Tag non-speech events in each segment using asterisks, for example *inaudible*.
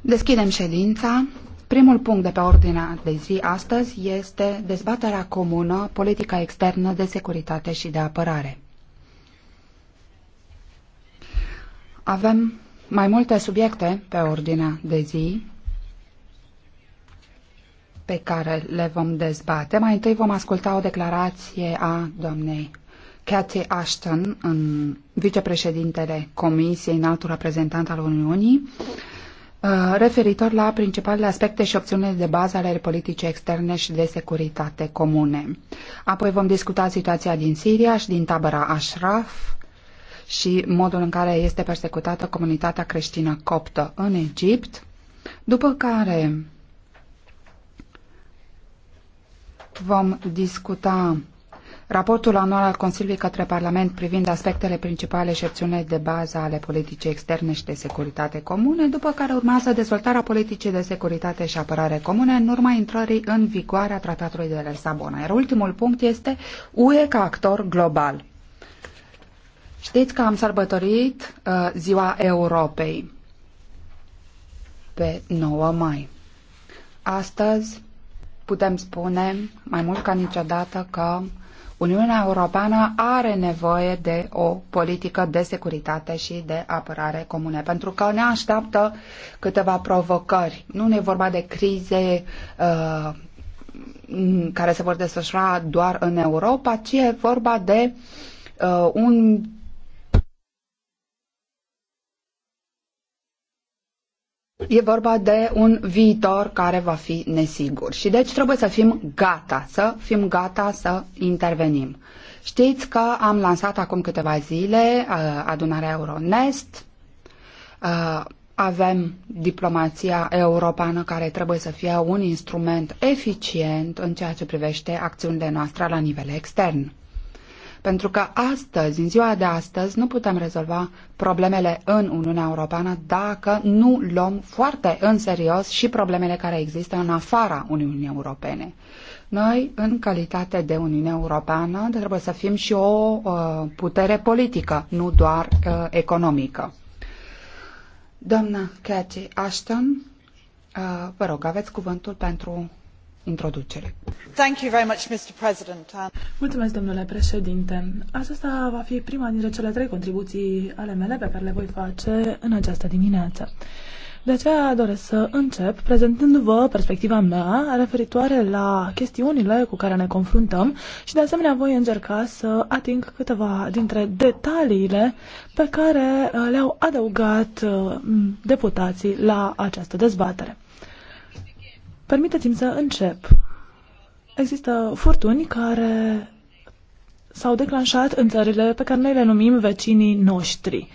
Deschidem ședința. Primul punct de pe ordinea de zi astăzi este dezbaterea comună, politica externă de securitate și de apărare. Avem mai multe subiecte pe ordinea de zi pe care le vom dezbate. Mai întâi vom asculta o declarație a doamnei Cathy Ashton, în vicepreședintele Comisiei Înaltul Reprezentant al Uniunii, Uh, referitor la principalele aspecte și opțiunile de bază ale politicii externe și de securitate comune. Apoi vom discuta situația din Siria și din tabăra Ashraf și modul în care este persecutată comunitatea creștină coptă în Egipt, după care vom discuta Raportul anual al Consiliului către Parlament privind aspectele principale și acțiunile de bază ale politicii externe și de securitate comune, după care urmează dezvoltarea politicii de securitate și apărare comune în urma intrării în vigoare a Tratatului de la Lisabona. Iar ultimul punct este UE ca actor global. Știți că am sărbătorit uh, Ziua Europei pe 9 mai. Astăzi putem spune mai mult ca niciodată că Uniunea Europeană are nevoie de o politică de securitate și de apărare comune, pentru că ne așteaptă câteva provocări. Nu ne vorba de crize uh, care se vor desfășura doar în Europa, ci e vorba de uh, un E vorba de un viitor care va fi nesigur și deci trebuie să fim gata, să fim gata să intervenim. Știți că am lansat acum câteva zile uh, adunarea Euronest, uh, avem diplomația europeană care trebuie să fie un instrument eficient în ceea ce privește acțiunile noastre la nivel extern. Pentru că astăzi, în ziua de astăzi, nu putem rezolva problemele în Uniunea Europeană dacă nu luăm foarte în serios și problemele care există în afara Uniunii Europene. Noi, în calitate de Uniune Europeană, trebuie să fim și o uh, putere politică, nu doar uh, economică. Doamna Cathy Ashton, uh, vă rog, aveți cuvântul pentru introducere. Thank you very much, Mr. President. Um, Mulțumesc, domnule președinte. Aceasta va fi prima dintre cele trei contribuții ale mele pe care le voi face în această dimineață. De aceea doresc să încep prezentându-vă perspectiva mea referitoare la chestiunile cu care ne confruntăm și de asemenea voi încerca să ating câteva dintre detaliile pe care uh, le-au adăugat uh, deputații la această dezbatere. Permiteți-mi să încep. Există furtuni care s-au declanșat în țările pe care noi le numim vecinii noștri.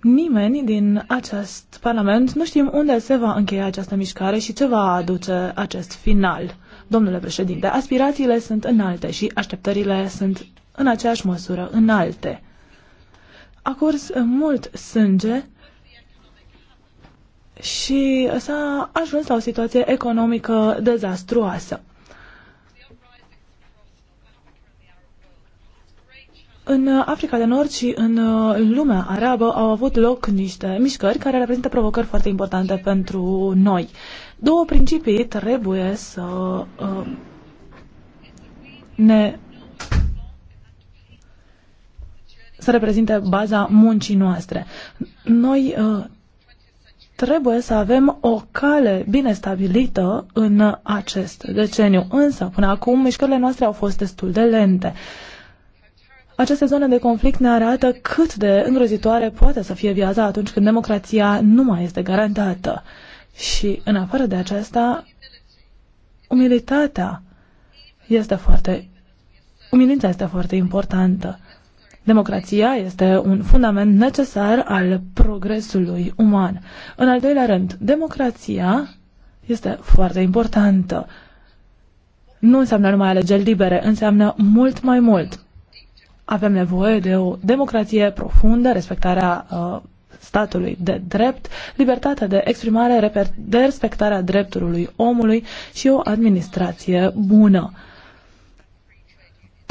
Nimeni din acest Parlament nu știm unde se va încheia această mișcare și ce va aduce acest final. Domnule președinte, aspirațiile sunt înalte și așteptările sunt în aceeași măsură înalte. A curs mult sânge și s-a ajuns la o situație economică dezastruoasă. În Africa de Nord și în lumea arabă au avut loc niște mișcări care reprezintă provocări foarte importante pentru noi. Două principii trebuie să uh, ne să reprezinte baza muncii noastre. Noi uh, Trebuie să avem o cale bine stabilită în acest deceniu, însă până acum mișcările noastre au fost destul de lente. Aceste zone de conflict ne arată cât de îngrozitoare poate să fie viața atunci când democrația nu mai este garantată. Și, în afară de aceasta, umilitatea este foarte... Umilința este foarte importantă. Democrația este un fundament necesar al progresului uman. În al doilea rând, democrația este foarte importantă. Nu înseamnă numai alegeri libere, înseamnă mult mai mult. Avem nevoie de o democrație profundă, respectarea uh, statului de drept, libertatea de exprimare, de respectarea drepturilor omului și o administrație bună.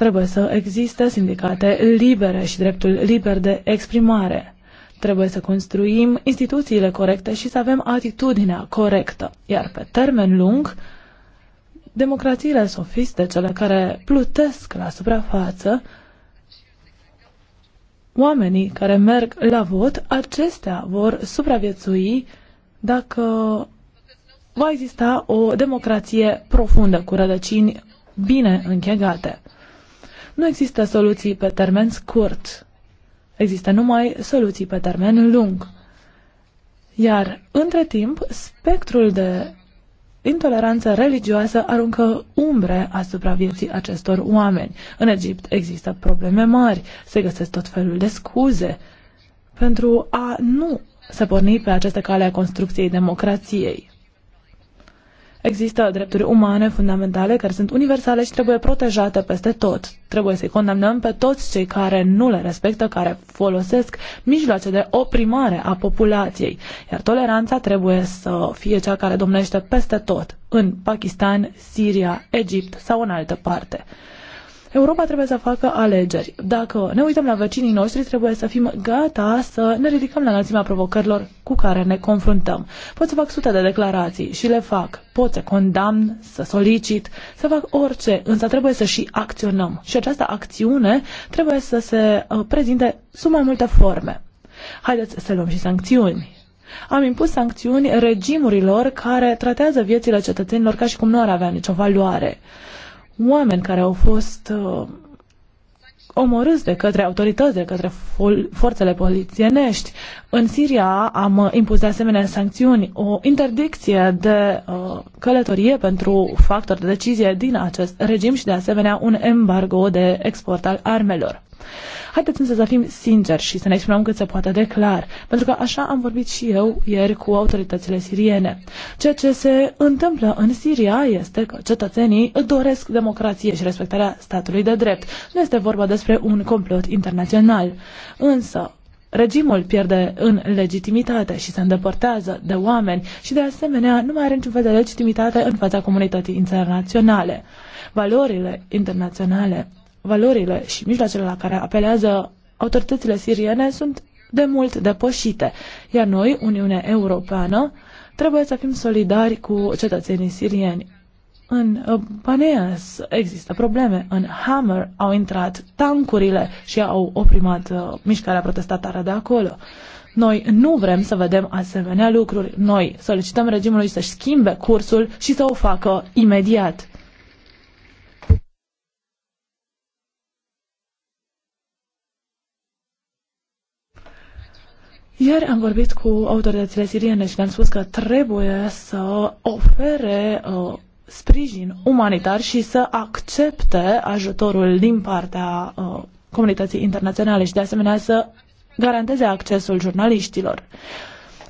Trebuie să existe sindicate libere și dreptul liber de exprimare. Trebuie să construim instituțiile corecte și să avem atitudinea corectă. Iar pe termen lung, democrațiile sofiste, cele care plutesc la suprafață, oamenii care merg la vot, acestea vor supraviețui dacă va exista o democrație profundă, cu rădăcini bine închegate. Nu există soluții pe termen scurt. Există numai soluții pe termen lung. Iar, între timp, spectrul de intoleranță religioasă aruncă umbre asupra vieții acestor oameni. În Egipt există probleme mari, se găsesc tot felul de scuze pentru a nu se porni pe această cale a construcției democrației. Există drepturi umane fundamentale care sunt universale și trebuie protejate peste tot. Trebuie să-i condamnăm pe toți cei care nu le respectă, care folosesc mijloace de oprimare a populației. Iar toleranța trebuie să fie cea care domnește peste tot, în Pakistan, Siria, Egipt sau în altă parte. Europa trebuie să facă alegeri. Dacă ne uităm la vecinii noștri, trebuie să fim gata să ne ridicăm la înălțimea provocărilor cu care ne confruntăm. Pot să fac sute de declarații și le fac. Pot să condamn, să solicit, să fac orice, însă trebuie să și acționăm. Și această acțiune trebuie să se uh, prezinte sub mai multe forme. Haideți să luăm și sancțiuni. Am impus sancțiuni regimurilor care tratează viețile cetățenilor ca și cum nu ar avea nicio valoare oameni care au fost uh, omorâți de către autorități, de către forțele polițienești. În Siria am uh, impus de asemenea sancțiuni, o interdicție de uh, călătorie pentru factori de decizie din acest regim și de asemenea un embargo de export al armelor. Haideți însă să fim sinceri și să ne exprimăm cât se poate de clar, pentru că așa am vorbit și eu ieri cu autoritățile siriene. Ceea ce se întâmplă în Siria este că cetățenii doresc democrație și respectarea statului de drept. Nu este vorba despre un complot internațional. Însă, regimul pierde în legitimitate și se îndepărtează de oameni și de asemenea nu mai are niciun fel de legitimitate în fața comunității internaționale. Valorile internaționale valorile și mijloacele la care apelează autoritățile siriene sunt de mult depășite, iar noi, Uniunea Europeană, trebuie să fim solidari cu cetățenii sirieni. În uh, Paneas există probleme. În Hammer au intrat tancurile și au oprimat uh, mișcarea protestatară de acolo. Noi nu vrem să vedem asemenea lucruri. Noi solicităm regimului să-și schimbe cursul și să o facă imediat. Ieri am vorbit cu autoritățile siriene și le-am spus că trebuie să ofere uh, sprijin umanitar și să accepte ajutorul din partea uh, comunității internaționale și de asemenea să garanteze accesul jurnaliștilor.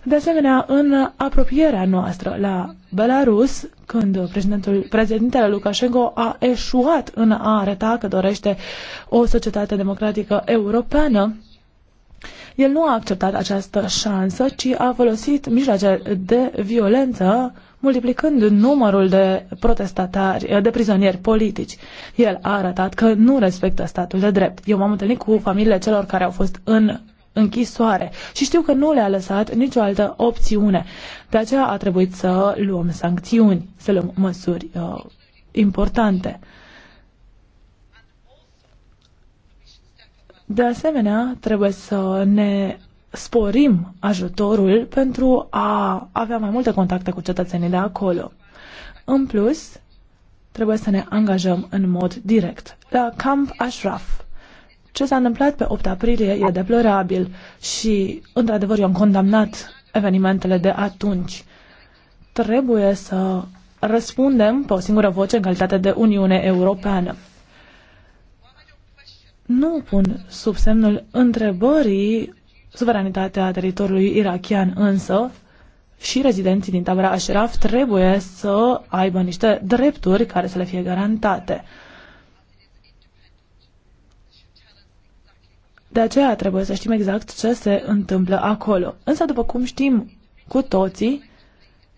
De asemenea, în apropierea noastră la Belarus, când președintele președintele Lukashenko a eșuat în a arăta că dorește o societate democratică europeană, el nu a acceptat această șansă, ci a folosit mijloace de violență multiplicând numărul de protestatari, de prizonieri politici. El a arătat că nu respectă statul de drept. Eu m-am întâlnit cu familiile celor care au fost în închisoare și știu că nu le-a lăsat nicio altă opțiune. De aceea a trebuit să luăm sancțiuni, să luăm măsuri uh, importante. De asemenea, trebuie să ne sporim ajutorul pentru a avea mai multe contacte cu cetățenii de acolo. În plus, trebuie să ne angajăm în mod direct. La Camp Ashraf, ce s-a întâmplat pe 8 aprilie e deplorabil și, într-adevăr, eu am condamnat evenimentele de atunci. Trebuie să răspundem pe o singură voce în calitate de Uniune Europeană nu pun sub semnul întrebării suveranitatea teritoriului irachian însă și rezidenții din tabăra Ashraf trebuie să aibă niște drepturi care să le fie garantate. De aceea trebuie să știm exact ce se întâmplă acolo. Însă, după cum știm cu toții,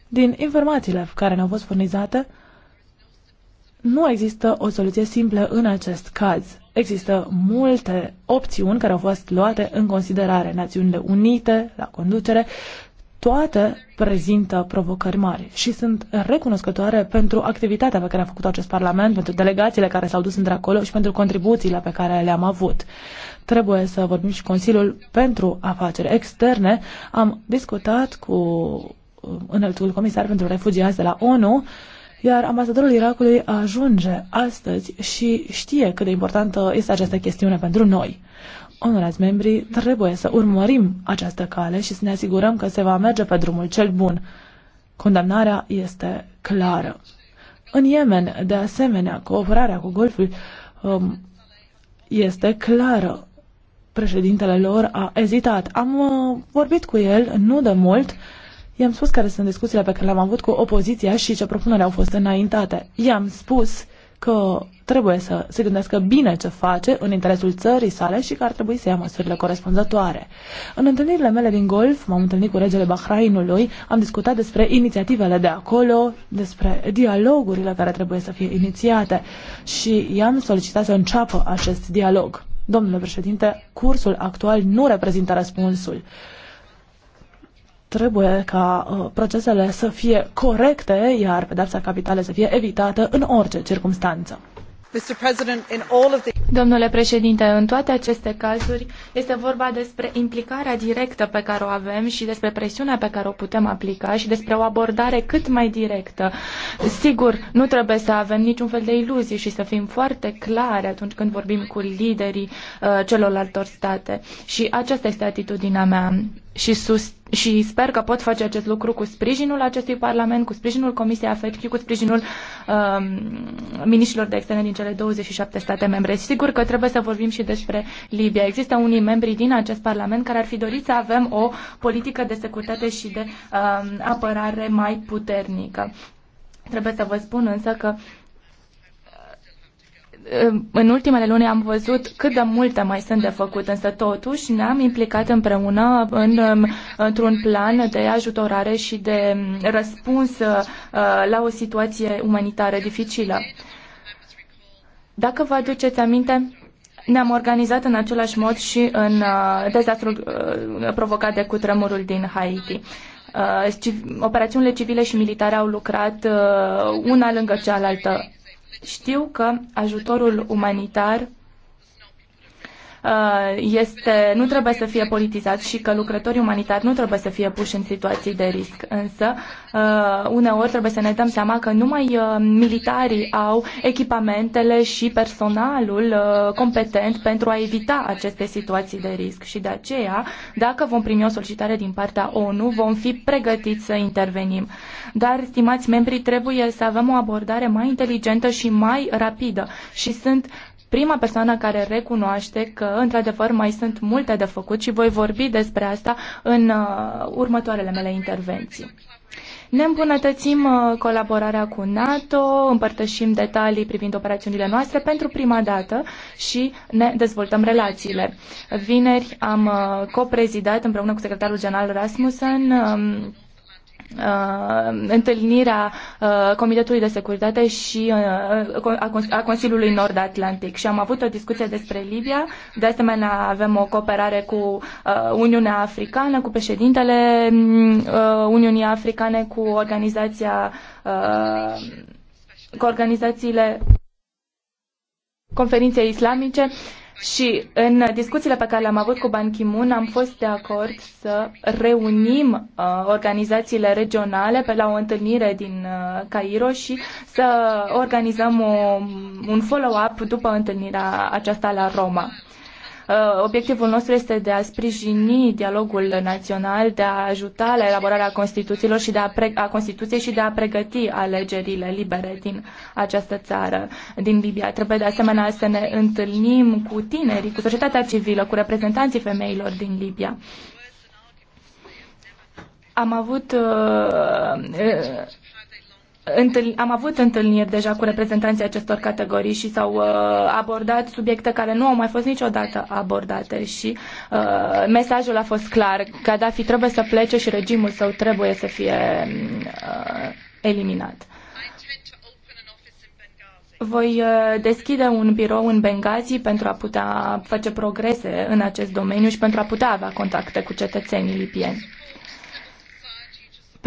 din informațiile care ne-au fost furnizate, nu există o soluție simplă în acest caz există multe opțiuni care au fost luate în considerare. Națiunile Unite, la conducere, toate prezintă provocări mari și sunt recunoscătoare pentru activitatea pe care a făcut-o acest Parlament, pentru delegațiile care s-au dus într-acolo și pentru contribuțiile pe care le-am avut. Trebuie să vorbim și Consiliul pentru Afaceri Externe. Am discutat cu um, înaltul comisar pentru refugiați de la ONU iar ambasadorul Irakului ajunge astăzi și știe cât de importantă este această chestiune pentru noi. Onorați membrii, trebuie să urmărim această cale și să ne asigurăm că se va merge pe drumul cel bun. Condamnarea este clară. În Yemen, de asemenea, cooperarea cu Golful um, este clară. Președintele lor a ezitat. Am uh, vorbit cu el nu de mult uh, I-am spus care sunt discuțiile pe care le-am avut cu opoziția și ce propuneri au fost înaintate. I-am spus că trebuie să se gândească bine ce face în interesul țării sale și că ar trebui să ia măsurile corespunzătoare. În întâlnirile mele din golf m-am întâlnit cu regele Bahrainului, am discutat despre inițiativele de acolo, despre dialogurile care trebuie să fie inițiate și i-am solicitat să înceapă acest dialog. Domnule președinte, cursul actual nu reprezintă răspunsul. Trebuie ca uh, procesele să fie corecte, iar pedepsa capitală să fie evitată în orice circunstanță. Domnule președinte, în toate aceste cazuri este vorba despre implicarea directă pe care o avem și despre presiunea pe care o putem aplica și despre o abordare cât mai directă. Sigur, nu trebuie să avem niciun fel de iluzii și să fim foarte clari atunci când vorbim cu liderii uh, celorlalte state. Și aceasta este atitudinea mea și, sus, și sper că pot face acest lucru cu sprijinul acestui Parlament, cu sprijinul Comisiei Afet și cu sprijinul um, de externe din cele 27 state membre. Sigur că trebuie să vorbim și despre Libia. Există unii membri din acest Parlament care ar fi dorit să avem o politică de securitate și de um, apărare mai puternică. Trebuie să vă spun însă că uh, în ultimele luni am văzut cât de multe mai sunt de făcut, însă totuși ne-am implicat împreună în, într-un plan de ajutorare și de mm, răspuns uh, la o situație umanitară dificilă. Dacă vă aduceți aminte, ne-am organizat în același mod și în uh, dezastrul uh, provocat de cutremurul din Haiti. Operațiunile civile și militare au lucrat una lângă cealaltă știu că ajutorul umanitar Uh, este, nu trebuie să fie politizat și că lucrătorii umanitari nu trebuie să fie puși în situații de risc. Însă, uh, uneori trebuie să ne dăm seama că numai uh, militarii au echipamentele și personalul competent pentru a evita aceste situații de risc. Și de aceea, dacă vom primi o solicitare din partea ONU, vom fi pregătiți să intervenim. Dar, stimați membri, trebuie să avem o abordare mai inteligentă și mai rapidă. Și sunt prima persoană care recunoaște că, într-adevăr, mai sunt multe de făcut și voi vorbi despre asta în uh, următoarele mele intervenții. Ne îmbunătățim uh, colaborarea cu NATO, împărtășim detalii privind operațiunile noastre pentru prima dată și ne dezvoltăm relațiile. Vineri am uh, coprezidat împreună cu secretarul general Rasmussen um, uh, întâlnirea uh, Comitetului de Securitate și uh, uh a, Consiliului Nord-Atlantic și am avut o discuție despre Libia. De asemenea, avem o cooperare cu uh, Uniunea Africană, cu președintele mm, uh, Uniunii Africane, cu organizația uh, cu organizațiile conferinței islamice. Uh, și în discuțiile pe care le-am avut cu Ban Ki-moon am fost de acord să reunim uh, organizațiile regionale pe la o întâlnire din uh, Cairo și să organizăm o, un follow-up după întâlnirea aceasta la Roma. Uh, obiectivul nostru este de a sprijini dialogul național, de a ajuta la elaborarea Constituțiilor și de a, pre- a Constituției și de a pregăti alegerile libere din această țară, din Libia. Trebuie de asemenea să ne întâlnim cu tinerii, cu societatea civilă, cu reprezentanții femeilor din Libia. Am avut uh, uh am avut întâlniri deja cu reprezentanții acestor categorii și s-au uh, abordat subiecte care nu au mai fost niciodată abordate și uh, mesajul a fost clar. Gaddafi trebuie să plece și regimul său trebuie să fie uh, eliminat. Voi uh, deschide un birou în Benghazi pentru a putea face progrese în acest domeniu și pentru a putea avea contacte cu cetățenii lipieni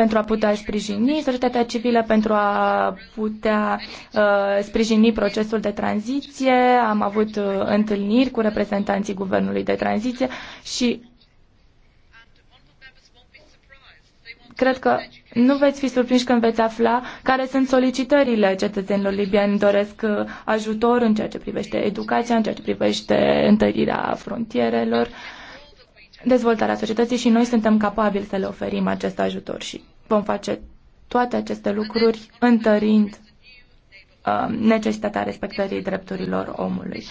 pentru a putea sprijini societatea civilă, pentru a putea uh, sprijini procesul de tranziție. Am avut uh, întâlniri cu reprezentanții guvernului de tranziție și cred că nu veți fi surprinși când veți afla care sunt solicitările cetățenilor libieni. Doresc uh, ajutor în ceea ce privește educația, în ceea ce privește întărirea frontierelor. Uh, dezvoltarea societății și noi suntem capabili să le oferim acest ajutor și vom face toate aceste lucruri întărind uh, necesitatea respectării drepturilor omului.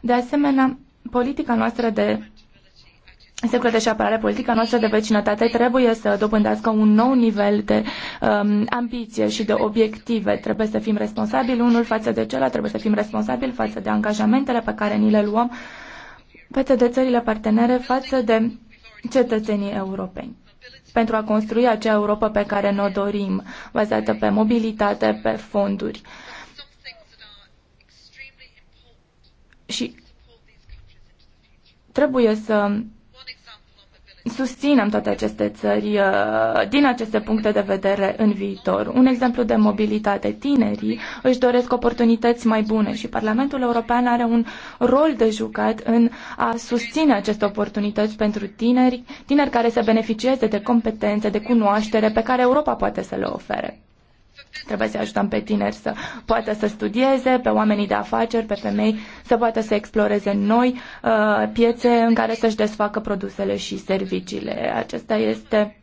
De asemenea, politica noastră de securitate și apărare, politica noastră de vecinătate trebuie să dobândească un nou nivel de um, ambiție și de obiective. Trebuie să fim responsabili unul față de celălalt, trebuie să fim responsabili față de angajamentele pe care ni le luăm uh, față de țările partenere, față de cetățenii europeni pentru a construi acea Europa pe care ne-o dorim, bazată pe mobilitate, pe fonduri. Și trebuie să susținem toate aceste țări uh, din aceste puncte de vedere în viitor. Un exemplu de mobilitate. Tinerii își doresc oportunități mai bune și Parlamentul European are un rol de jucat în a susține aceste oportunități pentru tineri, tineri care să beneficieze de competențe, de cunoaștere pe care Europa poate să le ofere. Trebuie să ajutăm pe tineri să poată să studieze, pe oamenii de afaceri, pe femei, să poată să exploreze noi uh, piețe în care să-și desfacă produsele și serviciile. Acesta este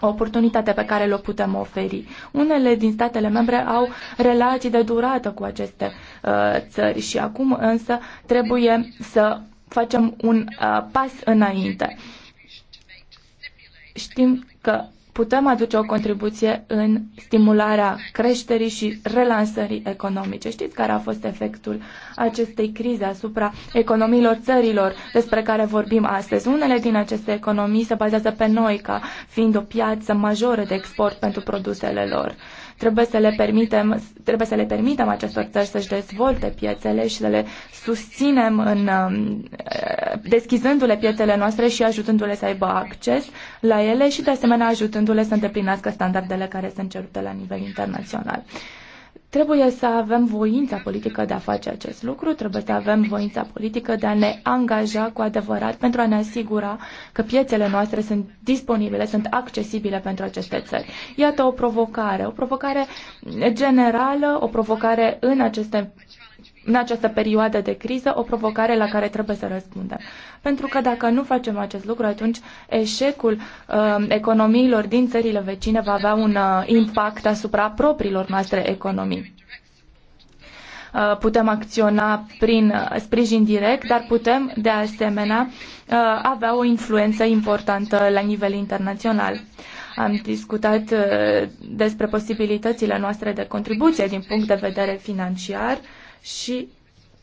o oportunitate pe care le putem oferi. Unele din statele membre au relații de durată cu aceste uh, țări și acum însă trebuie să facem un uh, pas înainte. Știm că putem aduce o contribuție în stimularea creșterii și relansării economice. Știți care a fost efectul acestei crize asupra economiilor țărilor despre care vorbim astăzi? Unele din aceste economii se bazează pe noi ca fiind o piață majoră de export pentru produsele lor. Trebuie să le permitem, trebuie să le permitem acestor țări să-și dezvolte piețele și să le susținem în, um, deschizându-le piețele noastre și ajutându-le să aibă acces la ele și de asemenea ajutându-le să îndeplinească standardele care sunt cerute la nivel internațional. Trebuie să avem voința politică de a face acest lucru, trebuie să avem voința politică de a ne angaja cu adevărat pentru a ne asigura că piețele noastre sunt disponibile, sunt accesibile pentru aceste țări. Iată o provocare, o provocare generală, o provocare în aceste în această perioadă de criză o provocare la care trebuie să răspundem. Pentru că dacă nu facem acest lucru, atunci eșecul uh, economiilor din țările vecine va avea un uh, impact asupra propriilor noastre economii. Uh, putem acționa prin uh, sprijin direct, dar putem, de asemenea, uh, avea o influență importantă la nivel internațional am discutat despre posibilitățile noastre de contribuție din punct de vedere financiar și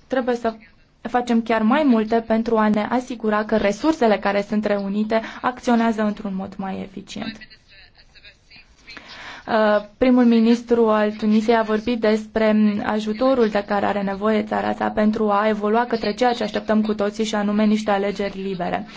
trebuie să facem chiar mai multe pentru a ne asigura că resursele care sunt reunite acționează într-un mod mai eficient. Uh, primul ministru al Tunisiei a vorbit despre mm, ajutorul de care are nevoie țara sa pentru a evolua către ceea ce așteptăm cu toții și anume niște alegeri libere.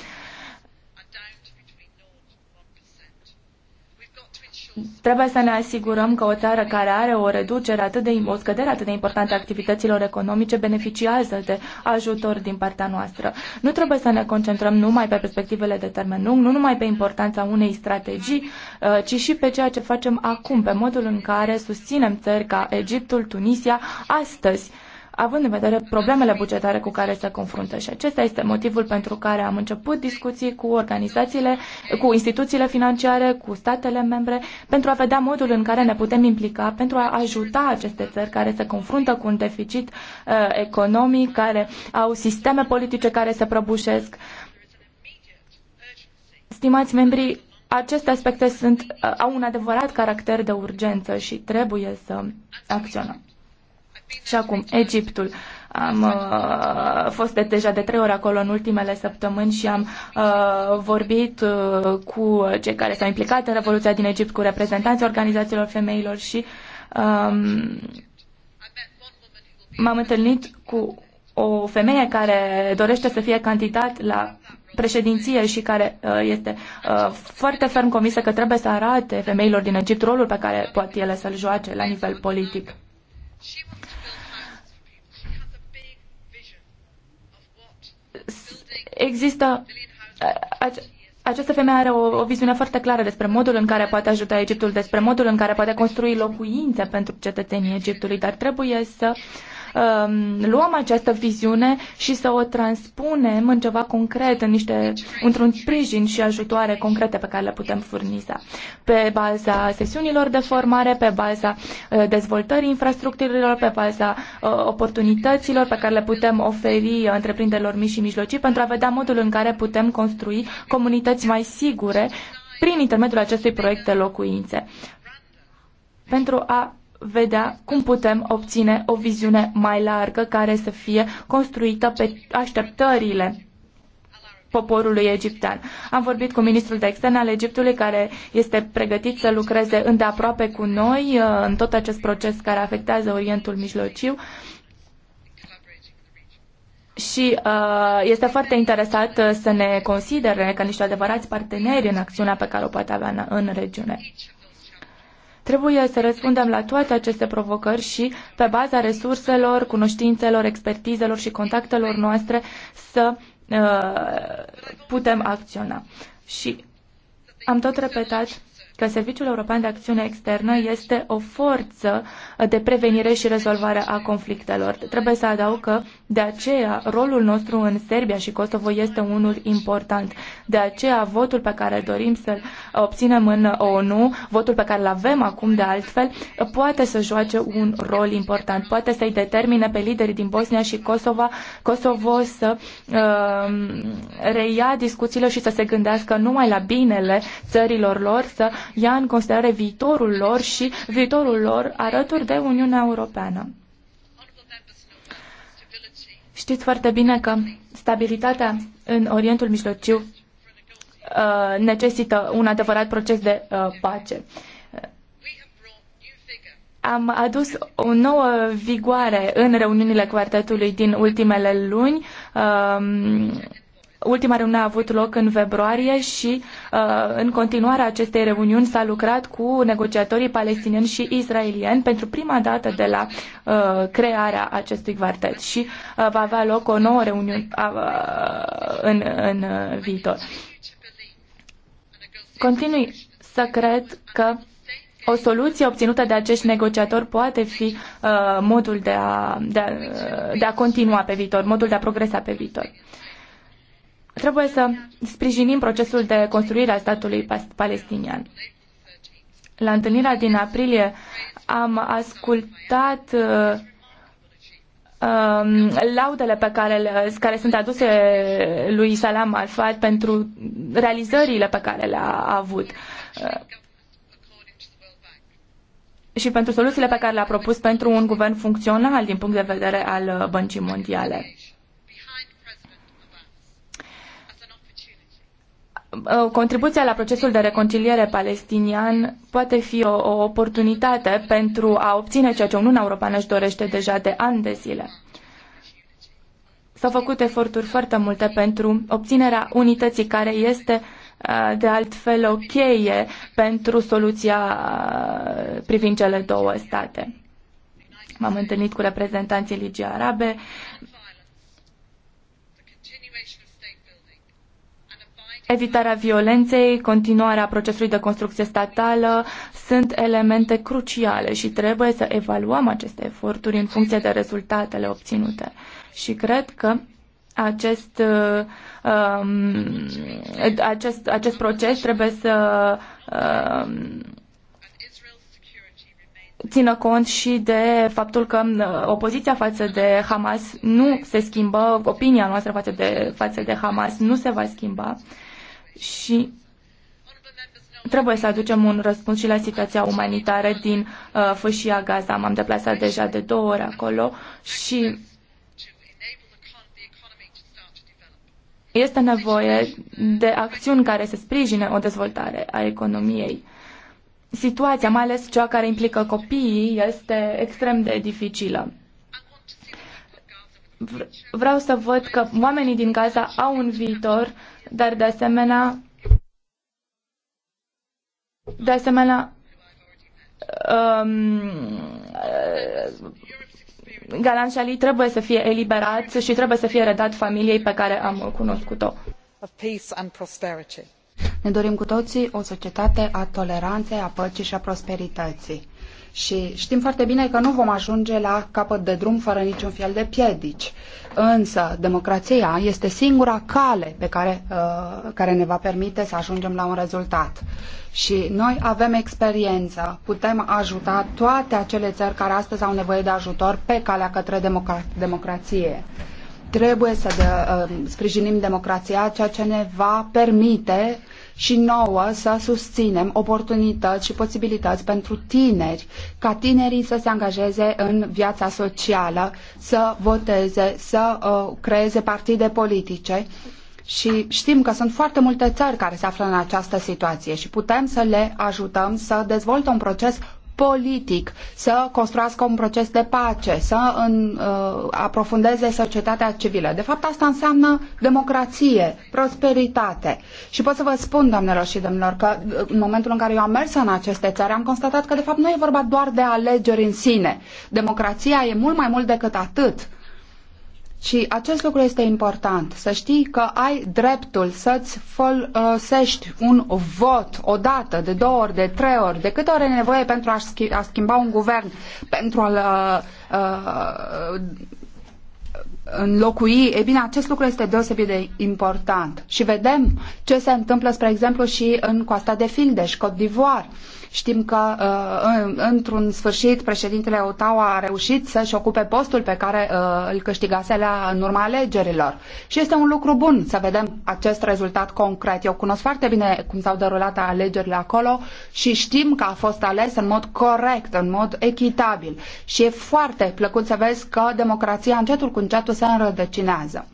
Trebuie să ne asigurăm că o țară care are o reducere atât de, o scădere atât de importantă a activităților economice beneficiază de ajutor din partea noastră. Nu trebuie să ne concentrăm numai pe perspectivele de termen lung, nu numai pe importanța unei strategii, uh, ci și pe ceea ce facem acum, pe modul în care susținem țări ca Egiptul, Tunisia, astăzi având în vedere problemele bugetare cu care se confruntă. Și acesta este motivul pentru care am început discuții cu organizațiile, cu instituțiile financiare, cu statele membre, pentru a vedea modul în care ne putem implica, pentru a ajuta aceste țări care se confruntă cu un deficit uh, economic, care au sisteme politice care se prăbușesc. Stimați membri, aceste aspecte sunt, uh, au un adevărat caracter de urgență și trebuie să acționăm. Și acum, Egiptul. Am uh, fost de, deja de trei ori acolo în ultimele săptămâni și am uh, vorbit uh, cu cei care s-au implicat în Revoluția din Egipt, cu reprezentanții organizațiilor femeilor și um, m-am întâlnit cu o femeie care dorește să fie candidat la președinție și care uh, este uh, foarte ferm comisă că trebuie să arate femeilor din Egipt rolul pe care poate ele să-l joace la nivel politic. există această femeie are o, o viziune foarte clară despre modul în care poate ajuta Egiptul, despre modul în care poate construi locuințe pentru cetățenii Egiptului, dar trebuie să Um, luăm această viziune și să o transpunem în ceva concret, în niște, într-un sprijin și ajutoare concrete pe care le putem furniza. Pe baza sesiunilor de formare, pe baza uh, dezvoltării infrastructurilor, pe baza uh, oportunităților pe care le putem oferi întreprinderilor mici și mijlocii pentru a vedea modul în care putem construi comunități mai sigure prin intermediul acestui proiect de locuințe. Pentru a vedea cum putem obține o viziune mai largă care să fie construită pe așteptările poporului egiptean. Am vorbit cu ministrul de externe al Egiptului care este pregătit să lucreze îndeaproape cu noi uh, în tot acest proces care afectează Orientul Mijlociu și uh, este foarte interesat uh, să ne considere ca niște adevărați parteneri în acțiunea pe care o poate avea în, în regiune. Trebuie să răspundem la toate aceste provocări și, pe baza resurselor, cunoștințelor, expertizelor și contactelor noastre, să uh, putem acționa. Și am tot repetat că Serviciul European de Acțiune Externă este o forță de prevenire și rezolvare a conflictelor. Trebuie să adaug că de aceea rolul nostru în Serbia și Kosovo este unul important. De aceea votul pe care dorim să-l obținem în ONU, votul pe care îl avem acum de altfel, poate să joace un rol important. Poate să-i determine pe liderii din Bosnia și Kosovo, Kosovo să uh, reia discuțiile și să se gândească numai la binele țărilor lor, să ia în considerare viitorul lor și viitorul lor arături de Uniunea Europeană. Știți foarte bine că stabilitatea în Orientul Mijlociu uh, necesită un adevărat proces de uh, pace. Am adus o nouă vigoare în reuniunile quartetului din ultimele luni um, Ultima reuniune a avut loc în februarie și uh, în continuarea acestei reuniuni s-a lucrat cu negociatorii palestinieni și israelieni pentru prima dată de la uh, crearea acestui quartet și uh, va avea loc o nouă reuniune uh, în, în viitor. Continui să cred că o soluție obținută de acești negociatori poate fi uh, modul de a, de, a, de a continua pe viitor, modul de a progresa pe viitor. Trebuie să sprijinim procesul de construire a statului palestinian. La întâlnirea din aprilie am ascultat uh, um, laudele pe care, care sunt aduse lui Salam Alfat pentru realizările pe care le-a avut uh, și pentru soluțiile pe care le-a propus pentru un guvern funcțional din punct de vedere al băncii mondiale. Uh, contribuția la procesul de reconciliere palestinian poate fi o, o oportunitate pentru a obține ceea ce Uniunea Europeană își dorește deja de ani de zile. S-au făcut eforturi foarte multe pentru obținerea unității care este uh, de altfel o cheie pentru soluția uh, privind cele două state. M-am întâlnit cu reprezentanții Ligii Arabe, evitarea violenței, continuarea procesului de construcție statală sunt elemente cruciale și trebuie să evaluăm aceste eforturi în funcție de rezultatele obținute. Și cred că acest, um, acest, acest proces trebuie să um, țină cont și de faptul că uh, opoziția față de Hamas nu se schimbă, opinia noastră față de, față de Hamas nu se va schimba și trebuie să aducem un răspuns și la situația umanitară din uh, fâșia Gaza. M-am deplasat deja de două ori acolo și este nevoie de acțiuni care să sprijine o dezvoltare a economiei. Situația, mai ales cea care implică copiii, este extrem de dificilă vreau să văd că oamenii din Gaza au un viitor, dar de asemenea de asemenea um, uh, Galan Shali trebuie să fie eliberat și trebuie să fie redat familiei pe care am cunoscut-o. Ne dorim cu toții o societate a toleranței, a păcii și a prosperității. Și știm foarte bine că nu vom ajunge la capăt de drum fără niciun fel de piedici. Însă, democrația este singura cale pe care, uh, care ne va permite să ajungem la un rezultat. Și noi avem experiență, putem ajuta toate acele țări care astăzi au nevoie de ajutor pe calea către democra- democrație trebuie să de, uh, sprijinim democrația, ceea ce ne va permite și nouă să susținem oportunități și posibilități pentru tineri, ca tinerii să se angajeze în viața socială, să voteze, să uh, creeze partide politice. Și știm că sunt foarte multe țări care se află în această situație și putem să le ajutăm să dezvolte un proces politic, să construiască un proces de pace, să în, uh, aprofundeze societatea civilă. De fapt, asta înseamnă democrație, prosperitate. Și pot să vă spun, doamnelor și domnilor, că uh, în momentul în care eu am mers în aceste țări, am constatat că, de fapt, nu e vorba doar de alegeri în sine. Democrația e mult mai mult decât atât. Uh, și acest lucru este important, să știi că ai dreptul să-ți folosești un vot o dată, de două ori, de trei ori, de câte ori e nevoie pentru a schimba un guvern, pentru a-l uh, înlocui, e bine, acest lucru este deosebit de important. Și vedem ce se întâmplă, spre exemplu, și în coasta de Fildeș, Côte d'Ivoire Știm că, uh, într-un sfârșit, președintele Ottawa a reușit să-și ocupe postul pe care uh, îl câștigase la, în urma alegerilor. Și este un lucru bun să vedem acest rezultat concret. Eu cunosc foarte bine cum s-au derulat alegerile acolo și știm că a fost ales în mod corect, în mod echitabil. Și e foarte plăcut să vezi că democrația încetul cu încetul se înrădăcinează.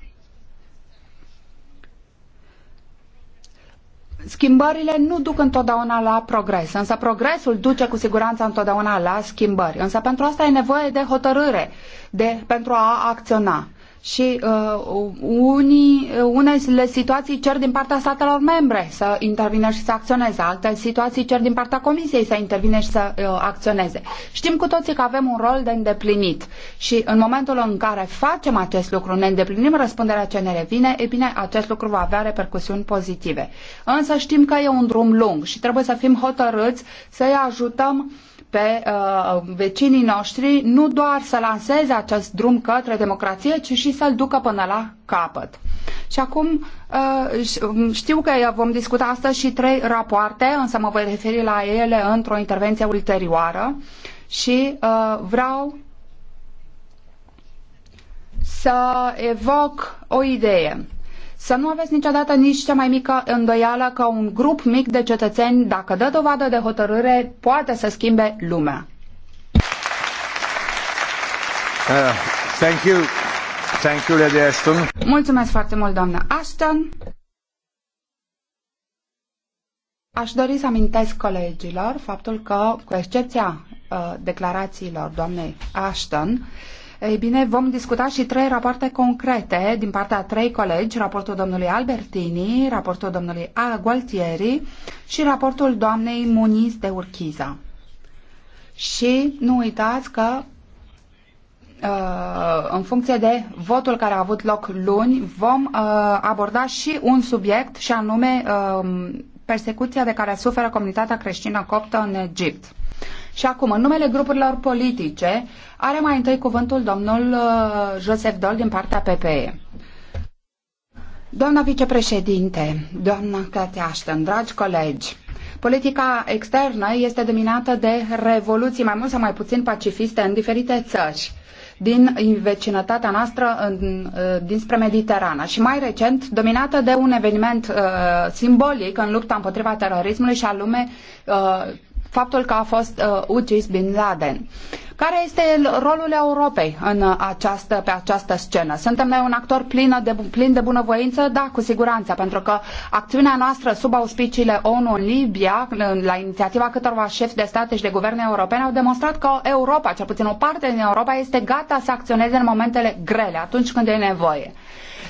Schimbările nu duc întotdeauna la progres, însă progresul duce cu siguranță întotdeauna la schimbări. Însă pentru asta e nevoie de hotărâre, de, pentru a acționa și uh, unii, unele situații cer din partea statelor membre să intervină și să acționeze, alte situații cer din partea Comisiei să intervine și să uh, acționeze. Știm cu toții că avem un rol de îndeplinit și în momentul în care facem acest lucru, ne îndeplinim răspunderea ce ne revine, e bine, acest lucru va avea repercusiuni pozitive. Însă știm că e un drum lung și trebuie să fim hotărâți să-i ajutăm uh, pe uh, vecinii noștri nu doar să lanseze acest drum către democrație, ci și să-l ducă până la capăt. Și acum uh, știu că vom discuta astăzi și trei rapoarte, însă mă voi referi la ele într-o intervenție ulterioară și uh, vreau să evoc o idee. Să nu aveți niciodată nici cea mai mică îndoială că un grup mic de cetățeni, dacă dă dovadă de hotărâre, poate să schimbe lumea. Uh, thank you. Thank you, Lady Ashton. Mulțumesc foarte mult, doamnă Ashton. Aș dori să amintesc colegilor faptul că, cu excepția uh, declarațiilor doamnei Ashton, ei bine, vom discuta și trei rapoarte concrete din partea trei colegi, raportul domnului Albertini, raportul domnului A. Gualtieri și raportul doamnei Muniz de Urchiza. Și nu uitați că uh, în funcție de votul care a avut loc luni, vom uh, aborda și un subiect și anume uh, persecuția de care suferă comunitatea creștină coptă în Egipt. Și acum, în numele grupurilor politice, are mai întâi cuvântul domnul uh, Joseph Dol din partea PPE. Doamna vicepreședinte, doamna Cathy Ashton, dragi colegi, politica externă este dominată de revoluții mai mult sau mai puțin pacifiste în diferite țări din vecinătatea noastră în, uh, dinspre Mediterana și mai recent dominată de un eveniment uh, simbolic în lupta împotriva terorismului și alume uh, faptul că a fost uh, ucis Bin Laden. Care este rolul Europei în uh, această, pe această scenă? Suntem noi un actor plin de, plin de bunăvoință? Da, cu siguranță, pentru că acțiunea noastră sub auspiciile ONU în Libia, la inițiativa câtorva șefi de state și de guverne europene, au demonstrat că Europa, cel puțin o parte din Europa, este gata să acționeze în momentele grele, atunci când e nevoie.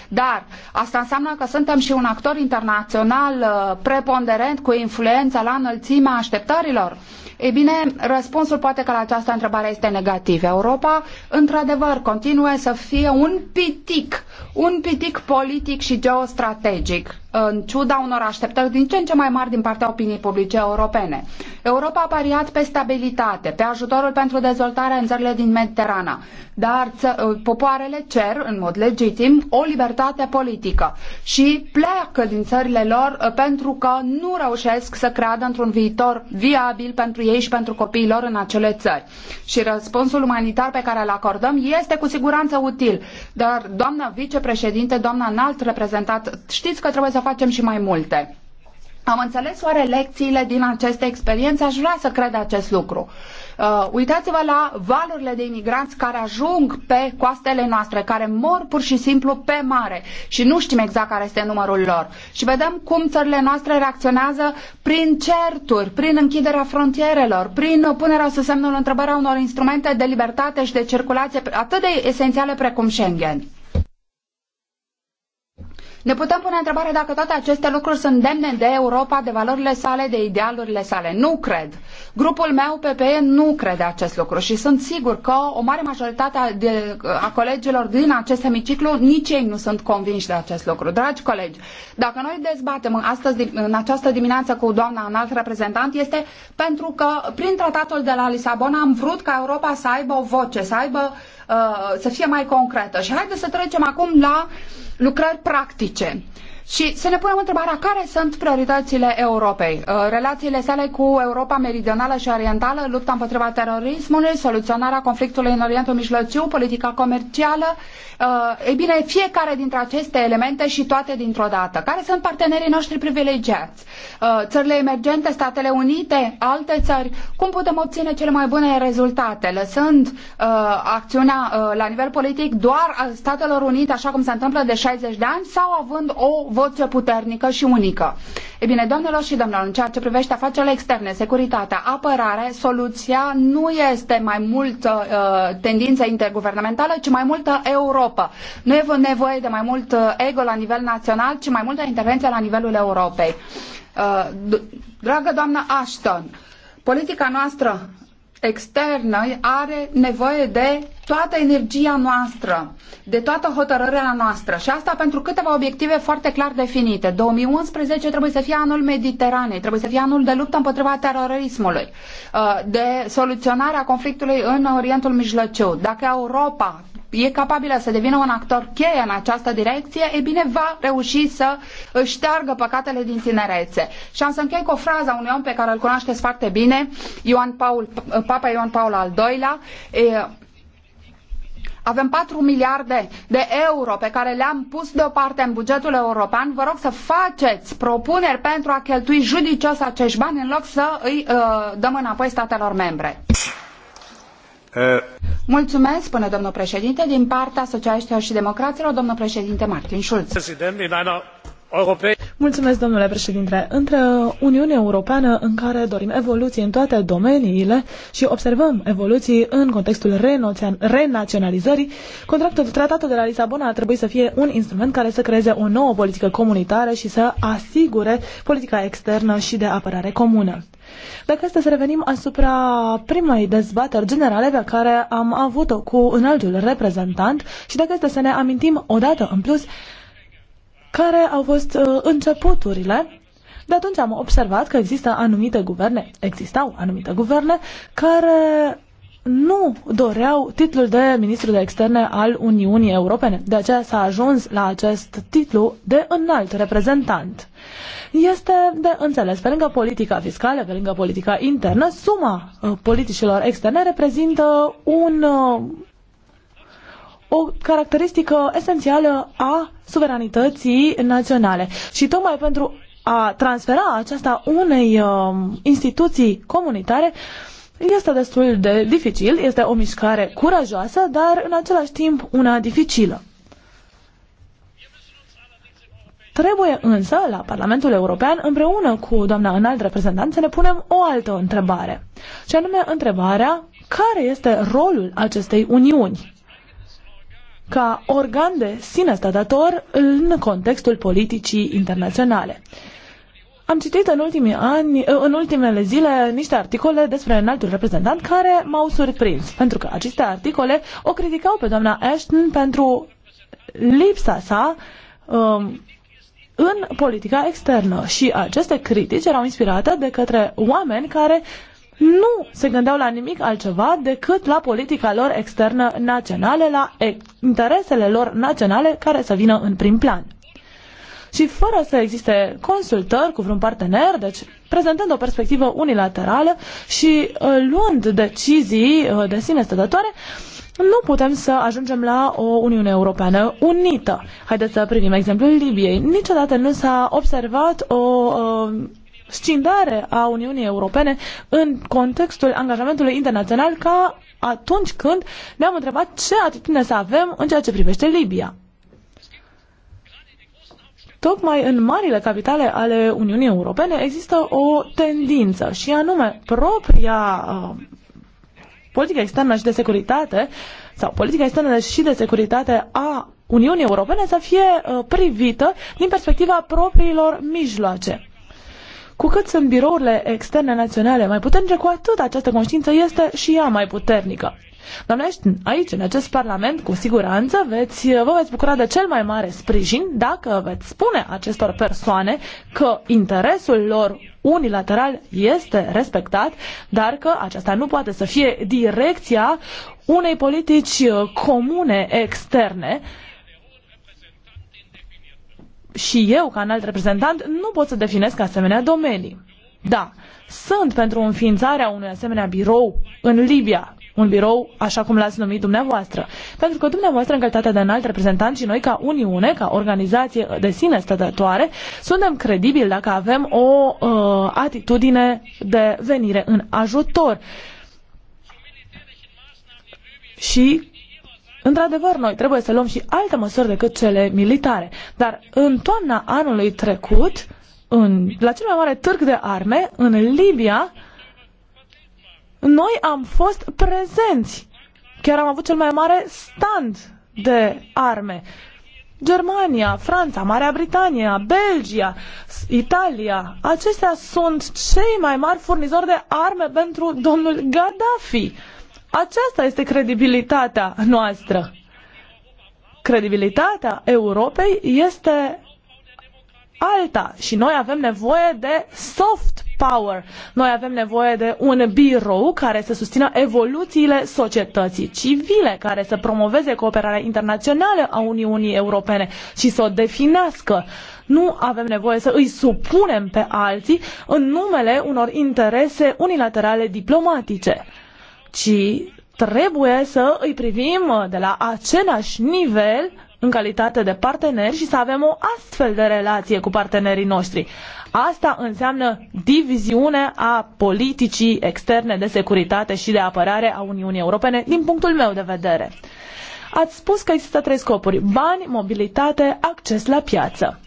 Dar asta înseamnă că suntem și un actor internațional uh, preponderent cu influență la înălțimea așteptărilor ei bine, răspunsul poate că la această întrebare este negativ. Europa, într-adevăr, continuă să fie un pitic, un pitic politic și geostrategic, în ciuda unor așteptări din ce în ce mai mari din partea opiniei publice europene. Europa a pariat pe stabilitate, pe ajutorul pentru dezvoltarea în țările din Mediterana, dar uh, popoarele cer, în mod legitim, o libertate politică și pleacă din țările lor uh, pentru că nu reușesc să creadă într-un viitor viabil pentru ei și pentru copiii lor în acele țări. Și răspunsul umanitar pe care îl acordăm este cu siguranță util. Dar, doamna vicepreședinte, doamna înalt reprezentat, știți că trebuie să facem și mai multe. Am înțeles oare lecțiile din aceste experiențe? Aș vrea să cred acest lucru. Uh, uitați-vă la valurile de imigranți care ajung pe coastele noastre, care mor pur și simplu pe mare și nu știm exact care este numărul lor. Și vedem cum țările noastre reacționează prin certuri, prin închiderea frontierelor, prin punerea sub semnul întrebării unor instrumente de libertate și de circulație atât de esențiale precum Schengen. Ne putem pune întrebarea dacă toate aceste lucruri sunt demne de Europa, de valorile sale, de idealurile sale. Nu cred. Grupul meu, PPE, nu crede acest lucru și sunt sigur că o mare majoritate a, de, a colegilor din acest hemiciclu nici ei nu sunt convinși de acest lucru. Dragi colegi, dacă noi dezbatem astăzi, în această dimineață cu doamna alt reprezentant, este pentru că prin tratatul de la Lisabona am vrut ca Europa să aibă o voce, să aibă uh, să fie mai concretă. Și haideți să trecem acum la lucrări practice publice și să ne punem întrebarea care sunt prioritățile Europei. Uh, relațiile sale cu Europa Meridională și Orientală, lupta împotriva terorismului, soluționarea conflictului în Orientul Mijlociu, politica comercială, uh, ei bine, fiecare dintre aceste elemente și toate dintr-o dată. Care sunt partenerii noștri privilegiați? Uh, țările emergente, Statele Unite, alte țări, cum putem obține cele mai bune rezultate, lăsând acțiunea la nivel politic doar Statelor Unite, așa cum se întâmplă de 60 de ani, sau având o voce puternică și unică. E bine, doamnelor și domnilor, în ceea ce privește afacerile externe, securitatea, apărare, soluția nu este mai mult uh, tendință interguvernamentală, ci mai multă Europa. Nu e nevoie de mai mult uh, ego la nivel național, ci mai multă intervenție la nivelul Europei. Uh, dragă doamnă Ashton, politica noastră externă are nevoie de toată energia noastră, de toată hotărârea noastră și asta pentru câteva obiective foarte clar definite. 2011 trebuie să fie anul Mediteranei, trebuie să fie anul de luptă împotriva terorismului, uh, de soluționarea conflictului în Orientul Mijlociu. Dacă Europa e capabilă să devină un actor cheie în această direcție, e bine, va reuși să își șteargă păcatele din tinerețe. Și am să închei cu o frază a unui om pe care îl cunoașteți foarte bine, Ioan Paul, Papa Ioan Paul al II-lea, avem patru miliarde de euro pe care le-am pus deoparte în bugetul european. Vă rog să faceți propuneri pentru a cheltui judicios acești bani în loc să îi uh, dăm înapoi statelor membre. Uh, Mulțumesc, spune domnul președinte, din partea socialiștilor și democraților, domnul președinte Martin Schulz. Mulțumesc, domnule președinte. Între Uniunea Europeană, în care dorim evoluții în toate domeniile și observăm evoluții în contextul renaționalizării, contractul tratatul de la Lisabona ar trebui să fie un instrument care să creeze o nouă politică comunitară și să asigure politica externă și de apărare comună. Dacă este să revenim asupra primei dezbateri generale pe care am avut-o cu înaltul reprezentant și dacă este să ne amintim odată în plus care au fost uh, începuturile. De atunci am observat că există anumite guverne, existau anumite guverne care nu doreau titlul de ministru de externe al Uniunii Europene. De aceea s-a ajuns la acest titlu de înalt reprezentant. Este de înțeles, pe lângă politica fiscală, pe lângă politica internă, suma uh, politicilor externe reprezintă un uh, o caracteristică esențială a suveranității naționale. Și tocmai pentru a transfera aceasta unei uh, instituții comunitare este destul de dificil, este o mișcare curajoasă, dar în același timp una dificilă. Trebuie însă, la Parlamentul European, împreună cu doamna înalt reprezentant, să ne punem o altă întrebare. Și anume întrebarea, care este rolul acestei uniuni? ca organ de sine stătător în contextul politicii internaționale. Am citit în, ultimii ani, în ultimele zile niște articole despre înaltul reprezentant care m-au surprins, pentru că aceste articole o criticau pe doamna Ashton pentru lipsa sa um, în politica externă și aceste critici erau inspirate de către oameni care nu se gândeau la nimic altceva decât la politica lor externă națională, la interesele lor naționale care să vină în prim plan. Și fără să existe consultări cu vreun partener, deci prezentând o perspectivă unilaterală și uh, luând decizii uh, de sine stătătoare, nu putem să ajungem la o Uniune Europeană unită. Haideți să privim exemplul Libiei. Niciodată nu s-a observat o uh, scindare a Uniunii Europene în contextul angajamentului internațional ca atunci când ne-am întrebat ce atitudine să avem în ceea ce privește Libia. Tocmai în marile capitale ale Uniunii Europene există o tendință și anume propria uh, politică externă și de securitate sau politica externă și de securitate a Uniunii Europene să fie uh, privită din perspectiva propriilor mijloace. Cu cât sunt birourile externe naționale mai puternice, cu atât această conștiință este și ea mai puternică. Doamne, aici, în acest Parlament, cu siguranță veți, vă veți bucura de cel mai mare sprijin dacă veți spune acestor persoane că interesul lor unilateral este respectat, dar că aceasta nu poate să fie direcția unei politici comune externe și eu, ca înalt reprezentant, nu pot să definesc asemenea domenii. Da, sunt pentru înființarea unui asemenea birou în Libia, un birou așa cum l-ați numit dumneavoastră. Pentru că dumneavoastră, în calitate de înalt reprezentant și noi ca Uniune, ca organizație de sine stătătoare, suntem credibili dacă avem o uh, atitudine de venire în ajutor. Și Într-adevăr, noi trebuie să luăm și alte măsuri decât cele militare, dar în toamna anului trecut, în, la cel mai mare târg de arme, în Libia, noi am fost prezenți. Chiar am avut cel mai mare stand de arme. Germania, Franța, Marea Britanie, Belgia, Italia, acestea sunt cei mai mari furnizori de arme pentru domnul Gaddafi. Aceasta este credibilitatea noastră. Credibilitatea Europei este alta și noi avem nevoie de soft power. Noi avem nevoie de un birou care să susțină evoluțiile societății civile, care să promoveze cooperarea internațională a Uniunii Europene și să o definească. Nu avem nevoie să îi supunem pe alții în numele unor interese unilaterale diplomatice ci trebuie să îi privim de la același nivel în calitate de parteneri și să avem o astfel de relație cu partenerii noștri. Asta înseamnă diviziune a politicii externe de securitate și de apărare a Uniunii Europene, din punctul meu de vedere. Ați spus că există trei scopuri. Bani, mobilitate, acces la piață.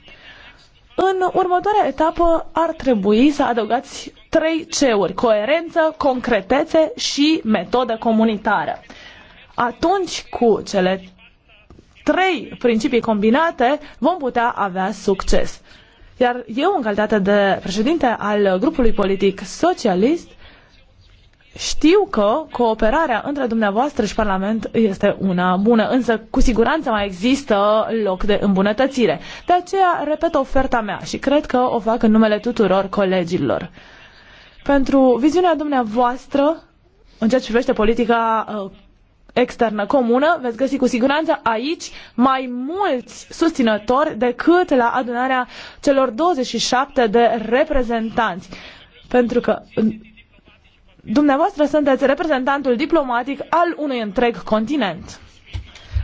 În următoarea etapă ar trebui să adăugați trei ceuri, coerență, concretețe și metodă comunitară. Atunci, cu cele trei principii combinate, vom putea avea succes. Iar eu, în calitate de președinte al grupului politic socialist, știu că cooperarea între dumneavoastră și Parlament este una bună, însă cu siguranță mai există loc de îmbunătățire. De aceea repet oferta mea și cred că o fac în numele tuturor colegilor pentru viziunea dumneavoastră în ceea ce privește politica uh, externă comună, veți găsi cu siguranță aici mai mulți susținători decât la adunarea celor 27 de reprezentanți. Pentru că dumneavoastră sunteți reprezentantul diplomatic al unui întreg continent.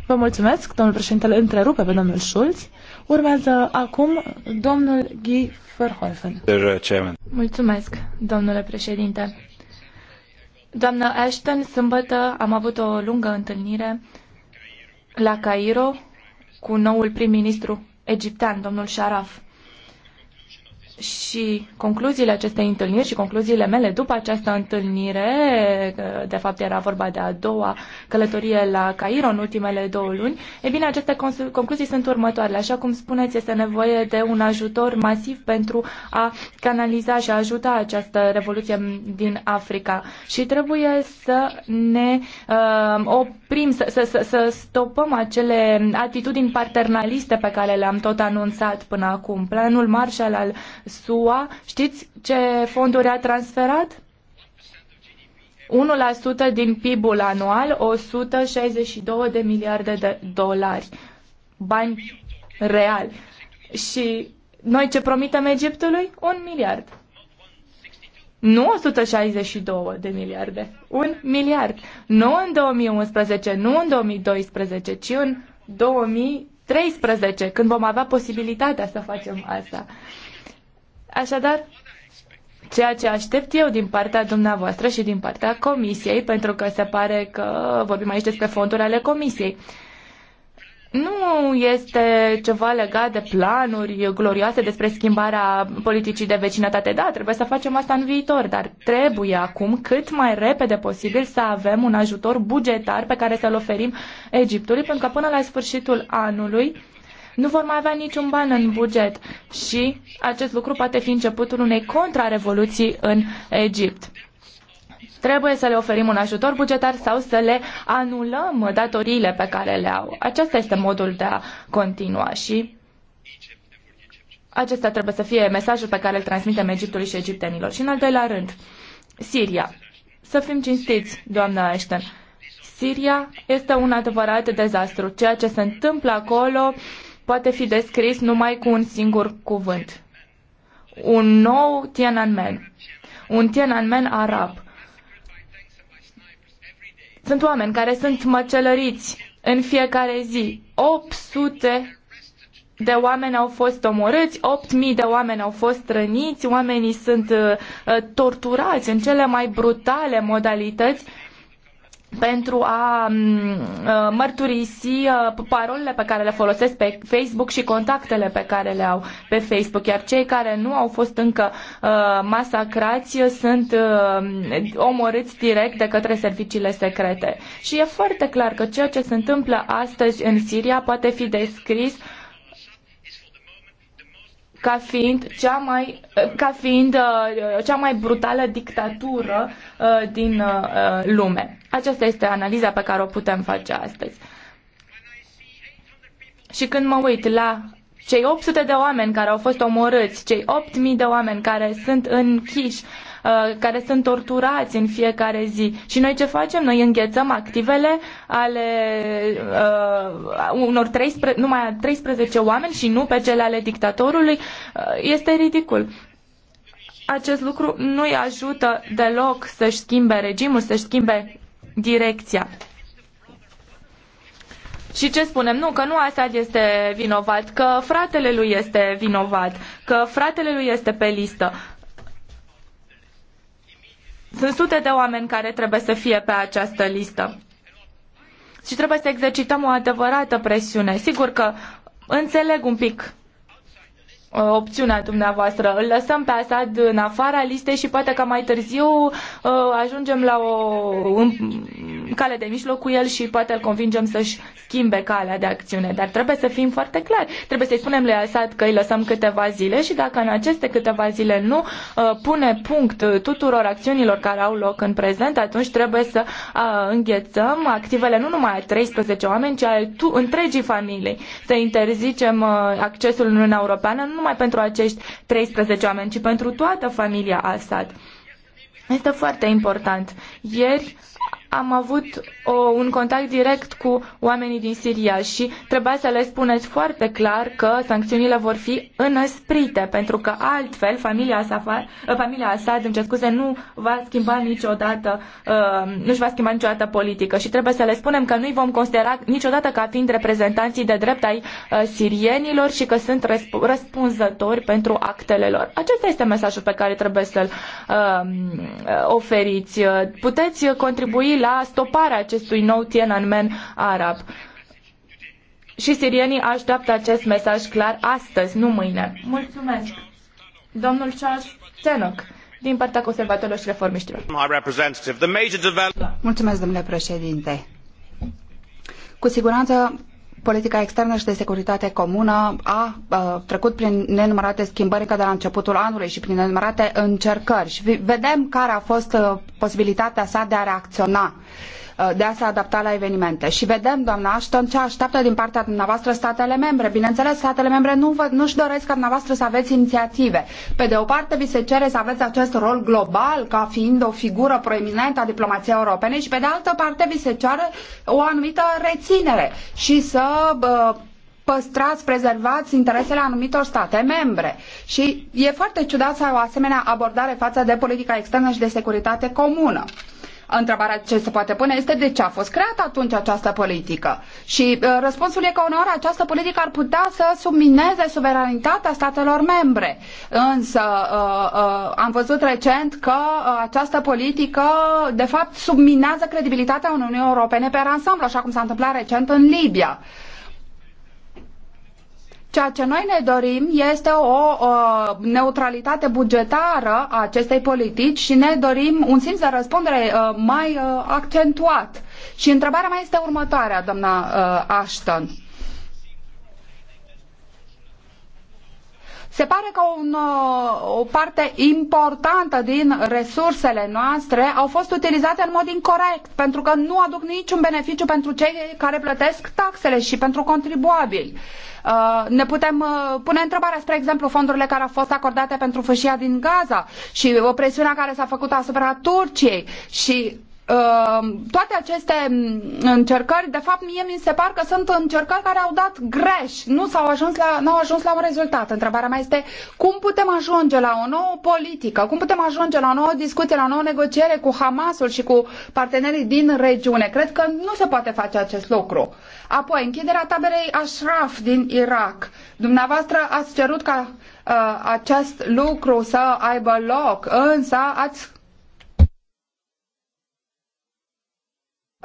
Vă mulțumesc, domnul președinte, întrerupe pe domnul Schulz. Urmează acum domnul Guy Verhoeven. Uh, Mulțumesc, domnule președinte. Doamna Ashton, sâmbătă am avut o lungă întâlnire la Cairo cu noul prim-ministru egiptean, domnul Sharaf și concluziile acestei întâlniri și concluziile mele după această întâlnire, de fapt era vorba de a doua călătorie la Cairo în ultimele două luni, e bine, aceste concluzii sunt următoarele. Așa cum spuneți, este nevoie de un ajutor masiv pentru a canaliza și a ajuta această revoluție din Africa și trebuie să ne uh, oprim, să, să, să, să stopăm acele atitudini paternaliste pe care le-am tot anunțat până acum. Planul Marshall al SUA, știți ce fonduri a transferat? 1% din PIB-ul anual, 162 de miliarde de dolari. Bani real. Și noi ce promitem Egiptului? Un miliard. Nu 162 de miliarde, un miliard. Nu în 2011, nu în 2012, ci în 2013, când vom avea posibilitatea să facem asta. Așadar, ceea ce aștept eu din partea dumneavoastră și din partea comisiei, pentru că se pare că vorbim aici despre fonduri ale comisiei, nu este ceva legat de planuri glorioase despre schimbarea politicii de vecinătate. Da, trebuie să facem asta în viitor, dar trebuie acum cât mai repede posibil să avem un ajutor bugetar pe care să-l oferim Egiptului, pentru că până la sfârșitul anului nu vor mai avea niciun ban în buget și acest lucru poate fi începutul unei contrarevoluții în Egipt trebuie să le oferim un ajutor bugetar sau să le anulăm datoriile pe care le au. Acesta este modul de a continua și acesta trebuie să fie mesajul pe care îl transmitem Egiptului și egiptenilor. Și în al doilea rând, Siria. Să fim cinstiți, doamna Ashton. Siria este un adevărat dezastru. Ceea ce se întâmplă acolo uh, poate fi descris numai cu un singur cuvânt. Un nou Tiananmen. Un Tiananmen arab. Sunt oameni care sunt măcelăriți în fiecare zi. 800 de oameni au fost omorâți, 8.000 de oameni au fost răniți, oamenii sunt uh, torturați în cele mai brutale modalități pentru a mm, uh, mărturisi uh, parolele pe care le folosesc pe Facebook și contactele pe care le au pe Facebook, iar cei care nu au fost încă uh, masacrați sunt omorâți direct de către serviciile secrete. Și e foarte clar că ceea ce se întâmplă astăzi în Siria poate fi descris ca fiind cea mai, ca fiind, uh, cea mai brutală dictatură uh, din uh, lume. Aceasta este analiza pe care o putem face astăzi. Și când mă uit la cei 800 de oameni care au fost omorâți, cei 8.000 de oameni care sunt închiși Uh, care sunt torturați în fiecare zi. Și noi ce facem? Noi înghețăm activele ale uh, unor 13, numai 13 oameni și nu pe cele ale dictatorului. Uh, este ridicul acest lucru nu-i ajută deloc să-și schimbe regimul, să-și schimbe direcția. Și ce spunem? Nu, că nu Assad este vinovat, că fratele lui este vinovat, că fratele lui este pe listă. Sunt sute de oameni care trebuie să fie pe această listă. Și trebuie să exercităm o adevărată presiune. Sigur că înțeleg un pic uh, opțiunea dumneavoastră. Îl lăsăm pe Asad în afara listei și poate că mai târziu uh, ajungem la o cale de mijloc cu el și poate îl convingem să-și schimbe calea de acțiune. Dar trebuie să fim foarte clari. Trebuie să-i spunem lui Assad că îi lăsăm câteva zile și dacă în aceste câteva zile nu uh, pune punct uh, tuturor acțiunilor care au loc în prezent, atunci trebuie să uh, înghețăm activele nu numai a 13 oameni, ci a întregii familii. Să interzicem accesul în Uniunea Europeană nu numai pentru acești 13 oameni, ci pentru toată familia Assad. Este foarte important. Ieri am avut o, un contact direct cu oamenii din Siria și trebuia să le spuneți foarte clar că sancțiunile vor fi înăsprite, pentru că altfel familia, Safar, ă, familia Assad, îmi scuze, nu va schimba niciodată, uh, nu va schimba niciodată politică și trebuie să le spunem că nu-i vom considera niciodată ca fiind reprezentanții de drept ai uh, sirienilor și că sunt răsp- răspunzători pentru actele lor. Acesta este mesajul pe care trebuie să-l uh, oferiți. Puteți contribui la stoparea acestui nou Tiananmen arab. Și sirienii așteaptă acest mesaj clar astăzi, nu mâine. Mulțumesc. Domnul Charles Tenok din partea conservatorilor și reformiștilor. Mulțumesc, domnule președinte. Cu siguranță politica externă și de securitate comună a, a trecut prin nenumărate schimbări încă de la începutul anului și prin nenumărate încercări și vedem care a fost a, uh, posibilitatea sa de a reacționa. Uh, de a se adapta la evenimente. Și vedem, doamna Ashton, ce așteaptă din partea dumneavoastră statele membre. Bineînțeles, statele membre nu vă, nu-și doresc ca dumneavoastră să aveți inițiative. Pe de o parte, vi se cere să aveți acest rol global ca fiind o figură proeminentă a diplomației europene și pe de altă parte vi se cere o anumită reținere și să bă, păstrați, prezervați interesele anumitor state membre. Și e foarte ciudat să ai o asemenea abordare față de politica externă și de securitate comună întrebarea ce se poate pune este de ce a fost creată atunci această politică. Și uh, răspunsul e că uneori această politică ar putea să submineze suveranitatea statelor membre. Însă uh, uh, am văzut recent că uh, această politică de fapt subminează credibilitatea Uniunii Europene pe ansamblu, așa cum s-a întâmplat recent în Libia. Uh, Ceea ce noi ne dorim este o, o neutralitate bugetară a acestei politici și ne dorim un simț de răspundere uh, mai uh, accentuat. Și întrebarea mea este următoarea, doamna uh, Ashton Se pare că un, uh, o parte importantă din resursele noastre au fost utilizate în mod incorrect, pentru că nu aduc niciun beneficiu pentru cei care plătesc taxele și pentru contribuabili. Uh, ne putem uh, pune întrebarea, spre exemplu, fondurile care au fost acordate pentru fâșia din Gaza și o presiunea care s-a făcut asupra Turciei și Ehm, toate aceste încercări, de fapt, mie mi se par că sunt încercări care au dat greș, nu s-au ajuns la, n-au ajuns la un rezultat. Întrebarea mea este cum putem ajunge la o nouă politică, cum putem ajunge la o nouă discuție, la o nouă negociere cu Hamasul și cu partenerii din regiune. Cred că nu se poate face acest lucru. Apoi, închiderea taberei Ashraf din Irak. Dumneavoastră ați cerut ca uh, acest lucru să aibă loc, însă ați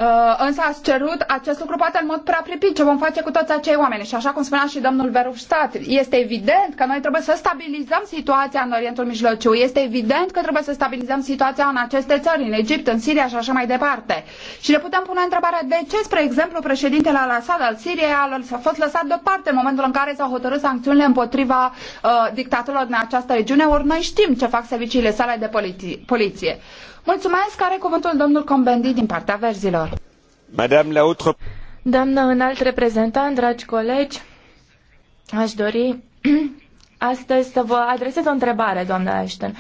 Uh, însă ați cerut acest lucru poate în mod prea pripit ce vom face cu toți acei oameni. Și așa cum spunea și domnul Verhofstadt, este evident că noi trebuie să stabilizăm situația în Orientul Mijlociu. Este evident că trebuie să stabilizăm situația în aceste țări, în Egipt, în Siria și așa mai departe. Și ne putem pune întrebarea de ce, spre exemplu, președintele al-Assad al Siriei a fost lăsat deoparte în momentul în care s-au hotărât sancțiunile împotriva uh, dictatorilor din această regiune, ori noi știm ce fac serviciile sale de poliție. Mulțumesc, are cuvântul domnul Combendi din partea verzilor. Madame la autre... Doamnă înalt reprezentant, dragi colegi, aș dori *clears throat* astăzi să vă adresez o întrebare, doamnă Ashton.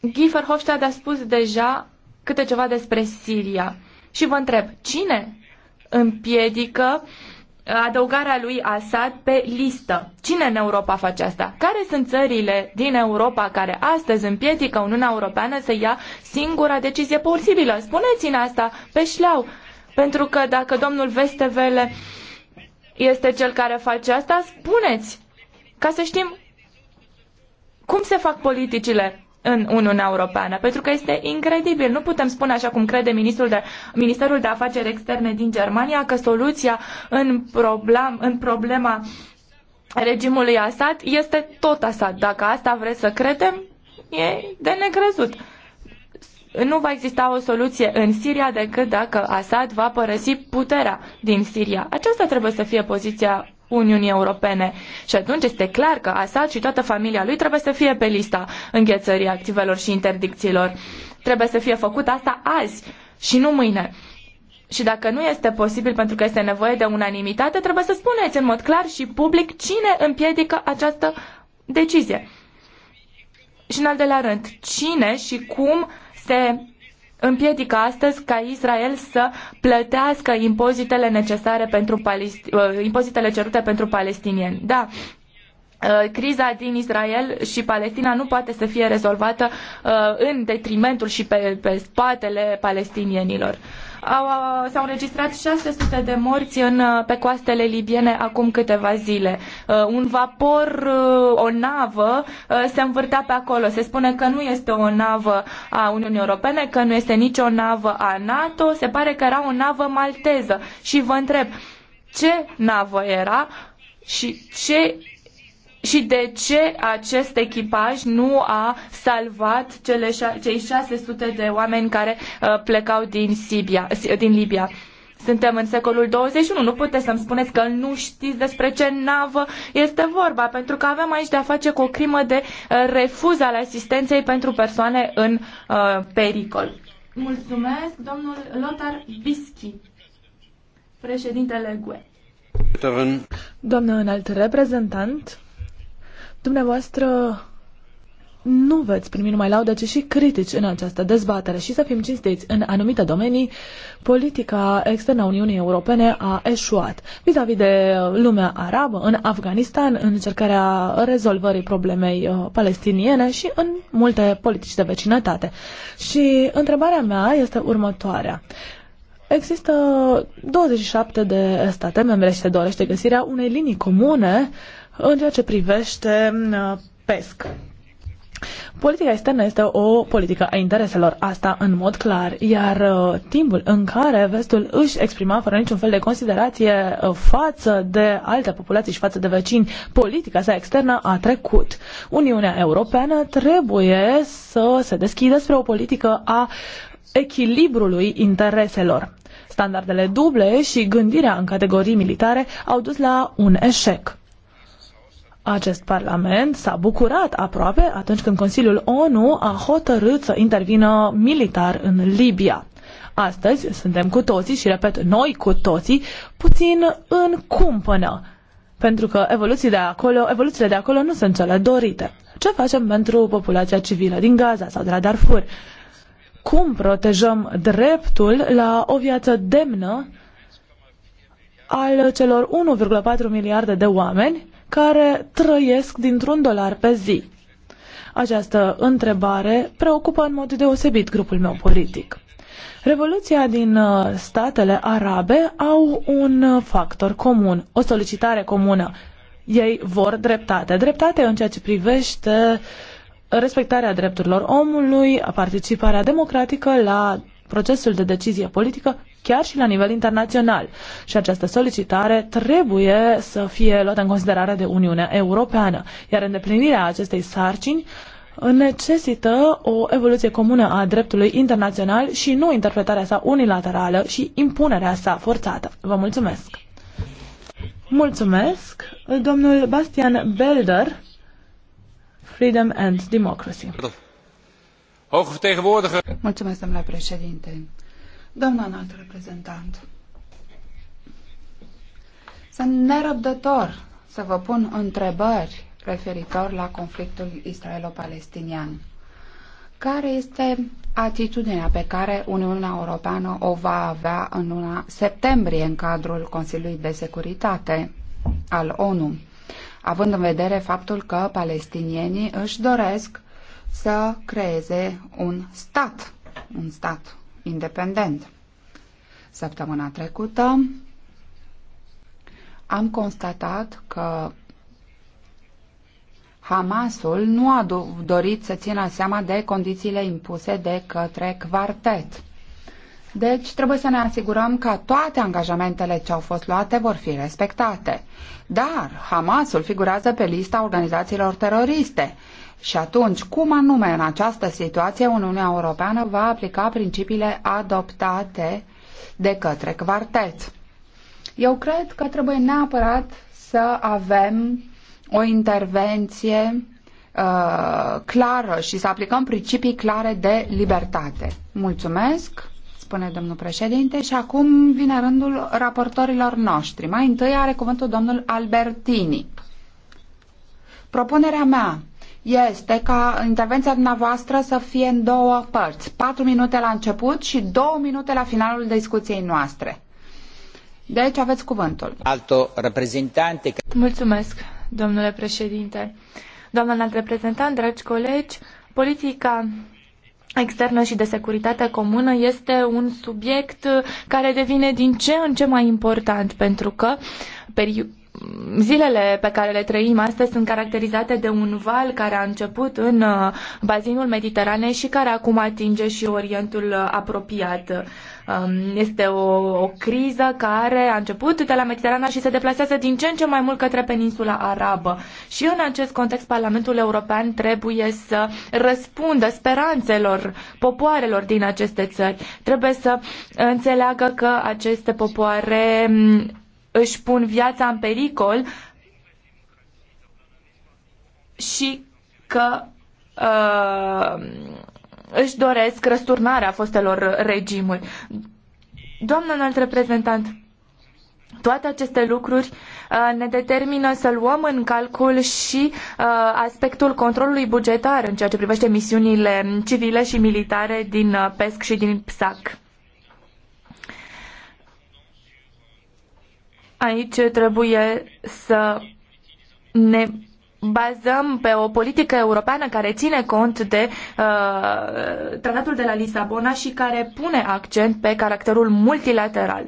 Guy Verhofstadt a spus deja câte ceva despre Siria. Și vă întreb, cine împiedică uh, adăugarea lui Assad pe listă. Cine în Europa face asta? Care sunt țările din Europa care astăzi împiedică Uniunea Europeană să ia singura decizie posibilă? Spuneți-ne asta pe șleau. Pentru că dacă domnul Vestevele este cel care face asta, spuneți. Ca să știm cum se fac politicile în Uniunea Europeană, pentru că este incredibil. Nu putem spune, așa cum crede ministrul de, Ministerul de Afaceri Externe din Germania, că soluția în, problem, în problema regimului Assad este tot Assad. Dacă asta vreți să credem, e de necrezut. Nu va exista o soluție în Siria decât dacă Assad va părăsi puterea din Siria. Aceasta trebuie să fie poziția Uniunii Europene. Și atunci este clar că Assad și toată familia lui trebuie să fie pe lista înghețării activelor și interdicțiilor. Trebuie să fie făcut asta azi și nu mâine. Și dacă nu este posibil pentru că este nevoie de unanimitate, trebuie să spuneți în mod clar și public cine împiedică această decizie. Și în al doilea rând, cine și cum se împiedică astăzi ca Israel să plătească impozitele necesare pentru palesti- uh, impozitele cerute pentru palestinieni. Da, Uh, criza din Israel și Palestina nu poate să fie rezolvată uh, în detrimentul și pe, pe spatele palestinienilor. Au, s-au înregistrat 600 de morți în, uh, pe coastele libiene acum câteva zile. Un vapor, o navă se învârtea pe acolo. Se spune că nu este o navă a Uniunii Europene, că nu este nicio navă a NATO. Se pare că era o navă malteză. Și vă întreb, ce navă era și ce și de ce acest echipaj nu a salvat cele șa- cei 600 de oameni care uh, plecau din, Sibia, din Libia? Suntem în secolul 21, nu puteți să-mi spuneți că nu știți despre ce navă este vorba, pentru că avem aici de-a face cu o crimă de uh, refuz al asistenței pentru persoane în uh, pericol. Mulțumesc, domnul Lothar Bischi, președintele GUE. Doamnă înalt reprezentant, Dumneavoastră nu veți primi numai laudă, ci și critici în această dezbatere și să fim cinstiți. În anumite domenii, politica externă a Uniunii Europene a eșuat. Vis-a-vis -vis de lumea arabă, în Afganistan, în încercarea rezolvării problemei uh, palestiniene și în multe politici de vecinătate. Și întrebarea mea este următoarea. Există 27 de state membre și se dorește găsirea unei linii comune în ceea ce privește uh, PESC. Politica externă este o politică a intereselor, asta în mod clar, iar uh, timpul în care vestul își exprima fără niciun fel de considerație uh, față de alte populații și față de vecini, politica sa externă a trecut. Uniunea Europeană trebuie să se deschidă spre o politică a echilibrului intereselor. Standardele duble și gândirea în categorii militare au dus la un eșec acest Parlament s-a bucurat aproape atunci când Consiliul ONU a hotărât să intervină militar în Libia. Astăzi suntem cu toții și, repet, noi cu toții, puțin în cumpănă, pentru că evoluții de acolo, evoluțiile de acolo nu sunt cele dorite. Ce facem pentru populația civilă din Gaza sau de la Darfur? Cum protejăm dreptul la o viață demnă al celor 1,4 miliarde de oameni care trăiesc dintr-un dolar pe zi. Această întrebare preocupă în mod deosebit grupul meu politic. Revoluția din uh, statele arabe au un uh, factor comun, o solicitare comună. Ei vor dreptate. Dreptate în ceea ce privește respectarea drepturilor omului, participarea democratică la procesul de decizie politică chiar și la nivel internațional. Și această solicitare trebuie să fie luată în considerare de Uniunea Europeană, iar îndeplinirea acestei sarcini necesită o evoluție comună a dreptului internațional și nu interpretarea sa unilaterală și impunerea sa forțată. Vă mulțumesc! Mulțumesc, domnul Bastian Belder, Freedom and Democracy. Mulțumesc, domnule președinte. Doamna înalt reprezentant, sunt nerăbdător să vă pun întrebări referitor la conflictul israelo-palestinian. Care este atitudinea pe care Uniunea Europeană o va avea în luna septembrie în cadrul Consiliului de Securitate al ONU, având în vedere faptul că palestinienii își doresc să creeze un stat, un stat independent. Săptămâna trecută am constatat că Hamasul nu a dorit să țină seama de condițiile impuse de către quartet. Deci trebuie să ne asigurăm că toate angajamentele ce au fost luate vor fi respectate. Dar Hamasul figurează pe lista organizațiilor teroriste și atunci, cum anume în această situație Uniunea Europeană va aplica principiile adoptate de către quartet? Eu cred că trebuie neapărat să avem o intervenție uh, clară și să aplicăm principii clare de libertate. Mulțumesc, spune domnul președinte, și acum vine rândul raportorilor noștri. Mai întâi are cuvântul domnul Albertini. Propunerea mea este ca intervenția dumneavoastră să fie în două părți. Patru minute la început și două minute la finalul discuției noastre. Deci aveți cuvântul. Alto reprezentante. Mulțumesc, domnule președinte. Doamna înalt reprezentant, dragi colegi, politica externă și de securitate comună este un subiect care devine din ce în ce mai important pentru că Zilele pe care le trăim astăzi sunt caracterizate de un val care a început în uh, bazinul Mediteranei și care acum atinge și Orientul uh, apropiat. Um, este o, o criză care a început de la Mediterana și se deplasează din ce în ce mai mult către peninsula arabă. Și în acest context, Parlamentul European trebuie să răspundă speranțelor popoarelor din aceste țări. Trebuie să înțeleagă că aceste popoare mm, își pun viața în pericol și că uh, își doresc răsturnarea fostelor regimuri. Doamnă înalt reprezentant, toate aceste lucruri uh, ne determină să luăm în calcul și uh, aspectul controlului bugetar în ceea ce privește misiunile civile și militare din uh, PESC și din PSAC. Aici trebuie să ne bazăm pe o politică europeană care ține cont de uh, tratatul de la Lisabona și care pune accent pe caracterul multilateral.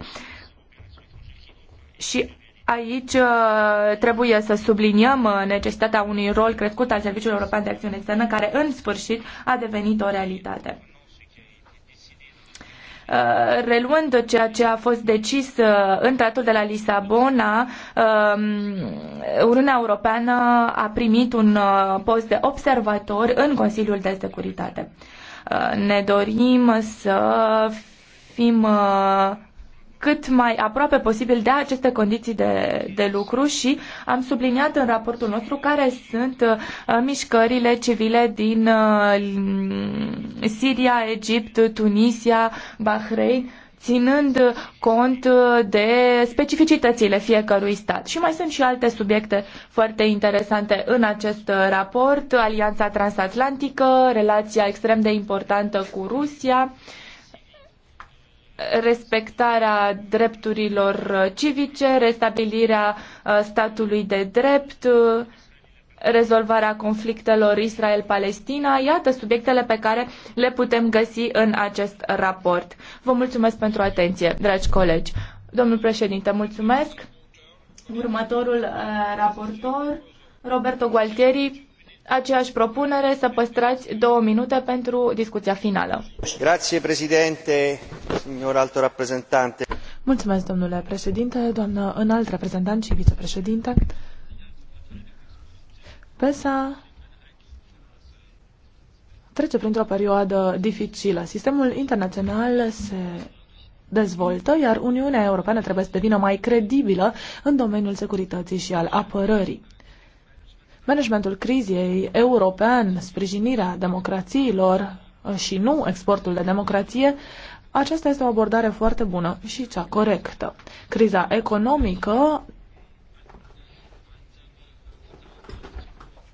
Și aici uh, trebuie să subliniem uh, necesitatea unui rol crescut al Serviciului European de Acțiune Externă, care în sfârșit a devenit o realitate. Uh, reluând ceea ce a fost decis uh, în tratatul de la Lisabona, um, Uniunea Europeană a primit un uh, post de observator în Consiliul de Securitate. Ne dorim să fim cât mai aproape posibil de aceste condiții de, de lucru și am subliniat în raportul nostru care sunt uh, mișcările civile din uh, Siria, Egipt, Tunisia, Bahrain ținând cont uh, de specificitățile fiecărui stat. Și mai sunt și alte subiecte foarte interesante în acest raport, Alianța Transatlantică, relația extrem de importantă cu Rusia, uh, respectarea drepturilor civice, restabilirea uh, statului de drept, uh, rezolvarea conflictelor Israel-Palestina. Iată subiectele pe care le putem găsi în acest raport. Vă mulțumesc pentru atenție, dragi colegi. Domnul președinte, mulțumesc. Următorul uh, raportor, Roberto Gualtieri, aceeași propunere să păstrați două minute pentru discuția finală. Grazie, președinte, signor alto Mulțumesc, domnule președinte, doamnă înalt reprezentant și vicepreședinte. PESA trece printr-o perioadă dificilă. Sistemul internațional se dezvoltă, iar Uniunea Europeană trebuie să devină mai credibilă în domeniul securității și al apărării. Managementul crizei european, sprijinirea democrațiilor uh, și nu exportul de democrație, aceasta este o abordare foarte bună și cea corectă. Criza economică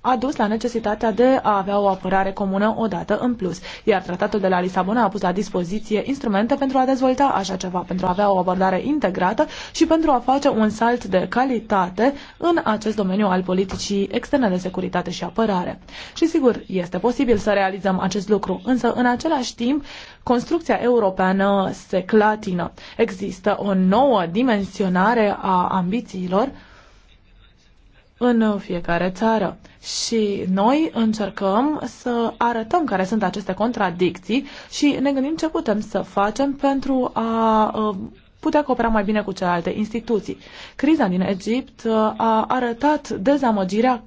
a dus la necesitatea de a avea o apărare comună odată în plus, iar tratatul de la Lisabona a pus la dispoziție instrumente pentru a dezvolta așa ceva, pentru a avea o abordare integrată și pentru a face un salt de calitate în acest domeniu al politicii externe de securitate și apărare. Și sigur, este posibil să realizăm acest lucru, însă în același timp construcția europeană se clatină. Există o nouă dimensionare a ambițiilor în fiecare țară. Și noi încercăm să arătăm care sunt aceste contradicții și ne gândim ce putem să facem pentru a putea coopera mai bine cu celelalte instituții. Criza din Egipt a arătat dezamăgirea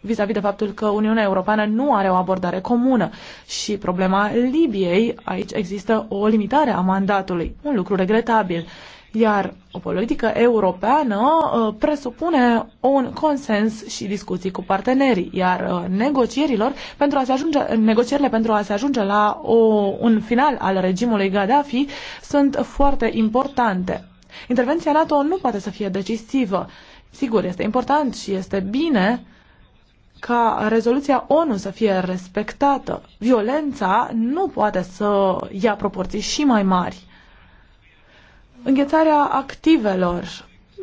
vis-a-vis -vis de faptul că Uniunea Europeană nu are o abordare comună și problema Libiei, aici există o limitare a mandatului, un lucru regretabil. Iar o politică europeană uh, presupune un consens și discuții cu partenerii, iar uh, negocierilor pentru a se ajunge, negocierile pentru a se ajunge la o, un final al regimului Gaddafi sunt foarte importante. Intervenția NATO nu poate să fie decisivă. Sigur, este important și este bine ca rezoluția ONU să fie respectată. Violența nu poate să ia proporții și mai mari. Înghețarea activelor.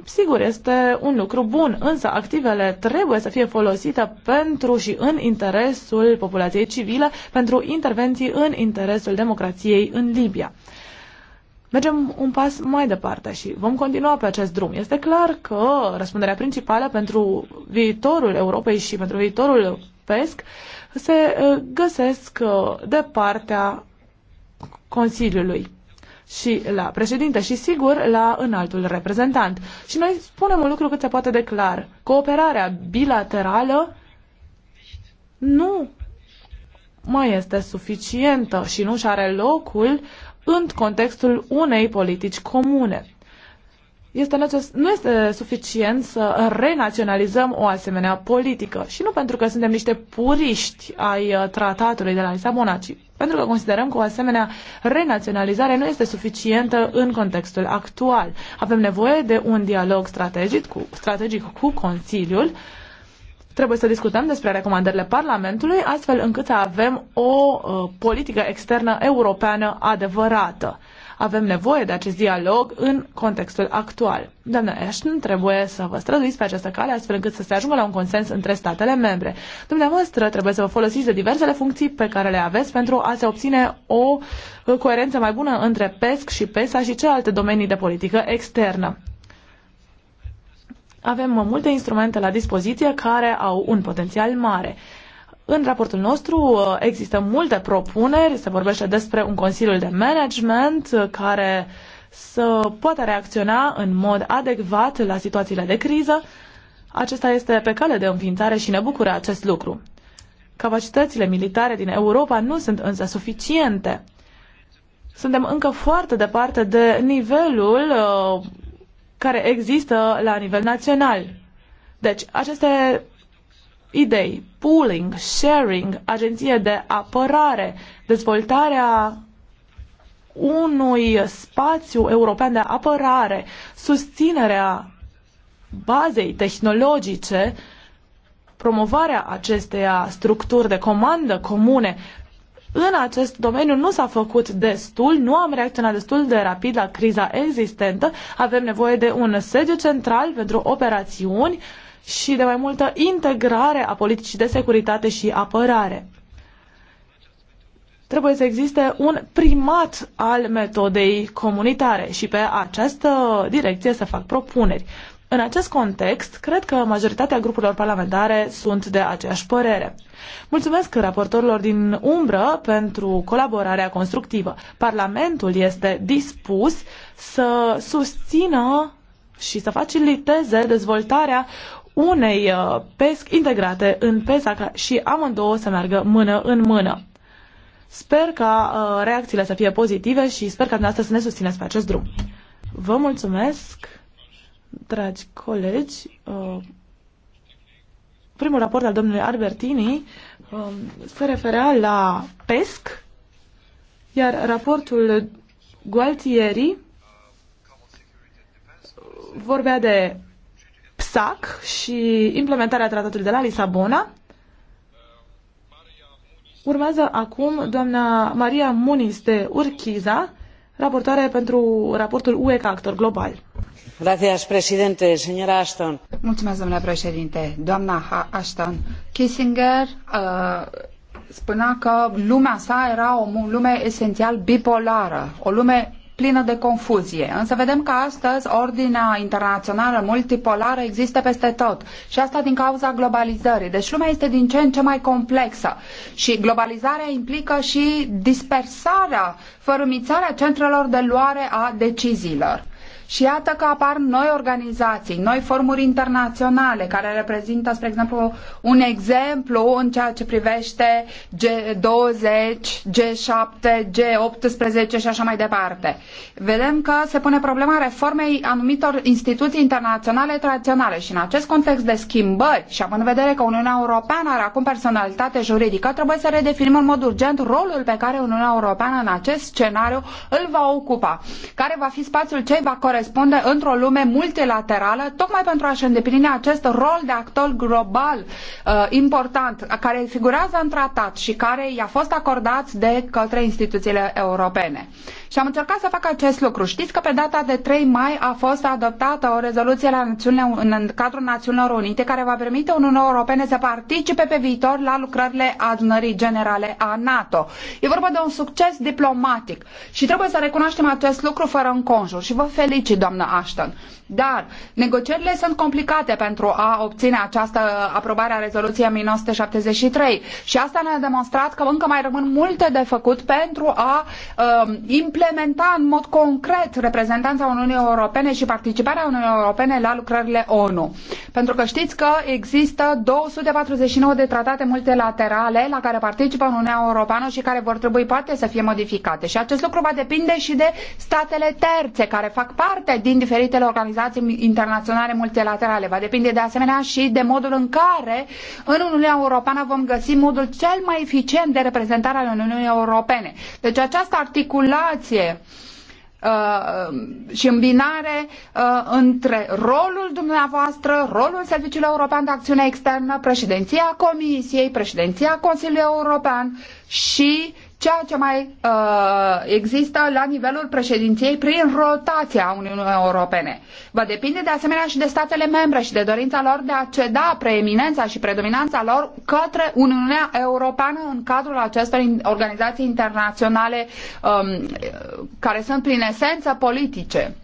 Sigur, este un lucru bun, însă activele trebuie să fie folosite pentru și în interesul populației civile, pentru intervenții în interesul democrației în Libia. Mergem un pas mai departe și vom continua pe acest drum. Este clar că răspunderea principală pentru viitorul Europei și pentru viitorul PESC se uh, găsesc uh, de partea Consiliului și la președinte și, sigur, la înaltul reprezentant. Și noi spunem un lucru cât se poate de clar. Cooperarea bilaterală nu mai este suficientă și nu și are locul în contextul unei politici comune este neces- nu este suficient să renaționalizăm o asemenea politică. Și nu pentru că suntem niște puriști ai uh, tratatului de la Lisabona, ci pentru că considerăm că o asemenea renaționalizare nu este suficientă în contextul actual. Avem nevoie de un dialog strategic cu, strategic cu Consiliul. Trebuie să discutăm despre recomandările Parlamentului, astfel încât să avem o uh, politică externă europeană adevărată. Avem nevoie de acest dialog în contextul actual. Doamna Ashton, trebuie să vă străduiți pe această cale astfel încât să se ajungă la un consens între statele membre. Dumneavoastră trebuie să vă folosiți de diversele funcții pe care le aveți pentru a se obține o coerență mai bună între PESC și PESA și celelalte domenii de politică externă. Avem multe instrumente la dispoziție care au un potențial mare. În raportul nostru uh, există multe propuneri, se vorbește despre un Consiliu de Management uh, care să poată reacționa în mod adecvat la situațiile de criză. Acesta este pe cale de înființare și ne bucură acest lucru. Capacitățile militare din Europa nu sunt însă suficiente. Suntem încă foarte departe de nivelul uh, care există la nivel național. Deci, aceste idei, pooling, sharing, agenție de apărare, dezvoltarea unui spațiu european de apărare, susținerea bazei tehnologice, promovarea acesteia structuri de comandă comune. În acest domeniu nu s-a făcut destul, nu am reacționat destul de rapid la criza existentă. Avem nevoie de un sediu central pentru operațiuni, și de mai multă integrare a politicii de securitate și apărare. Trebuie să existe un primat al metodei comunitare și pe această direcție să fac propuneri. În acest context, cred că majoritatea grupurilor parlamentare sunt de aceeași părere. Mulțumesc raportorilor din umbră pentru colaborarea constructivă. Parlamentul este dispus să susțină și să faciliteze dezvoltarea unei uh, pesc integrate în PESA ca și amândouă să meargă mână în mână. Sper ca uh, reacțiile să fie pozitive și sper ca dumneavoastră să ne susțineți pe acest drum. Vă mulțumesc, dragi colegi. Uh, primul raport al domnului Albertini uh, se referea la PESC, iar raportul Gualtieri vorbea de SAC și implementarea tratatului de la Lisabona. Urmează acum doamna Maria Muniz de Urchiza, raportoare pentru raportul UE ca actor global. Gracias, presidente. Señora Ashton. Mulțumesc, domnule președinte. Doamna Ashton, Kissinger uh, spunea că lumea sa era o lume esențial bipolară, o lume plină de confuzie. Însă vedem că astăzi ordinea internațională multipolară există peste tot și asta din cauza globalizării. Deci lumea este din ce în ce mai complexă și globalizarea implică și dispersarea, fărâmițarea centrelor de luare a deciziilor. Și iată că apar noi organizații, noi formuri internaționale care reprezintă, spre exemplu, un exemplu în ceea ce privește G20, G7, G18 și așa mai departe. Vedem că se pune problema reformei anumitor instituții internaționale tradiționale și în acest context de schimbări și având în vedere că Uniunea Europeană are acum personalitate juridică, trebuie să redefinim în mod urgent rolul pe care Uniunea Europeană în acest scenariu îl va ocupa, care va fi spațiul ce va corespunde corespunde într-o lume multilaterală, tocmai pentru a-și îndeplini acest rol de actor global uh, important, care figurează în tratat și care i-a fost acordat de către instituțiile europene. Și am încercat să fac acest lucru. Știți că pe data de 3 mai a fost adoptată o rezoluție la Națiunile, în cadrul Națiunilor Unite care va permite Uniunii Europene să participe pe viitor la lucrările adunării generale a NATO. E vorba de un succes diplomatic și trebuie să recunoaștem acest lucru fără înconjur și vă felicit, doamnă Ashton. Dar negocierile sunt complicate pentru a obține această aprobare a rezoluției 1973 și asta ne-a demonstrat că încă mai rămân multe de făcut pentru a uh, um, implica implementa în mod concret reprezentanța Uniunii Europene și participarea Uniunii Europene la lucrările ONU. Pentru că știți că există 249 de tratate multilaterale la care participă Uniunea Europeană și care vor trebui poate să fie modificate. Și acest lucru va depinde și de statele terțe care fac parte din diferitele organizații internaționale multilaterale. Va depinde de asemenea și de modul în care în Uniunea Europeană vom găsi modul cel mai eficient de reprezentare al Uniunii Europene. Deci această articulație relație uh, și îmbinare uh, între rolul dumneavoastră, rolul Serviciului European de Acțiune Externă, președinția Comisiei, președinția Consiliului European și ceea ce mai uh, există la nivelul președinției prin rotația Uniunii Europene. Va depinde de asemenea și de statele membre și de dorința lor de a ceda preeminența și predominanța lor către Uniunea Europeană în cadrul acestor organizații internaționale um, care sunt prin esență politice.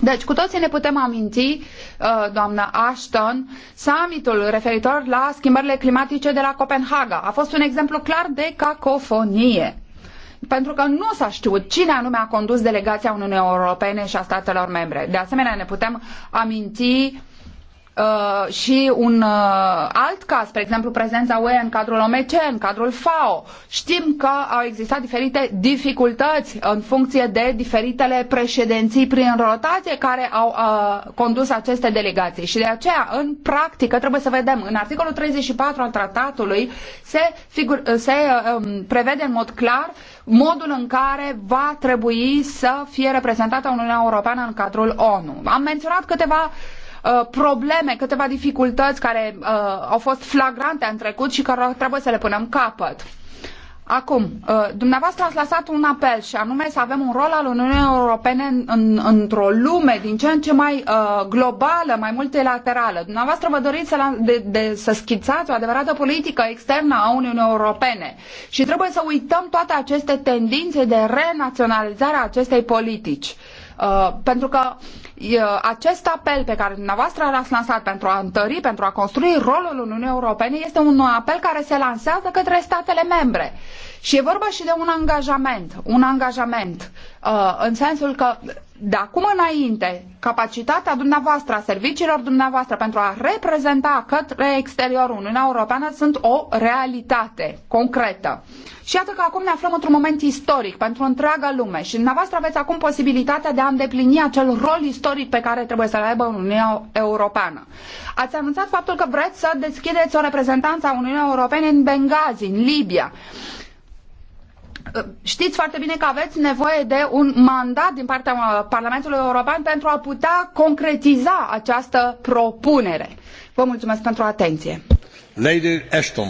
Deci, cu toții ne putem aminti, uh, doamna Ashton, summitul referitor la schimbările climatice de la Copenhaga. A fost un exemplu clar de cacofonie pentru că nu s-a știut cine anume a condus delegația Uniunii Europene și a statelor membre. De asemenea, ne putem aminti Uh, și un uh, alt caz, spre exemplu prezența UE în cadrul OMC, în cadrul FAO. Știm că au existat diferite dificultăți în funcție de diferitele președinții prin rotație care au uh, condus aceste delegații și de aceea în practică trebuie să vedem în articolul 34 al tratatului se, figur, uh, se uh, um, prevede în mod clar modul în care va trebui să fie reprezentată Uniunea Europeană în cadrul ONU. Am menționat câteva uh, Uh, probleme, câteva dificultăți care uh, au fost flagrante în trecut și care trebuie să le punem capăt. Acum, uh, dumneavoastră ați lăsat un apel și anume să avem un rol al Uniunii Europene în, în, într-o lume din ce în ce mai uh, globală, mai multilaterală. Dumneavoastră vă doriți să, la, de, de, să schițați o adevărată politică externă a Uniunii Europene și trebuie să uităm toate aceste tendințe de renaționalizare a acestei politici. Uh, pentru că uh, acest apel pe care dumneavoastră l-ați lansat pentru a întări, pentru a construi rolul Uniunii Europene, este un apel care se lansează către statele membre. Și e vorba și de un angajament, un angajament uh, în sensul că de acum înainte capacitatea dumneavoastră, a serviciilor dumneavoastră pentru a reprezenta către exteriorul Uniunea Europeană sunt o realitate concretă. Și iată că acum ne aflăm într-un moment istoric pentru întreaga lume și dumneavoastră aveți acum posibilitatea de a îndeplini acel rol istoric pe care trebuie să-l aibă Uniunea Europeană. Ați anunțat faptul că vreți să deschideți o reprezentanță a Uniunii Europene în Benghazi, în Libia. Știți foarte bine că aveți nevoie de un mandat din partea Parlamentului European pentru a putea concretiza această propunere. Vă mulțumesc pentru atenție. Lady Ashton,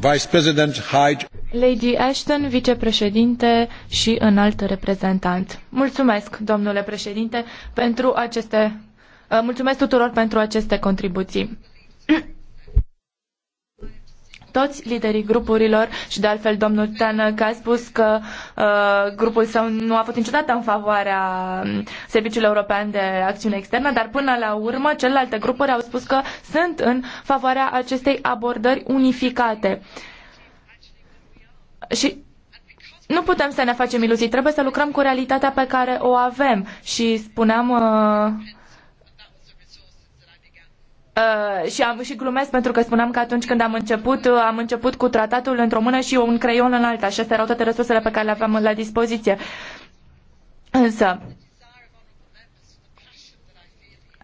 Vice President Hyde. Lady Ashton, vicepreședinte și înalt reprezentant. Mulțumesc, domnule președinte, pentru aceste. Mulțumesc tuturor pentru aceste contribuții. *clears throat* toți liderii grupurilor și de altfel domnul Tanăc a spus că uh, grupul său nu a fost niciodată în favoarea um, Serviciului European de Acțiune Externă, dar până la urmă celelalte grupuri au spus că sunt în favoarea acestei abordări unificate. Și nu putem să ne facem iluzii, trebuie să lucrăm cu realitatea pe care o avem. Și spuneam uh, Uh, și, am, și glumesc pentru că spuneam că atunci când am început, uh, am început cu tratatul într-o mână și un creion în alta și astea erau toate resursele pe care le aveam la dispoziție. Însă,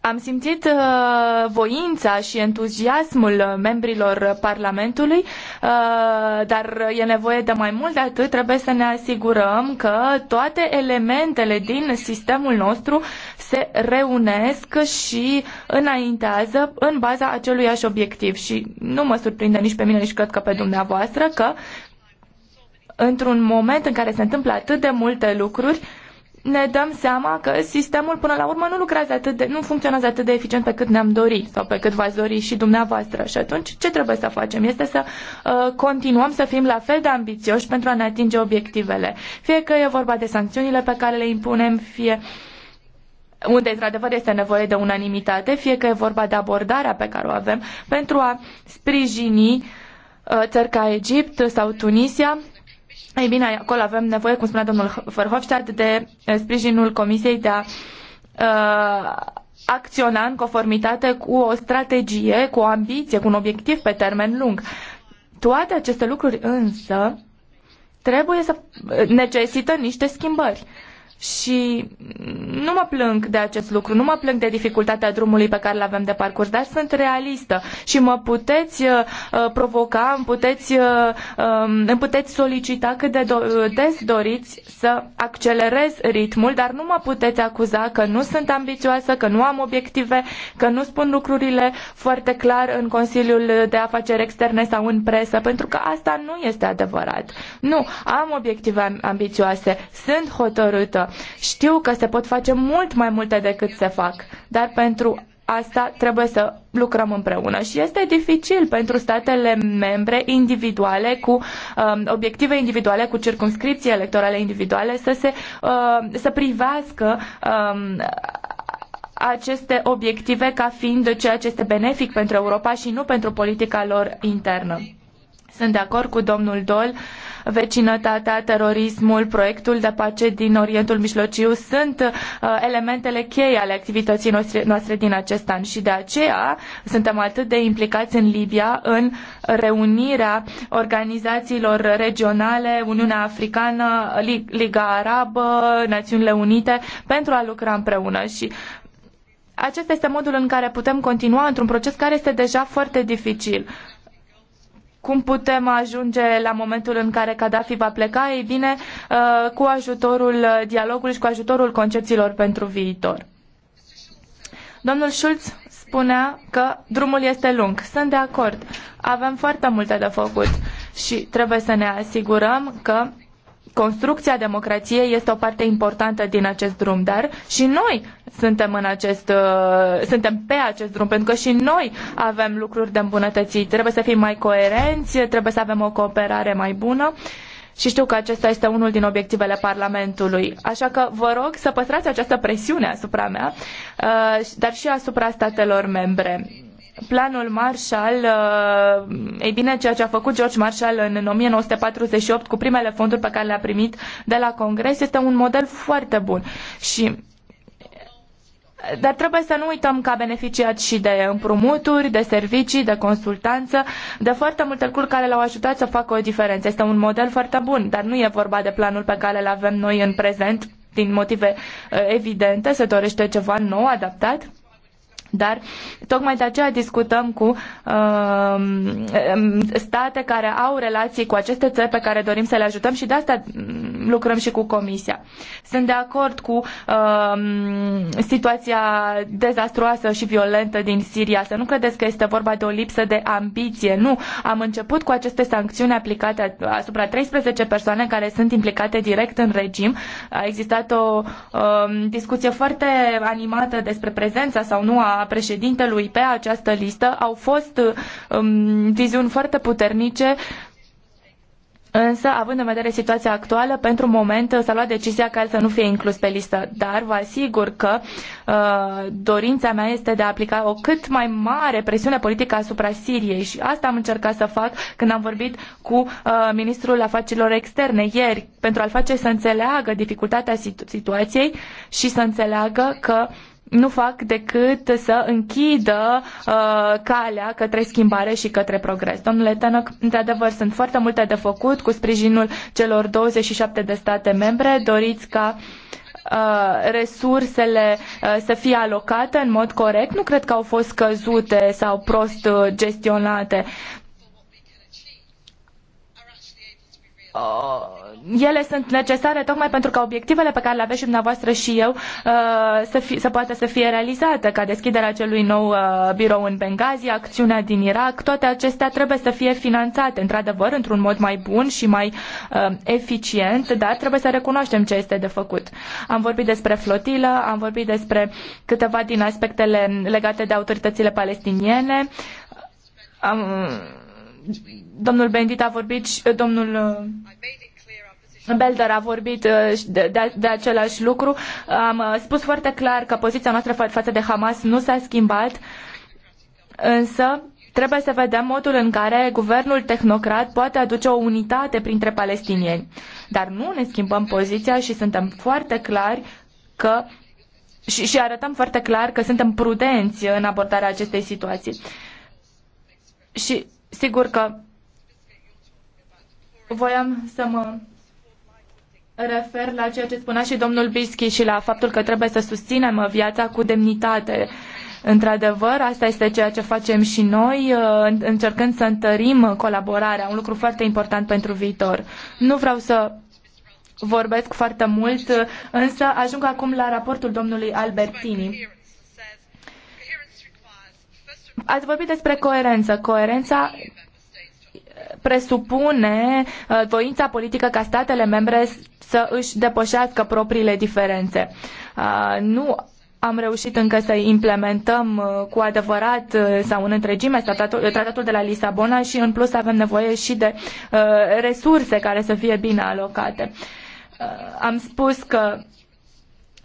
am simțit uh, voința și entuziasmul uh, membrilor Parlamentului, uh, dar e nevoie de mai mult de atât. Trebuie să ne asigurăm că toate elementele din sistemul nostru se reunesc și înaintează în baza aceluiași obiectiv. Și nu mă surprinde nici pe mine, nici cred că pe dumneavoastră, că într-un moment în care se întâmplă atât de multe lucruri, ne dăm seama că sistemul până la urmă nu lucrează atât de, nu funcționează atât de eficient pe cât ne-am dori sau pe cât v-ați dori și dumneavoastră. Și atunci ce trebuie să facem? Este să uh, continuăm să fim la fel de ambițioși pentru a ne atinge obiectivele. Fie că e vorba de sancțiunile pe care le impunem, fie unde într-adevăr este nevoie de unanimitate, fie că e vorba de abordarea pe care o avem pentru a sprijini uh, țări ca Egipt sau Tunisia ei bine, acolo avem nevoie, cum spunea domnul Verhofstadt, de eh, sprijinul Comisiei de a uh, acționa în conformitate cu o strategie, cu o ambiție, cu un obiectiv pe termen lung. Toate aceste lucruri însă trebuie să eh, necesită niște schimbări. Uh, și nu mă plâng de acest lucru, nu mă plâng de dificultatea drumului pe care îl avem de parcurs, dar sunt realistă și mă puteți uh, uh provoca, îmi puteți, uh, um, îmi puteți solicita cât de do- uh, des doriți să accelerez ritmul, dar nu mă puteți acuza că nu sunt ambițioasă, că nu am obiective, că nu spun lucrurile foarte clar în Consiliul de Afaceri Externe sau în presă, pentru că asta nu este adevărat. Nu, am obiective ambițioase, sunt hotărâtă știu că se pot face mult mai multe decât se fac, dar pentru asta trebuie să lucrăm împreună și este dificil pentru statele membre individuale cu um, obiective individuale, cu circumscripții electorale individuale să se uh, să privească um, aceste obiective ca fiind ceea ce este benefic pentru Europa și nu pentru politica lor internă. Sunt de acord cu domnul Dol. Vecinătatea, terorismul, proiectul de pace din Orientul Mijlociu sunt uh, elementele cheie ale activității noastre, noastre din acest an și de aceea suntem atât de implicați în Libia în reunirea organizațiilor regionale, Uniunea Africană, Liga Arabă, Națiunile Unite, pentru a lucra împreună și acesta este modul în care putem continua într-un proces care este deja foarte dificil. Cum putem ajunge la momentul în care Gaddafi va pleca? Ei bine, uh, cu ajutorul dialogului și cu ajutorul concepțiilor pentru viitor. Domnul Schulz spunea că drumul este lung. Sunt de acord. Avem foarte multe de făcut și trebuie să ne asigurăm că construcția democrației este o parte importantă din acest drum, dar și noi suntem, în acest, uh, suntem pe acest drum, pentru că și noi avem lucruri de îmbunătățit. Trebuie să fim mai coerenți, trebuie să avem o cooperare mai bună și știu că acesta este unul din obiectivele Parlamentului. Așa că vă rog să păstrați această presiune asupra mea, uh, dar și asupra statelor membre planul Marshall, uh, ei bine, ceea ce a făcut George Marshall în 1948 cu primele fonduri pe care le-a primit de la Congres este un model foarte bun. Și dar trebuie să nu uităm că a beneficiat și de împrumuturi, de servicii, de consultanță, de foarte multe lucruri care l-au ajutat să facă o diferență. Este un model foarte bun, dar nu e vorba de planul pe care îl avem noi în prezent, din motive uh, evidente, se dorește ceva nou, adaptat dar tocmai de aceea discutăm cu uh, state care au relații cu aceste țări pe care dorim să le ajutăm și de asta mm, lucrăm și cu Comisia. Sunt de acord cu uh, situația dezastruoasă și violentă din Siria. Să nu credeți că este vorba de o lipsă de ambiție. Nu. Am început cu aceste sancțiuni aplicate asupra 13 persoane care sunt implicate direct în regim. A existat o uh, discuție foarte animată despre prezența sau nu a a președintelui pe această listă au fost um, viziuni foarte puternice Însă, având în vedere situația actuală, pentru moment s-a luat decizia ca el să nu fie inclus pe listă. Dar vă asigur că uh, dorința mea este de a aplica o cât mai mare presiune politică asupra Siriei și asta am încercat să fac când am vorbit cu uh, ministrul afacerilor externe ieri, pentru a-l face să înțeleagă dificultatea situ- situației și să înțeleagă că uh, nu fac decât să închidă uh, calea către schimbare și către progres. Domnule Tenoc, într-adevăr, sunt foarte multe de făcut cu sprijinul celor 27 de state membre. Doriți ca uh, resursele uh, să fie alocate în mod corect. Nu cred că au fost căzute sau prost uh, gestionate. Uh, ele sunt necesare tocmai pentru ca obiectivele pe care le aveți și dumneavoastră și eu uh, să, fi, să poată să fie realizate, ca deschiderea celui nou uh, birou în Benghazi, acțiunea din Irak, toate acestea trebuie să fie finanțate, într-adevăr, într-un mod mai bun și mai eficient, dar trebuie să recunoaștem ce este de făcut. Am vorbit despre flotilă, am vorbit despre câteva din aspectele legate de autoritățile palestiniene. Am, domnul Bendit a vorbit și uh, domnul uh, Belder a vorbit uh, de, de, de același lucru. Am spus foarte clar că poziția noastră față de Hamas nu s-a schimbat, însă trebuie să vedem modul în care guvernul tehnocrat poate aduce o unitate printre palestinieni. Dar nu ne schimbăm poziția și suntem foarte clari că și, și arătăm foarte clar că suntem prudenți în abordarea acestei situații. Și sigur că voiam să mă refer la ceea ce spunea și domnul Bischi și la faptul că trebuie să susținem viața cu demnitate. Într-adevăr, asta este ceea ce facem și noi, uh, încercând să întărim colaborarea, un lucru foarte important pentru viitor. Nu vreau să vorbesc foarte mult, uh, însă ajung acum la raportul domnului Albertini. Ați vorbit despre coerență. Coerența presupune uh, voința politică ca statele membre să își depășească propriile diferențe. Uh, nu am reușit încă să implementăm uh, cu adevărat sau în întregime tratatul de la Lisabona și în plus avem nevoie și de resurse care să fie bine alocate. Am spus că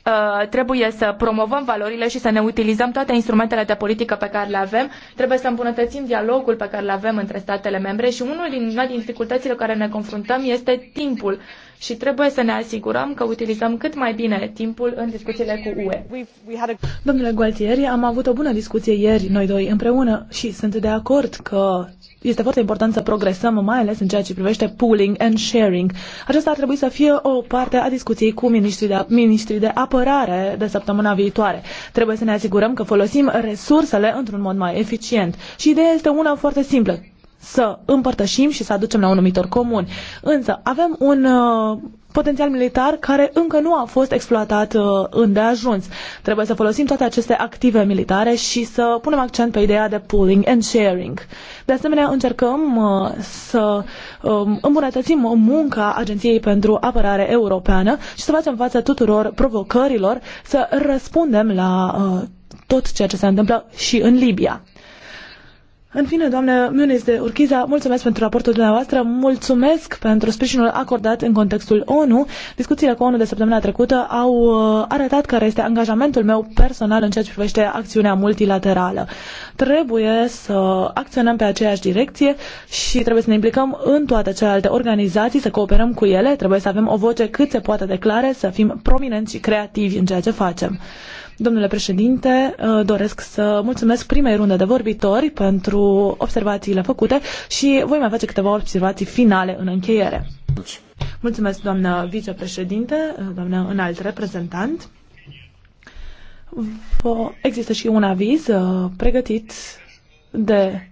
Uh, trebuie să promovăm valorile și să ne utilizăm toate instrumentele de politică pe care le avem. Trebuie să îmbunătățim dialogul pe care îl avem între statele membre și unul din, una din dificultățile cu care ne confruntăm este timpul și trebuie să ne asigurăm că utilizăm cât mai bine timpul în discuțiile cu UE. Domnule Gualtieri, am avut o bună discuție ieri noi doi împreună și sunt de acord că este foarte important să progresăm, mai ales în ceea ce privește pooling and sharing. Aceasta ar trebui să fie o parte a discuției cu ministrii de, ministrii de apărare de săptămâna viitoare. Trebuie să ne asigurăm că folosim resursele într-un mod mai eficient. Și ideea este una foarte simplă să împărtășim și să aducem la un numitor comun. Însă avem un uh, potențial militar care încă nu a fost exploatat uh, îndeajuns. Trebuie să folosim toate aceste active militare și să punem accent pe ideea de pooling and sharing. De asemenea, încercăm uh, să um, îmbunătățim munca Agenției pentru Apărare Europeană și să facem față tuturor provocărilor, să răspundem la uh, tot ceea ce se întâmplă și în Libia. În fine, doamnă Muniz de Urchiza, mulțumesc pentru raportul dumneavoastră, mulțumesc pentru sprijinul acordat în contextul ONU. Discuțiile cu ONU de săptămâna trecută au uh, arătat care este angajamentul meu personal în ceea ce privește acțiunea multilaterală. Trebuie să acționăm pe aceeași direcție și trebuie să ne implicăm în toate celelalte organizații, să cooperăm cu ele, trebuie să avem o voce cât se poate de clare, să fim prominenți și creativi în ceea ce facem. Domnule președinte, uh, doresc să mulțumesc primei runde de vorbitori pentru observațiile făcute și voi mai face câteva observații finale în încheiere. Mulțumesc, doamnă vicepreședinte, uh, doamnă înalt reprezentant. Există și un aviz uh, pregătit de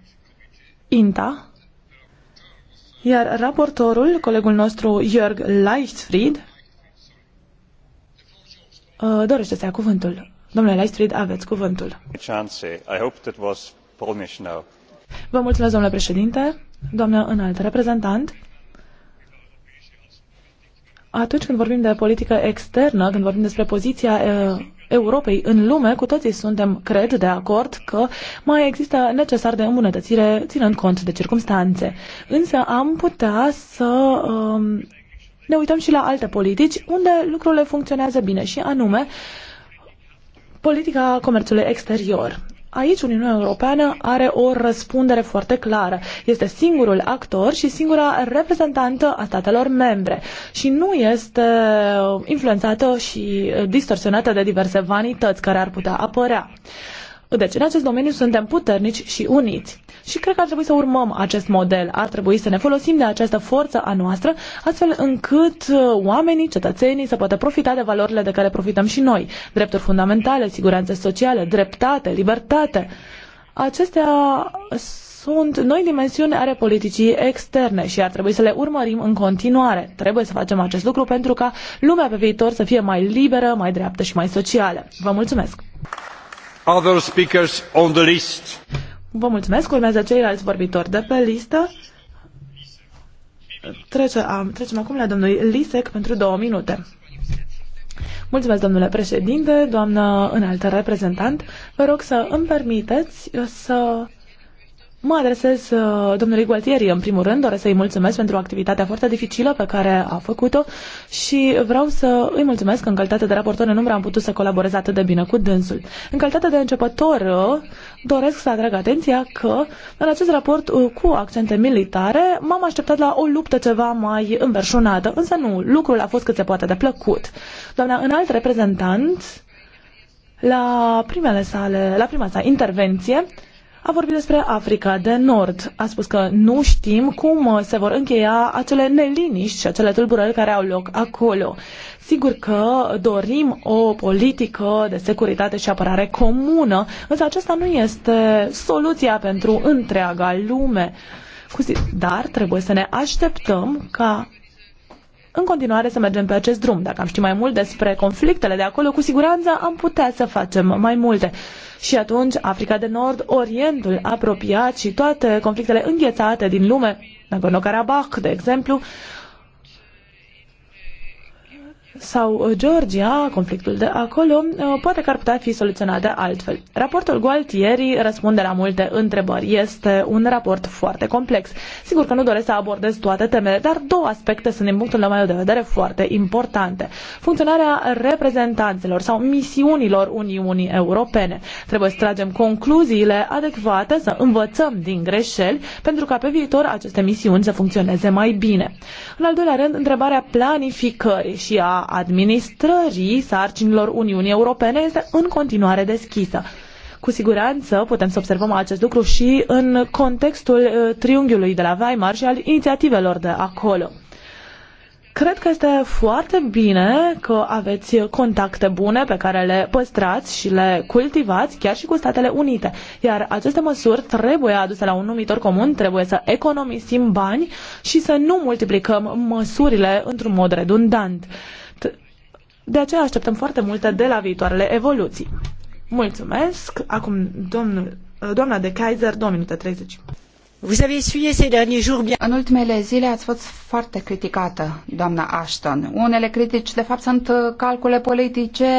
INTA, iar raportorul, colegul nostru Jörg Leichtfried, dorește să ia cuvântul. Domnule Leistrid, aveți cuvântul. Vă mulțumesc, domnule președinte, doamnă înalt reprezentant. Atunci când vorbim de politică externă, când vorbim despre poziția Europei în lume, cu toții suntem, cred, de acord că mai există necesar de îmbunătățire ținând cont de circumstanțe. Însă am putea să um, ne uităm și la alte politici unde lucrurile funcționează bine și anume uh, politica comerțului exterior. Aici Uniunea Europeană are o răspundere foarte clară. Este singurul actor și singura reprezentantă a statelor membre și nu este influențată și distorsionată de diverse vanități care ar putea apărea. Deci, în acest domeniu suntem puternici și uniți. Și cred că ar trebui să urmăm acest model. Ar trebui să ne folosim de această forță a noastră, astfel încât uh, oamenii, cetățenii, să poată profita de valorile de care profităm și noi. Drepturi fundamentale, siguranță socială, dreptate, libertate. Acestea sunt noi dimensiuni ale politicii externe și ar trebui să le urmărim în continuare. Trebuie să facem acest lucru pentru ca lumea pe viitor să fie mai liberă, mai dreaptă și mai socială. Vă mulțumesc! other speakers on the list. Vă mulțumesc. Urmează ceilalți vorbitori de pe listă. Trece, trecem acum la domnul Lisec pentru două minute. Mulțumesc, domnule președinte, doamnă înaltă reprezentant. Vă rog să îmi permiteți să Mă adresez uh, domnului Gualtieri, în primul rând, doresc să-i mulțumesc pentru activitatea foarte dificilă pe care a făcut-o și vreau să îi mulțumesc că în calitate de raportor în umbră am putut să colaborez atât de bine cu dânsul. În calitate de începător, doresc să atrag atenția că în acest raport uh, cu accente militare m-am așteptat la o luptă ceva mai înverșunată, însă nu, lucrul a fost cât se poate de plăcut. Doamna înalt reprezentant, la primele sale, la prima sa intervenție, a vorbit despre Africa de Nord. A spus că nu știm cum uh, se vor încheia acele neliniști și acele tulburări care au loc acolo. Sigur că dorim o politică de securitate și apărare comună, însă aceasta nu este soluția pentru întreaga lume. Dar trebuie să ne așteptăm ca în continuare să mergem pe acest drum. Dacă am ști mai mult despre conflictele de acolo, cu siguranță am putea să facem mai multe. Și atunci Africa de Nord, Orientul apropiat și toate conflictele înghețate din lume, Nagorno-Karabakh, de exemplu, sau uh, Georgia, conflictul de acolo, uh, poate că ar putea fi soluționat de altfel. Raportul Gualtieri răspunde la multe întrebări. Este un raport foarte complex. Sigur că nu doresc să abordez toate temele, dar două aspecte sunt, din punctul meu de vedere, foarte importante. Funcționarea reprezentanțelor sau misiunilor Uniunii Europene. Trebuie să tragem concluziile adecvate, să învățăm din greșeli, pentru ca pe viitor aceste misiuni să funcționeze mai bine. În al doilea rând, întrebarea planificării și a administrării sarcinilor Uniunii Europene este în continuare deschisă. Cu siguranță putem să observăm acest lucru și în contextul uh, triunghiului de la Weimar și al inițiativelor de acolo. Cred că este foarte bine că aveți contacte bune pe care le păstrați și le cultivați chiar și cu Statele Unite. Iar aceste măsuri trebuie aduse la un numitor comun, trebuie să economisim bani și să nu multiplicăm măsurile într-un mod redundant. De aceea așteptăm foarte multe de la viitoarele evoluții. Mulțumesc. Acum domnul, doamna de Kaiser, 2 minute 30. Vous avez essuyé ces derniers jours bien. În ultimele zile ați fost foarte criticată, doamna Ashton. Unele critici, de fapt, sunt calcule politice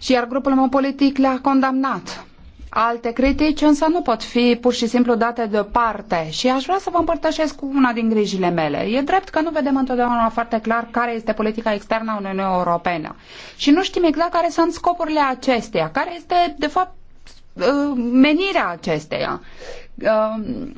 și iar grupul meu politic le-a condamnat. Alte critici însă nu pot fi pur și simplu date deoparte și aș vrea să vă împărtășesc cu una din grijile mele. E drept că nu vedem întotdeauna foarte clar care este politica externă a Uniunii Europene și nu știm exact care sunt scopurile acesteia, care este de fapt uh, menirea acesteia uh,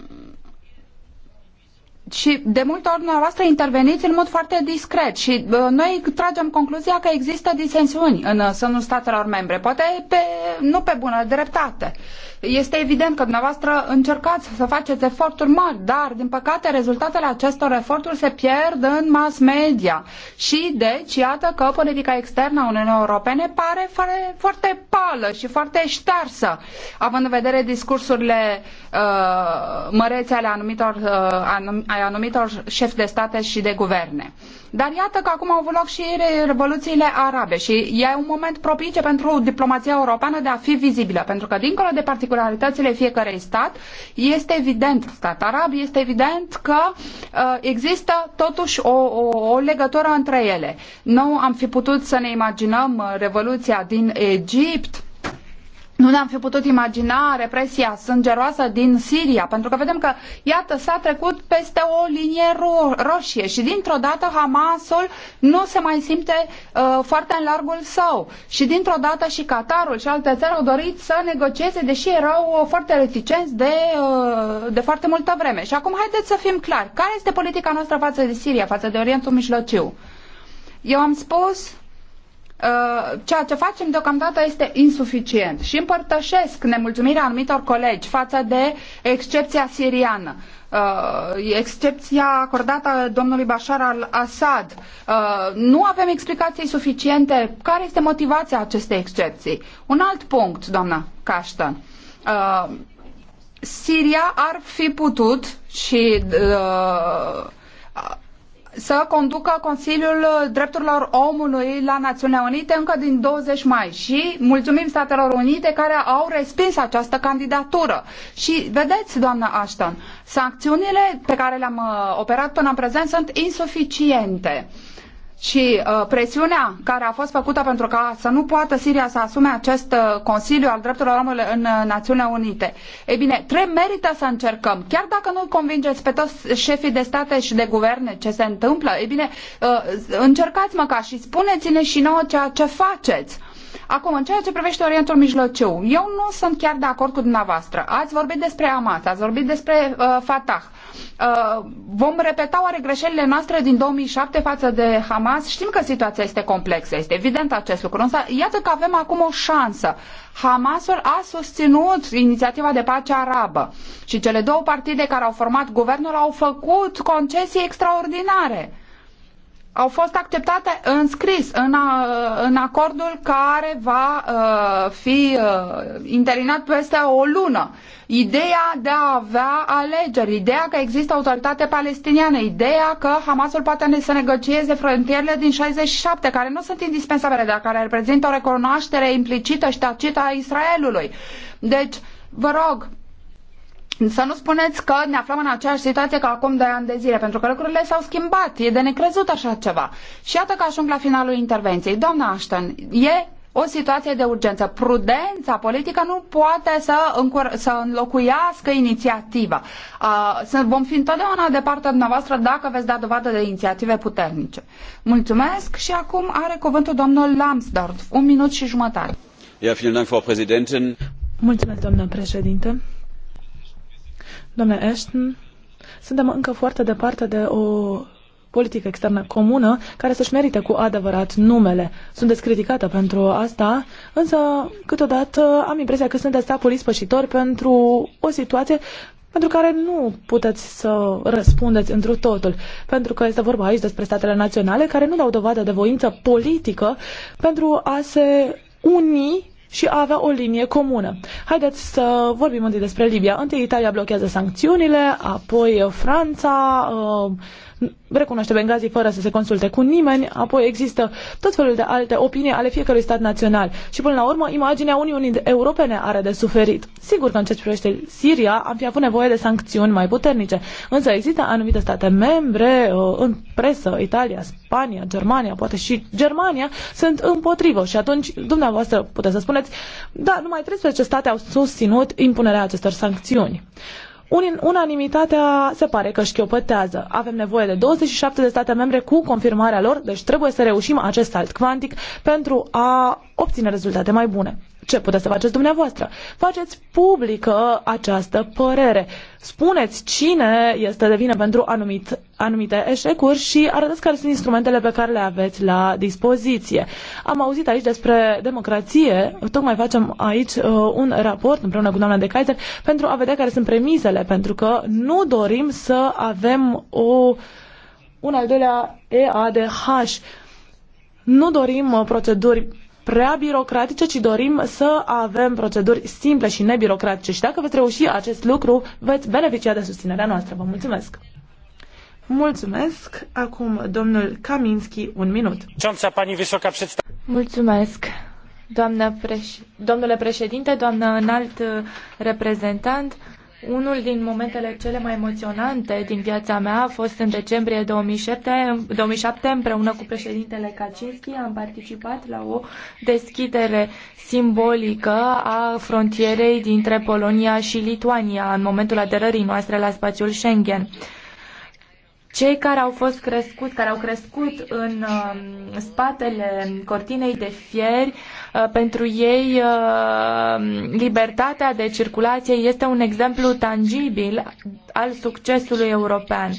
și de multe ori dumneavoastră interveniți în mod foarte discret și uh, noi tragem concluzia că există disensiuni în uh, sânul statelor membre, poate pe, nu pe bună dreptate. Este evident că dumneavoastră încercați să faceți eforturi mari, dar din păcate rezultatele acestor eforturi se pierd în mass media și deci iată că politica externă a Uniunii Europene pare foarte, foarte pală și foarte ștersă, având în vedere discursurile uh, mărețe ale anumitor uh, anum ai anumitor șefi de state și de guverne. Dar iată că acum au avut loc și revoluțiile arabe și e un moment propice pentru diplomația europeană de a fi vizibilă, pentru că dincolo de particularitățile fiecărui stat, este evident, stat arab, este evident că uh, există totuși o, o, o legătură între ele. Nu am fi putut să ne imaginăm uh, revoluția din Egipt, nu ne-am fi putut imagina represia sângeroasă din Siria, pentru că vedem că, iată, s-a trecut peste o linie ro- roșie și dintr-o dată Hamasul nu se mai simte uh, foarte în largul său. Și dintr-o dată și Qatarul și alte țări au dorit să negocieze, deși erau uh, foarte reticenți de, uh, de foarte multă vreme. Și acum haideți să fim clari. Care este politica noastră față de Siria, față de Orientul Mijlociu? Eu am spus Uh, ceea ce facem deocamdată este insuficient și împărtășesc nemulțumirea anumitor colegi față de excepția siriană. Uh, excepția acordată domnului Bashar al-Assad. Uh, nu avem explicații suficiente. Care este motivația acestei excepții? Un alt punct, doamna Cashton. Uh, Siria ar fi putut și uh, să conducă Consiliul Drepturilor Omului la Națiunea Unite încă din 20 mai și mulțumim Statelor Unite care au respins această candidatură. Și vedeți, doamnă Ashton, sancțiunile pe care le-am uh, operat până în prezent sunt insuficiente. Uh, și uh, presiunea care a fost făcută pentru ca să nu poată Siria să asume acest uh, Consiliu al Drepturilor Omului în uh, Națiunile Unite. Ei bine, trebuie merită să încercăm. Chiar dacă nu-i convingeți pe toți șefii de state și de guverne ce se întâmplă, ei bine, uh, încercați măcar și spuneți-ne și nouă ceea ce faceți. Uh, Acum, în ceea ce privește Orientul Mijlociu, eu nu sunt chiar de acord cu dumneavoastră. Ați vorbit despre Hamas, ați vorbit despre uh, Fatah. Uh, vom repeta oare greșelile noastre din 2007 față de Hamas? Știm că situația este complexă, este evident acest lucru, însă iată că avem acum o șansă. Hamasul a susținut inițiativa de pace arabă și cele două partide care au format guvernul au făcut concesii extraordinare au fost acceptate în scris în, a, în acordul care va a, uh, fi a, uh, interinat peste o lună. Ideea de a avea alegeri, ideea că există autoritate palestiniană, ideea că Hamasul poate să negocieze frontierele din 67, care nu sunt indispensabile, dar care reprezintă o recunoaștere implicită și tacită a Israelului. Deci, vă rog, să nu spuneți că ne aflăm în aceeași situație ca acum de ani de zile, pentru că lucrurile s-au schimbat. E de necrezut așa ceva. Și iată că ajung la finalul intervenției. Doamna Ashton, e o situație de urgență. Prudența politică nu poate să, încur- să înlocuiască inițiativa. Uh, să vom fi întotdeauna de partea dumneavoastră dacă veți da dovadă de inițiative puternice. Mulțumesc și acum are cuvântul domnul Lambsdorff. Un minut și jumătate. Ja, vielen Dank, Frau Präsidentin. Mulțumesc, doamnă președinte. Doamne Ashton, suntem încă foarte departe de o politică externă comună care să-și merite cu adevărat numele. Sunteți criticată pentru asta, însă câteodată am impresia că sunteți apul ispășitor pentru o situație pentru care nu puteți să răspundeți întru totul, pentru că este vorba aici despre statele naționale care nu dau dovadă de voință politică pentru a se uni și a avea o linie comună. Haideți să vorbim întâi despre Libia. Întâi Italia blochează sancțiunile, apoi Franța uh, recunoaște Benghazi fără să se consulte cu nimeni, apoi există tot felul de alte opinii ale fiecărui stat național. Și până la urmă, imaginea Uniunii Europene are de suferit. Sigur că în ce privește Siria am fi avut nevoie de sancțiuni mai puternice, însă există anumite state membre uh, în presă, Italia, Spania, Germania, poate și Germania, sunt împotrivă și atunci dumneavoastră puteți să spuneți, da, numai 13 state au susținut impunerea acestor sancțiuni unanimitatea se pare că șchiopătează. Avem nevoie de 27 de state membre cu confirmarea lor, deci trebuie să reușim acest salt cuantic pentru a obține rezultate mai bune ce puteți să faceți dumneavoastră? Faceți publică această părere. Spuneți cine este de vină pentru anumit, anumite eșecuri și arătați care sunt instrumentele pe care le aveți la dispoziție. Am auzit aici despre democrație. Tocmai facem aici uh, un raport împreună cu doamna de Kaiser pentru a vedea care sunt premisele, pentru că nu dorim să avem o, un al doilea EADH. Nu dorim uh, proceduri prea birocratice, ci dorim să avem proceduri simple și nebirocratice. Și dacă veți reuși acest lucru, veți beneficia de susținerea noastră. Vă mulțumesc! Mulțumesc! Acum domnul Kaminski, un minut. Mulțumesc! Doamnă preș- domnule președinte, doamnă înalt uh, reprezentant, unul din momentele cele mai emoționante din viața mea a fost în decembrie 2007, 2007 împreună cu președintele Kaczynski am participat la o deschidere simbolică a frontierei dintre Polonia și Lituania în momentul aderării noastre la spațiul Schengen. Cei care au fost crescut, care au crescut în um, spatele cortinei de fier, uh, pentru ei uh, libertatea de circulație este un exemplu tangibil al succesului european.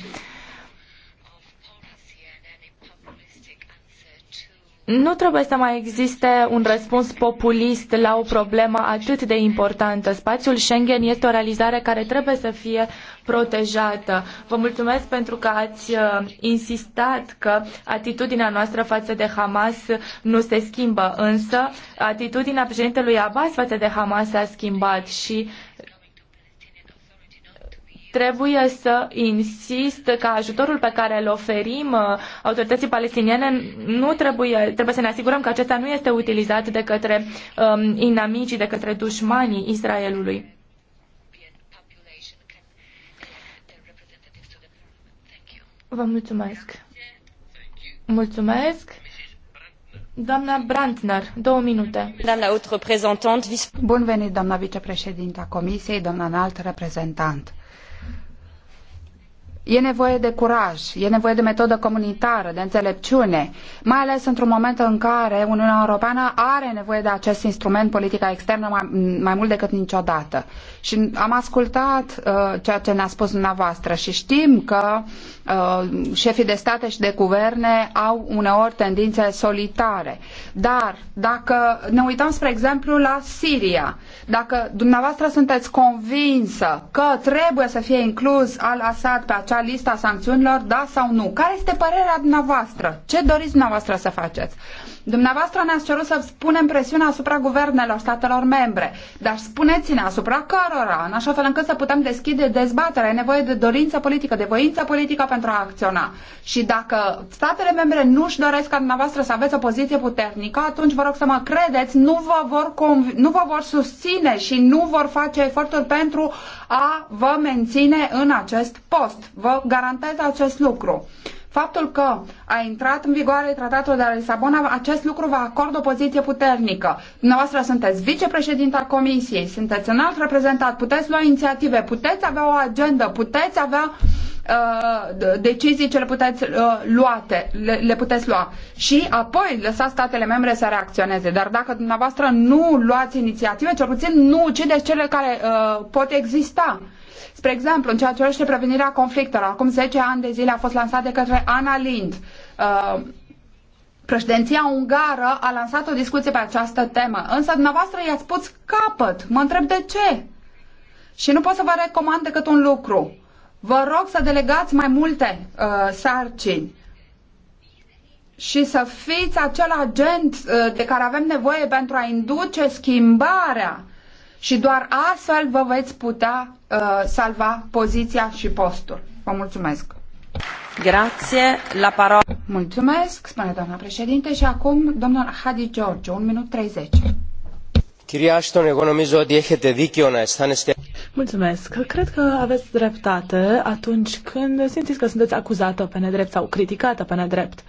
Nu trebuie să mai existe un răspuns populist la o problemă atât de importantă. Spațiul Schengen este o realizare care trebuie să fie protejată. Vă mulțumesc pentru că ați uh, insistat că atitudinea noastră față de Hamas nu se schimbă, însă atitudinea președintelui Abbas față de Hamas s-a schimbat și trebuie să insist că ajutorul pe care îl oferim uh, autorității palestiniene nu trebuie, trebuie să ne asigurăm că acesta nu este utilizat de către um, inamicii, de către dușmanii Israelului. Vă mulțumesc. Mulțumesc. Doamna Brandner, două minute. Doamna reprezentant, Bun venit, doamna vicepreședinta Comisiei, doamna înalt reprezentant. E nevoie de curaj, e nevoie de metodă comunitară, de înțelepciune, mai ales într-un moment în care Uniunea Europeană are nevoie de acest instrument politica externă mai, mai mult decât niciodată. Și am ascultat uh, ceea ce ne-a spus dumneavoastră și știm că uh, uh, șefii de state și de guverne au uneori tendințe solitare. Dar dacă ne uităm, spre exemplu, la Siria, dacă dumneavoastră sunteți convinsă că trebuie să fie inclus Al-Assad pe acea listă a sancțiunilor, da sau nu, care este părerea dumneavoastră? Ce doriți dumneavoastră să faceți? Dumneavoastră ne-ați cerut să punem presiunea asupra guvernelor statelor membre, dar spuneți-ne asupra cărora, în așa fel încât să putem deschide dezbaterea. E nevoie de dorință politică, de voință politică pentru a acționa. Și dacă statele membre nu își doresc ca dumneavoastră să aveți o poziție puternică, atunci vă rog să mă credeți, nu vă vor, nu vă vor susține și nu vor face eforturi pentru a vă menține în acest post. Vă garantez acest lucru. Faptul că a intrat în vigoare tratatul de la Lisabona, acest lucru vă acordă o poziție puternică. Dumneavoastră sunteți vicepreședinta Comisiei, sunteți înalt reprezentat, puteți lua inițiative, puteți avea o agendă, puteți avea uh, decizii ce le puteți, uh, luate, le, le puteți lua și apoi lăsați statele membre să reacționeze. Dar dacă dumneavoastră nu luați inițiative, cel puțin nu ucideți cele care uh, pot exista. Spre exemplu, în ceea ce privește prevenirea conflictelor, acum 10 ani de zile a fost lansat de către Ana Lind. Uh, Președinția ungară a lansat o discuție pe această temă, însă dumneavoastră i-ați pus capăt. Mă întreb de ce. Și nu pot să vă recomand decât un lucru. Vă rog să delegați mai multe uh, sarcini și să fiți acel agent uh, de care avem nevoie pentru a induce schimbarea și doar astfel vă veți putea uh, salva poziția și postul. Vă mulțumesc! Grație, la parola. Mulțumesc, spune doamna președinte, și acum domnul Hadi George, 1 minut 30. Κυρία Άστον, εγώ νομίζω ότι Mulțumesc. Cred că aveți dreptate atunci când simțiți că sunteți acuzată pe nedrept sau criticată pe nedrept.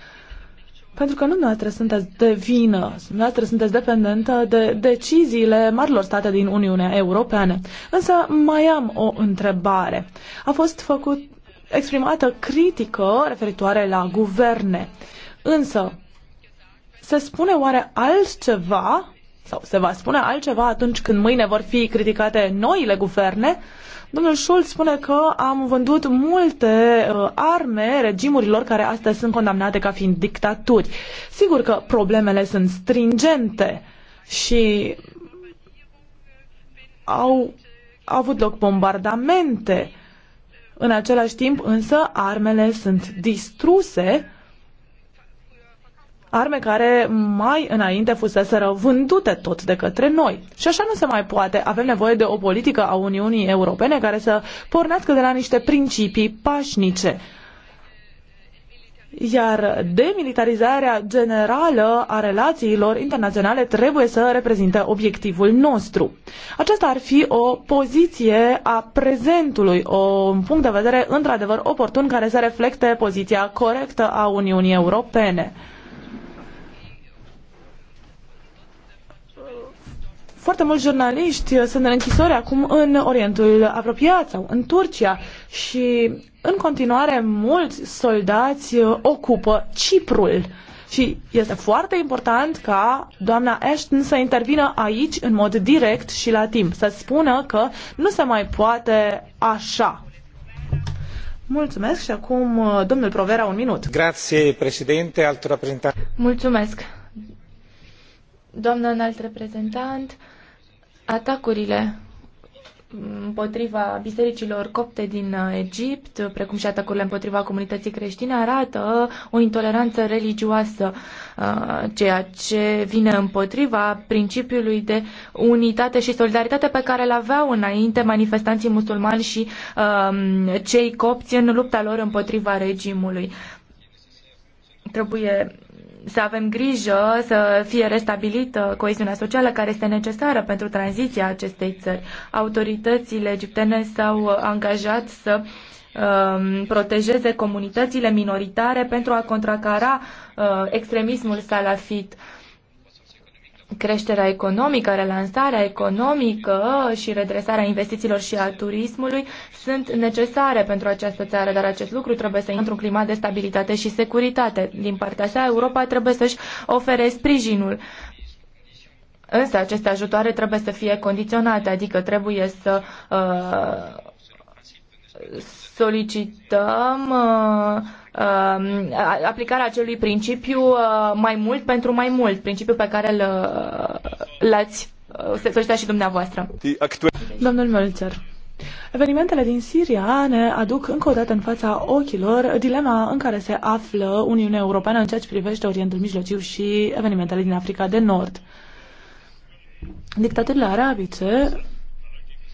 Pentru că nu noastră sunteți de vină, noastră sunteți dependentă de deciziile marilor state din Uniunea Europeană. Însă mai am o întrebare. A fost făcut exprimată critică referitoare la guverne. Însă, se spune oare altceva sau se va spune altceva atunci când mâine vor fi criticate noile guverne, domnul Schulz spune că am vândut multe uh, arme regimurilor care astăzi sunt condamnate ca fiind dictaturi. Sigur că problemele sunt stringente și au, au avut loc bombardamente. În același timp, însă, armele sunt distruse arme care mai înainte fuseseră vândute tot de către noi. Și așa nu se mai poate. Avem nevoie de o politică a Uniunii Europene care să pornească de la niște principii pașnice. Iar demilitarizarea generală a relațiilor internaționale trebuie să reprezinte obiectivul nostru. Aceasta ar fi o poziție a prezentului, un punct de vedere într-adevăr oportun care să reflecte poziția corectă a Uniunii Europene. Foarte mulți jurnaliști uh, sunt în închisoare acum în Orientul apropiat sau în Turcia și în continuare mulți soldați uh, ocupă Ciprul. Și este foarte important ca doamna Ashton să intervină aici în mod direct și la timp, să spună că nu se mai poate așa. Mulțumesc și acum uh, domnul Provera un minut. Grație, președinte, alt reprezentant. Mulțumesc. Doamna înalt reprezentant, Atacurile împotriva bisericilor copte din uh, Egipt, precum și atacurile împotriva comunității creștine, arată o intoleranță religioasă, uh, ceea ce vine împotriva principiului de unitate și solidaritate pe care îl aveau înainte manifestanții musulmani și um, cei copți în lupta lor împotriva regimului. Trebuie să avem grijă să fie restabilită coeziunea socială care este necesară pentru tranziția acestei țări. Autoritățile egiptene s-au angajat să um, protejeze comunitățile minoritare pentru a contracara uh, extremismul salafit creșterea economică, relansarea economică și redresarea investițiilor și a turismului sunt necesare pentru această țară, dar acest lucru trebuie să intre într-un climat de stabilitate și securitate. Din partea sa, Europa trebuie să-și ofere sprijinul. Însă aceste ajutoare trebuie să fie condiționate, adică trebuie să uh, solicităm uh, Um, aplicarea acelui principiu uh, mai mult pentru mai mult, principiul pe care uh, l-ați uh, solicitat și dumneavoastră. Domnul Mölzer. Evenimentele din Siria ne aduc încă o dată în fața ochilor dilema în care se află Uniunea Europeană în ceea ce privește Orientul Mijlociu și evenimentele din Africa de Nord. Dictaturile arabice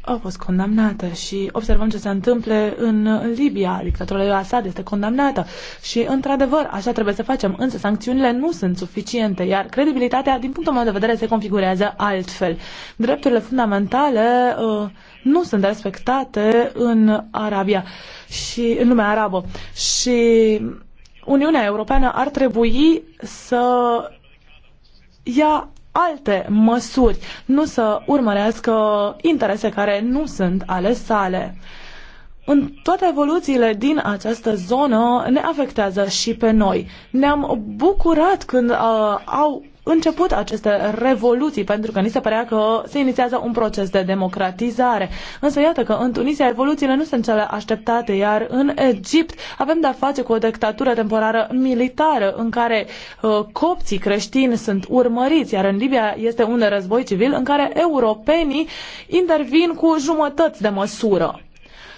au fost condamnată și observăm ce se întâmplă în Libia. Dictatorul Assad este condamnată și, într-adevăr, așa trebuie să facem, însă sancțiunile nu sunt suficiente, iar credibilitatea, din punctul meu de vedere, se configurează altfel. Drepturile fundamentale uh, nu sunt respectate în Arabia și în lumea arabă și Uniunea Europeană ar trebui să ia alte măsuri, nu să urmărească interese care nu sunt ale sale. În toate evoluțiile din această zonă ne afectează și pe noi. Ne-am bucurat când uh, au început aceste revoluții, pentru că ni se părea că se inițiază un proces de democratizare. Însă iată că în Tunisia revoluțiile nu sunt cele așteptate, iar în Egipt avem de-a face cu o dictatură temporară militară în care uh, copții creștini sunt urmăriți, iar în Libia este un război civil în care europenii intervin cu jumătăți de măsură.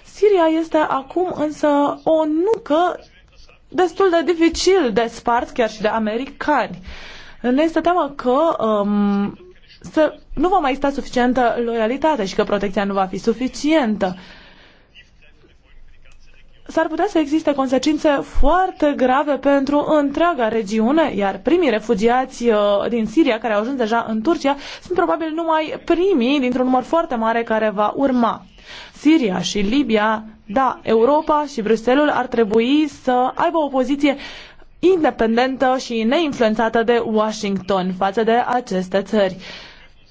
Siria este acum însă o nucă destul de dificil de spart chiar și de americani. Ne este teamă că um, să nu va mai sta suficientă loialitate și că protecția nu va fi suficientă. S-ar putea să existe consecințe foarte grave pentru întreaga regiune, iar primii refugiați uh, din Siria care au ajuns deja în Turcia sunt probabil numai primii dintr-un număr foarte mare care va urma. Siria și Libia, da, Europa și Bruselul ar trebui să aibă o poziție independentă și neinfluențată de Washington față de aceste țări.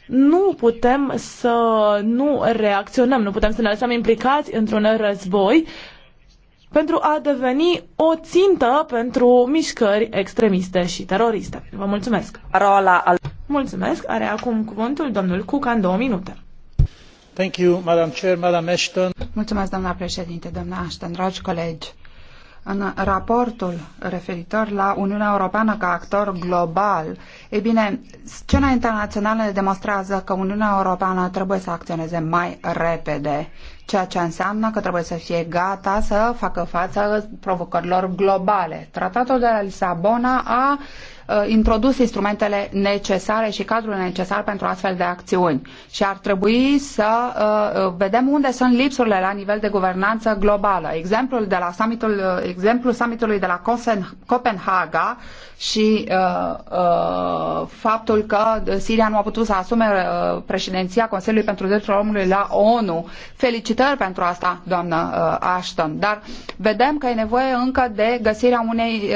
Nu putem să nu reacționăm, nu putem să ne lăsăm implicați într-un război pentru a deveni o țintă pentru mișcări extremiste și teroriste. Vă mulțumesc! Rola al... Mulțumesc! Are acum cuvântul domnul Cuca în două minute. Thank you, Madam Chair, Madam Ashton. Mulțumesc, doamna președinte, doamna Ashton, dragi colegi în raportul referitor la Uniunea Europeană ca actor global, e bine, scena internațională demonstrează că Uniunea Europeană trebuie să acționeze mai repede, ceea ce înseamnă că trebuie să fie gata să facă față provocărilor globale. Tratatul de la Lisabona a Uh, introdus instrumentele necesare și cadrul necesar pentru astfel de acțiuni și ar trebui să uh, uh, vedem unde sunt lipsurile la nivel de guvernanță globală. Exemplul de la summitul, exemplul summitului de la Copenhaga și uh, uh, faptul că Siria nu a putut să asume președinția Consiliului pentru Drepturile Omului la ONU. Felicitări pentru asta, doamnă uh, Ashton, dar vedem că e nevoie încă de găsirea unei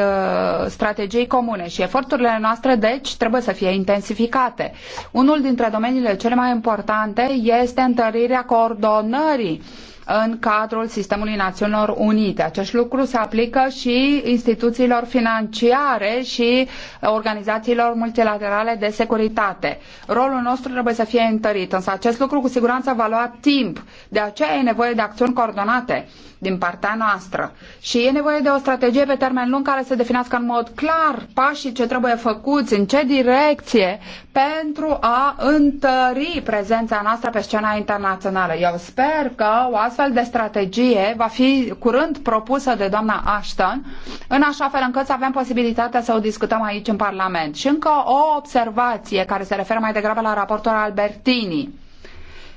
strategii comune și e Eforturile noastre, deci, trebuie să fie intensificate. Unul dintre domeniile cele mai importante este întărirea coordonării uh, în cadrul sistemului Națiunilor Unite. Acest lucru se aplică și instituțiilor financiare și organizațiilor multilaterale de securitate. Rolul nostru trebuie să fie întărit, însă acest lucru cu siguranță va lua timp. De aceea e nevoie de acțiuni coordonate din partea noastră. Și e nevoie de o strategie pe termen lung care să definească în mod clar pașii ce trebuie făcuți, în ce direcție, pentru a întări prezența noastră pe scena internațională. Eu sper că o astfel astfel de strategie va fi curând propusă de doamna Ashton, în așa fel încât să avem posibilitatea să o discutăm aici în Parlament. Și încă o observație care se referă mai degrabă la raportul Albertini.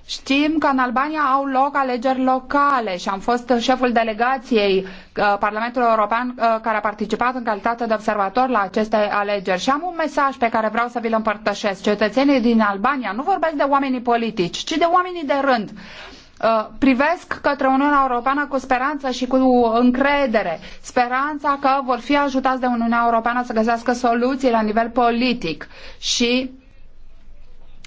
Știm că în Albania au loc alegeri locale și am fost șeful delegației uh, Parlamentului European uh, care a participat în calitate de observator la aceste alegeri și am un mesaj pe care vreau să vi-l împărtășesc. Cetățenii din Albania nu vorbesc de oamenii politici, ci de oamenii de rând, Uh, privesc către Uniunea Europeană cu speranță și cu încredere. Speranța că vor fi ajutați de Uniunea Europeană să găsească soluții la nivel politic și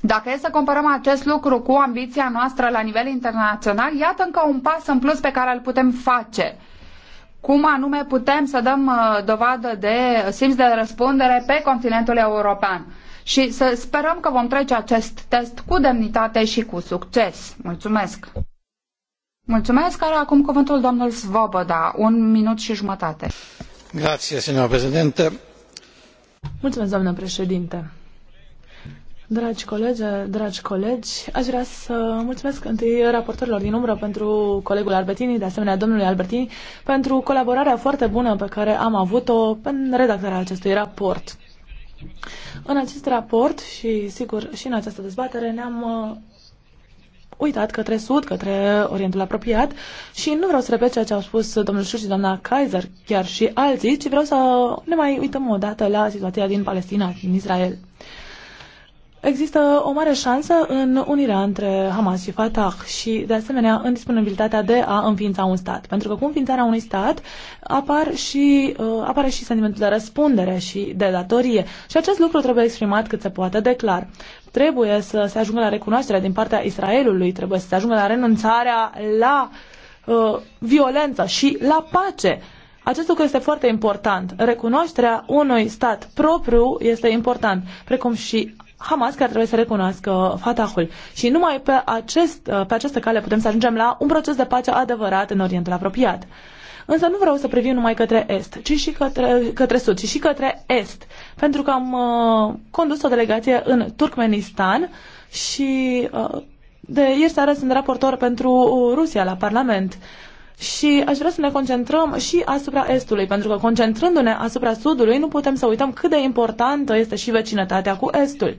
dacă e să comparăm acest lucru cu ambiția noastră la nivel internațional, iată încă un pas în plus pe care îl putem face. Cum anume putem să dăm uh, dovadă de simț de răspundere pe continentul european? și să sperăm că vom trece acest test cu demnitate și cu succes. Mulțumesc! Mulțumesc, are acum cuvântul domnul Svoboda, un minut și jumătate. Grație, senor președinte. Mulțumesc, doamnă președinte. Dragi colegi, dragi colegi, aș vrea să mulțumesc întâi raportorilor din umbră pentru colegul Albertini, de asemenea domnului Albertini, pentru colaborarea foarte bună pe care am avut-o în redactarea acestui raport. În acest raport și, sigur, și în această dezbatere ne-am uh, uitat către Sud, către Orientul apropiat și nu vreau să repet ceea ce au spus domnul Șur și doamna Kaiser, chiar și alții, ci vreau să ne mai uităm o dată la situația din Palestina, din Israel. Uh, există o mare șansă în unirea între Hamas și Fatah și, de asemenea, în disponibilitatea de a înființa un stat. Pentru că cu înființarea unui stat apar și, uh, apare și sentimentul de răspundere și de datorie. Și acest lucru trebuie exprimat cât se poate de clar. Trebuie să se ajungă la recunoașterea din partea Israelului, trebuie să se ajungă la renunțarea la uh, violență și la pace. Acest lucru este foarte important. Recunoașterea unui stat propriu este important, precum și Hamas care trebuie să recunoască Fatahul. Și numai pe, acest, uh, pe această cale putem să ajungem la un proces de pace adevărat în Orientul apropiat. Însă nu vreau să privim numai către est, ci și către, către sud, ci și către est. Pentru că am uh, condus o delegație în Turkmenistan și uh, de ieri seara sunt raportor pentru Rusia la Parlament. Uh, și aș vrea să ne concentrăm și asupra Estului, pentru că concentrându-ne asupra Sudului, nu putem să uităm cât de importantă este și vecinătatea cu Estul.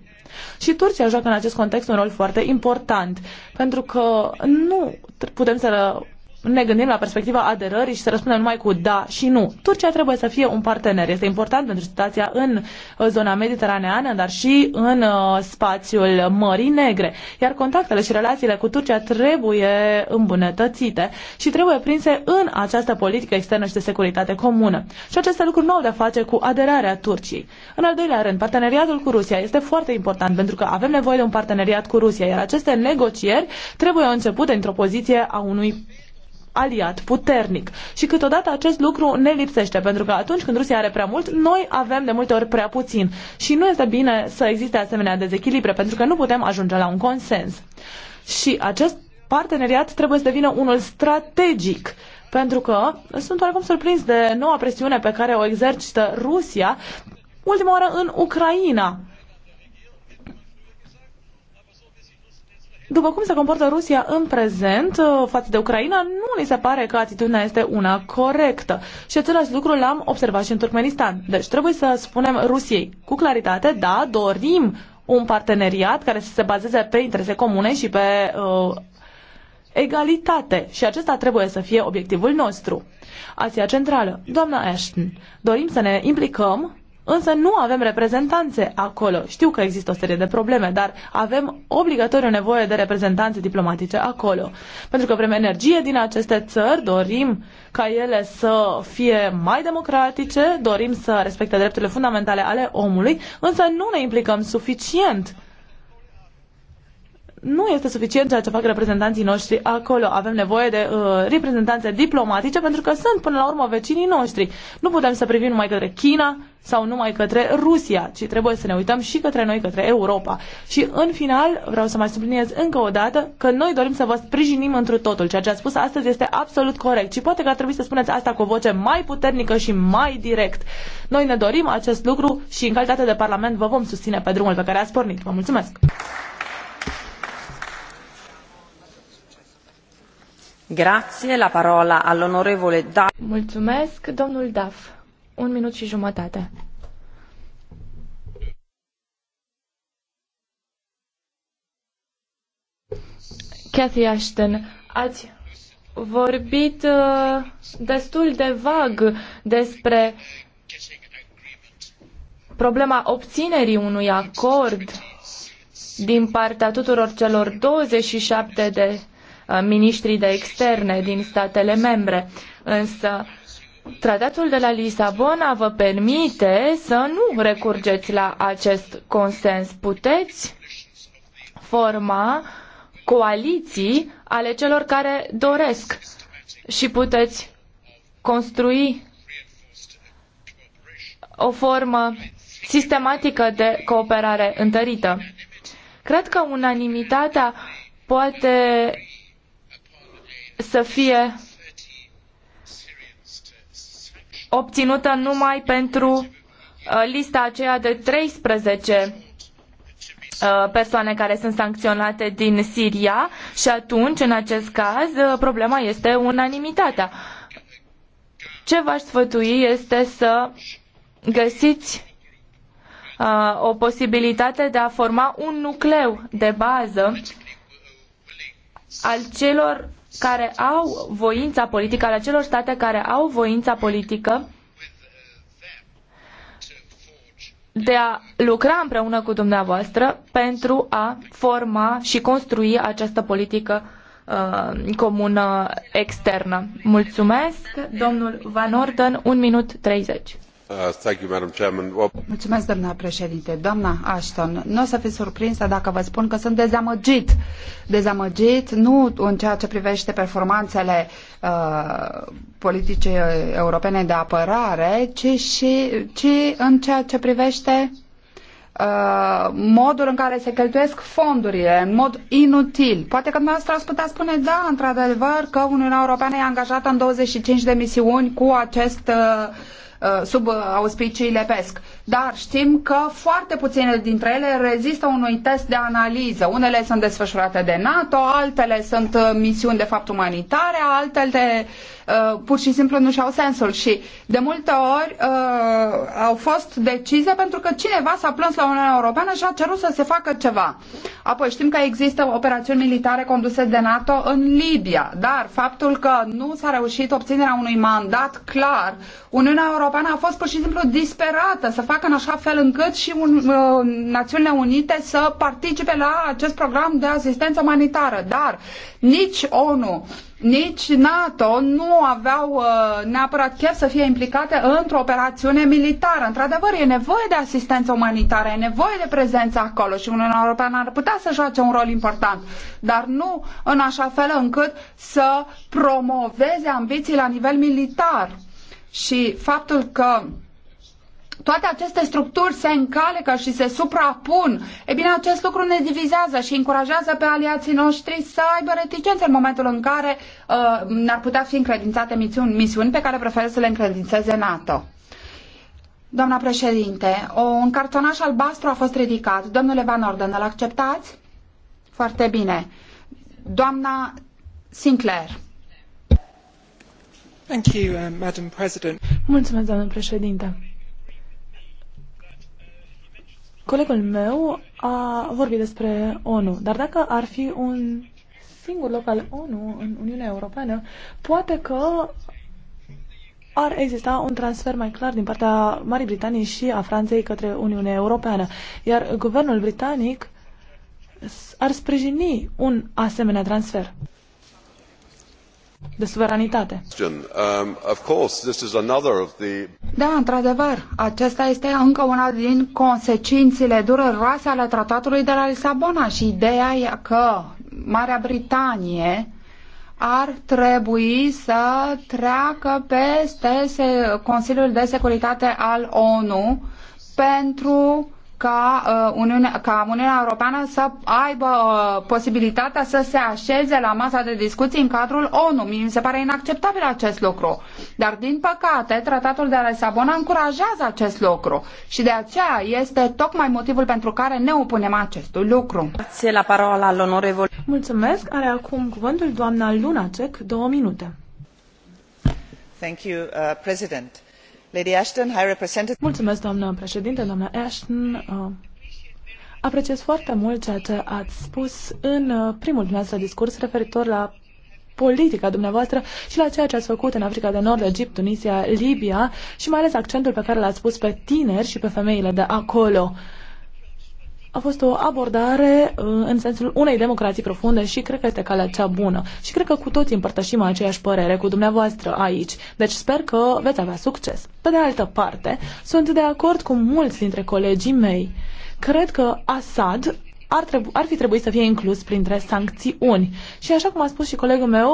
Și Turcia joacă în acest context un rol foarte important, pentru că nu putem să ne gândim la perspectiva aderării și să răspundem numai cu da și nu. Turcia trebuie să fie un partener. Este important pentru situația în uh, zona mediteraneană, dar și în uh, spațiul Mării Negre. Iar contactele și relațiile cu Turcia trebuie îmbunătățite și trebuie prinse în această politică externă și de securitate comună. Și aceste lucruri nu au de-a face cu aderarea Turciei. În al doilea rând, parteneriatul cu Rusia este foarte important pentru că avem nevoie de un parteneriat cu Rusia, iar aceste negocieri trebuie începute într-o poziție a unui aliat puternic. Și câteodată acest lucru ne lipsește, pentru că atunci când Rusia are prea mult, noi avem de multe ori prea puțin. Și nu este bine să existe asemenea dezechilibre, pentru că nu putem ajunge la un consens. Și acest parteneriat trebuie să devină unul strategic pentru că sunt oarecum surprins de noua presiune pe care o exercită Rusia ultima oară în Ucraina. după cum se comportă Rusia în prezent uh, față de Ucraina, nu ni se pare că atitudinea este una corectă. Și același lucru l-am observat și în Turkmenistan. Deci trebuie să spunem Rusiei cu claritate, da, dorim un parteneriat care să se bazeze pe interese comune și pe uh, egalitate. Și acesta trebuie să fie obiectivul nostru. Asia Centrală. Doamna Ashton, dorim să ne implicăm însă nu avem reprezentanțe acolo. Știu că există o serie de probleme, dar avem obligatoriu nevoie de reprezentanțe diplomatice acolo. Pentru că vrem energie din aceste țări, dorim ca ele să fie mai democratice, dorim să respecte drepturile fundamentale ale omului, însă nu ne implicăm suficient nu este suficient ceea ce fac reprezentanții noștri acolo. Avem nevoie de uh, reprezentanțe diplomatice pentru că sunt până la urmă vecinii noștri. Nu putem să privim numai către China sau numai către Rusia, ci trebuie să ne uităm și către noi, către Europa. Și în final vreau să mai subliniez încă o dată că noi dorim să vă sprijinim întru totul. Ceea ce ați spus astăzi este absolut corect și poate că ar trebui să spuneți asta cu o voce mai puternică și mai direct. Noi ne dorim acest lucru și în calitate de Parlament vă vom susține pe drumul pe care ați pornit. Vă mulțumesc! Grazie, la parola all'onorevole Daf. Mulțumesc, domnul Daf. Un minut și jumătate. Cathy Ashton, ați vorbit uh, destul de vag despre problema obținerii unui acord din partea tuturor celor 27 de Uh, miniștrii de externe din statele membre. Însă Tratatul de la Lisabona vă permite să nu recurgeți la acest consens. Puteți forma coaliții ale celor care doresc și puteți construi o formă sistematică de cooperare întărită. Cred că unanimitatea poate să fie obținută numai pentru uh, lista aceea de 13 uh, persoane care sunt sancționate din Siria și atunci, în acest caz, uh, problema este unanimitatea. Ce v-aș sfătui este să găsiți o posibilitate de a forma un nucleu de bază al celor care au voința politică, ale celor state care au voința politică de a lucra împreună cu dumneavoastră pentru a forma și construi această politică uh, comună externă. Mulțumesc, domnul Van Orden, Un minut 30. Uh, Mulțumesc, președinte. Doamna Ashton, nu o să fiți surprinsă dacă vă spun că sunt dezamăgit. Dezamăgit nu în ceea ce privește performanțele uh, politicii europene de apărare, ci, și, ci în ceea ce privește uh, modul în care se cheltuiesc fondurile în mod inutil. Poate că dumneavoastră ați putea spune, da, într-adevăr, că Uniunea Europeană e angajată în 25 de misiuni cu acest uh, Uh, sub auspiciile PESC. Dar știm că foarte puține dintre ele rezistă unui test de analiză. Unele sunt desfășurate de NATO, altele sunt uh, misiuni de fapt umanitare, altele uh, pur și simplu nu și-au sensul și de multe ori uh, au fost decize pentru că cineva s-a plâns la Uniunea Europeană și a cerut să se facă ceva. Apoi știm că există operațiuni militare conduse de NATO în Libia, dar faptul că nu s-a reușit obținerea unui mandat clar, Uniunea Europeană Europeană a fost pur și simplu disperată să facă în așa fel încât și un, uh, Națiunile Unite să participe la acest program de asistență umanitară. Dar nici ONU, nici NATO nu aveau uh, neapărat chef să fie implicate într-o operațiune militară. Într-adevăr, e nevoie de asistență umanitară, e nevoie de prezență acolo și Uniunea Europeană ar putea să joace un rol important, dar nu în așa fel încât să promoveze ambiții la nivel militar și faptul că toate aceste structuri se încalecă și se suprapun, e bine, acest lucru ne divizează și încurajează pe aliații noștri să aibă reticențe în momentul în care uh, ne-ar putea fi încredințate misiuni, misiuni pe care preferă să le încredințeze NATO. Doamna președinte, un cartonaș albastru a fost ridicat. Domnule Van Orden, îl acceptați? Foarte bine. Doamna Sinclair. Uh, Mulțumesc, doamnă președinte. Colegul meu a vorbit despre ONU, dar dacă ar fi un singur loc al ONU în Uniunea Europeană, poate că ar exista un transfer mai clar din partea Marii Britanii și a Franței către Uniunea Europeană, iar guvernul britanic ar sprijini un asemenea transfer de suveranitate. Um, da, într-adevăr, acesta este încă una din consecințele dureroase ale tratatului de la Lisabona și ideea e că Marea Britanie ar trebui să treacă peste Consiliul de Securitate al ONU pentru ca, uh, Uniunea, ca Uniunea Europeană să aibă uh, posibilitatea să se așeze la masa de discuții în cadrul ONU. Mi se pare inacceptabil acest lucru. Dar, din păcate, tratatul de la Lisabona încurajează acest lucru și de aceea este tocmai motivul pentru care ne opunem acestui lucru. La parola al Mulțumesc. Are acum cuvântul doamna Lunacek, două minute. Thank you, uh, President. Mulțumesc, doamnă președinte, doamnă Ashton. Uh, apreciez foarte mult ceea ce ați spus în uh, primul dumneavoastră discurs referitor la politica dumneavoastră și la ceea ce ați făcut în Africa de Nord, Egipt, Tunisia, Libia și mai ales accentul pe care l-ați pus pe tineri și pe femeile de acolo. Uh, a fost o abordare uh, în sensul unei democrații profunde și cred că este calea cea bună. Și cred că cu toții împărtășim aceeași părere cu dumneavoastră aici. Deci sper că veți avea succes. Pe de altă parte, sunt de acord cu mulți dintre colegii mei. Cred că Assad ar, trebu- ar fi trebuit să fie inclus printre sancțiuni. Și așa cum a spus și colegul meu,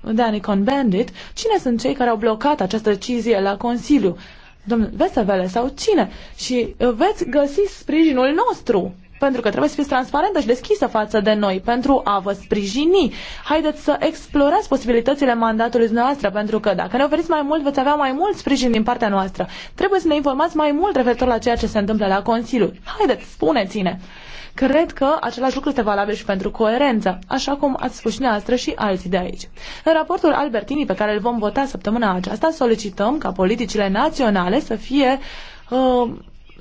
uh, Danny Conbendit, cine sunt cei care au blocat această decizie la Consiliu? domnul vele sau cine și uh, veți găsi sprijinul nostru pentru că trebuie să fiți transparentă și deschisă față de noi pentru a vă sprijini. Haideți să explorați posibilitățile mandatului noastră, pentru că dacă ne oferiți mai mult, veți avea mai mult sprijin din partea noastră. Trebuie să ne informați mai mult referitor la ceea ce se întâmplă la Consiliu. Haideți, spuneți-ne! Cred că același lucru este valabil și pentru coerență, așa cum ați spus și noastră și alții de aici. În raportul Albertini pe care îl vom vota săptămâna aceasta solicităm ca politicile naționale să fie uh,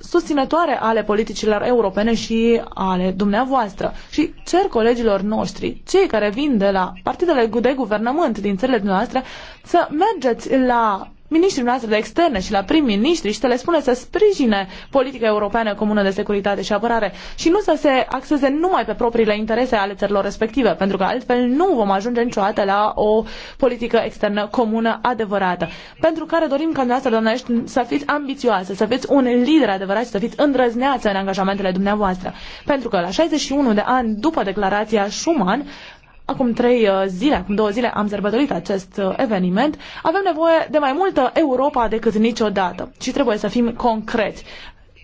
susținătoare ale politicilor europene și ale dumneavoastră. Și cer colegilor noștri, cei care vin de la partidele de guvernământ din țările dumneavoastră, să mergeți la ministrii noastre de externe și la prim-ministri și să le spune să sprijine politica europeană comună de securitate și apărare și nu să se axeze numai pe propriile interese ale țărilor respective, pentru că altfel nu vom ajunge niciodată la o politică externă comună adevărată, pentru care dorim ca dumneavoastră, doamna să fiți ambițioase, să fiți un lider adevărat și să fiți îndrăzneață în angajamentele dumneavoastră. Pentru că la 61 de ani după declarația Schuman, Acum trei uh, zile, acum două zile am sărbătorit acest uh, eveniment. Avem nevoie de mai multă Europa decât niciodată și trebuie să fim concreți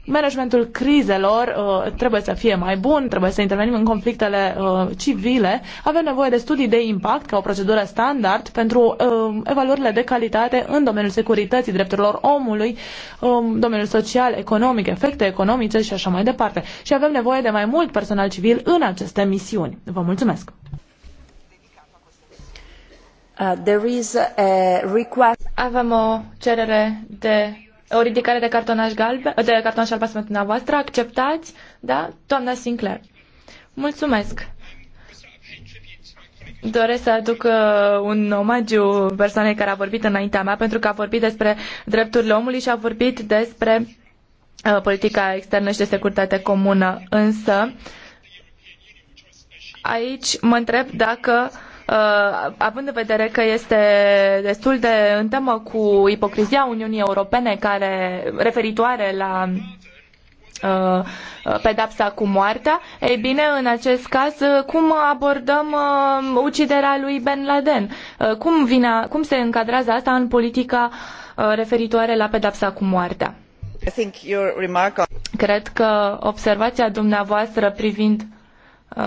managementul crizelor uh, trebuie să fie mai bun, trebuie să intervenim în conflictele uh, civile, avem nevoie de studii de impact ca o procedură standard pentru uh, evaluările de calitate în domeniul securității, drepturilor omului, um, domeniul social, economic, efecte economice și așa mai departe. Și avem nevoie de mai mult personal civil în aceste misiuni. Vă mulțumesc! Uh, Avem o cerere de o ridicare de cartonaș galben, de cartonaș albastru pentru dumneavoastră. Acceptați? Da? Doamna Sinclair. Mulțumesc. Doresc să aduc uh, un omagiu persoanei care a vorbit înaintea mea pentru că a vorbit despre drepturile omului și a vorbit despre uh, politica externă și de securitate comună. Însă, aici mă întreb dacă uh, Uh, având în vedere că este destul de în temă cu ipocrizia Uniunii Europene care referitoare la uh, pedapsa cu moartea. Ei bine, în acest caz, uh, cum abordăm uh, uciderea lui Ben Laden? Uh, cum, vine, cum se încadrează asta în politica uh, referitoare la pedapsa cu moartea? On... Cred că observația dumneavoastră privind uh,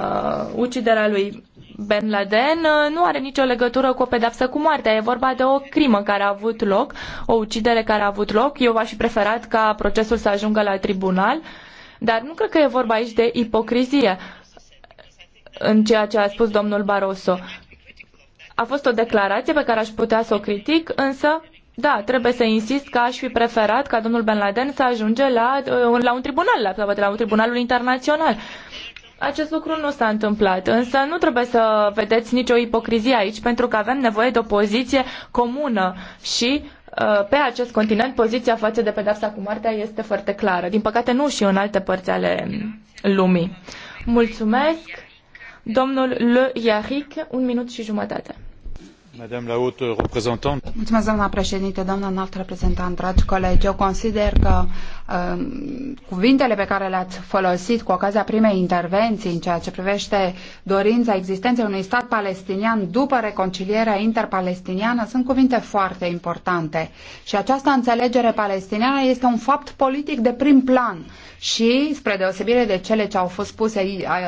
uciderea lui Ben Laden uh, nu are nicio legătură cu o pedapsă cu moartea. E vorba de o crimă care a avut loc, o ucidere care a avut loc. Eu aș fi preferat ca procesul să ajungă la tribunal, dar nu cred că e vorba aici de ipocrizie în ceea ce a spus domnul Barroso. A fost o declarație pe care aș putea să o critic, însă da, trebuie să insist că aș fi preferat ca domnul Ben Laden să ajunge la, uh, la un tribunal, la, la un tribunalul internațional. Acest lucru nu s-a întâmplat, însă nu trebuie să vedeți nicio ipocrizie aici, pentru că avem nevoie de o poziție comună și uh, pe acest continent poziția față de pedapsa cu moartea este foarte clară. Din păcate nu și în alte părți ale lumii. Mulțumesc. Domnul Le Iaric, un minut și jumătate. Madame președinte, doamna înalt reprezentant, dragi colegi. Eu consider că um, cuvintele pe care le-ați folosit cu ocazia primei intervenții în ceea ce privește dorința existenței unui stat palestinian după reconcilierea interpalestiniană sunt cuvinte foarte importante. Și această înțelegere palestiniană este un fapt politic de prim plan și, spre deosebire de cele ce au fost puse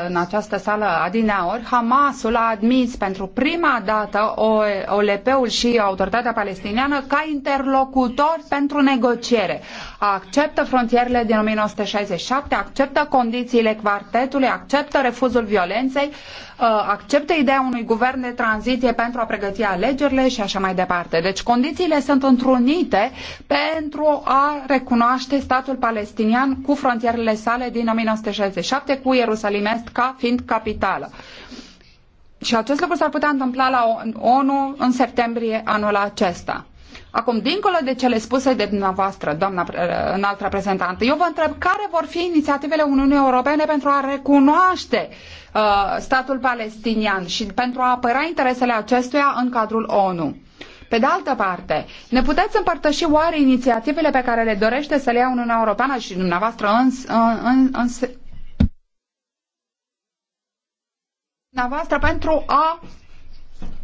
în această sală adineaori, Hamasul a admis pentru prima dată o OLP-ul și autoritatea palestiniană ca interlocutori pentru negociere. Acceptă frontierele din 1967, acceptă condițiile quartetului, acceptă refuzul violenței, uh, acceptă ideea unui guvern de tranziție pentru a pregăti alegerile și așa mai departe. Deci condițiile sunt întrunite pentru a recunoaște statul palestinian cu frontierele sale din 1967, cu Ierusalim Est ca fiind capitală. Și acest lucru s-ar putea întâmpla la ONU în septembrie anul acesta. Acum, dincolo de cele spuse de dumneavoastră, doamna înalt reprezentant, eu vă întreb care vor fi inițiativele Uniunii Europene pentru a recunoaște uh, statul palestinian și pentru a apăra interesele acestuia în cadrul ONU. Pe de altă parte, ne puteți împărtăși oare inițiativele pe care le dorește să le ia Uniunea Europeană și dumneavoastră în, în, în, dumneavoastră pentru a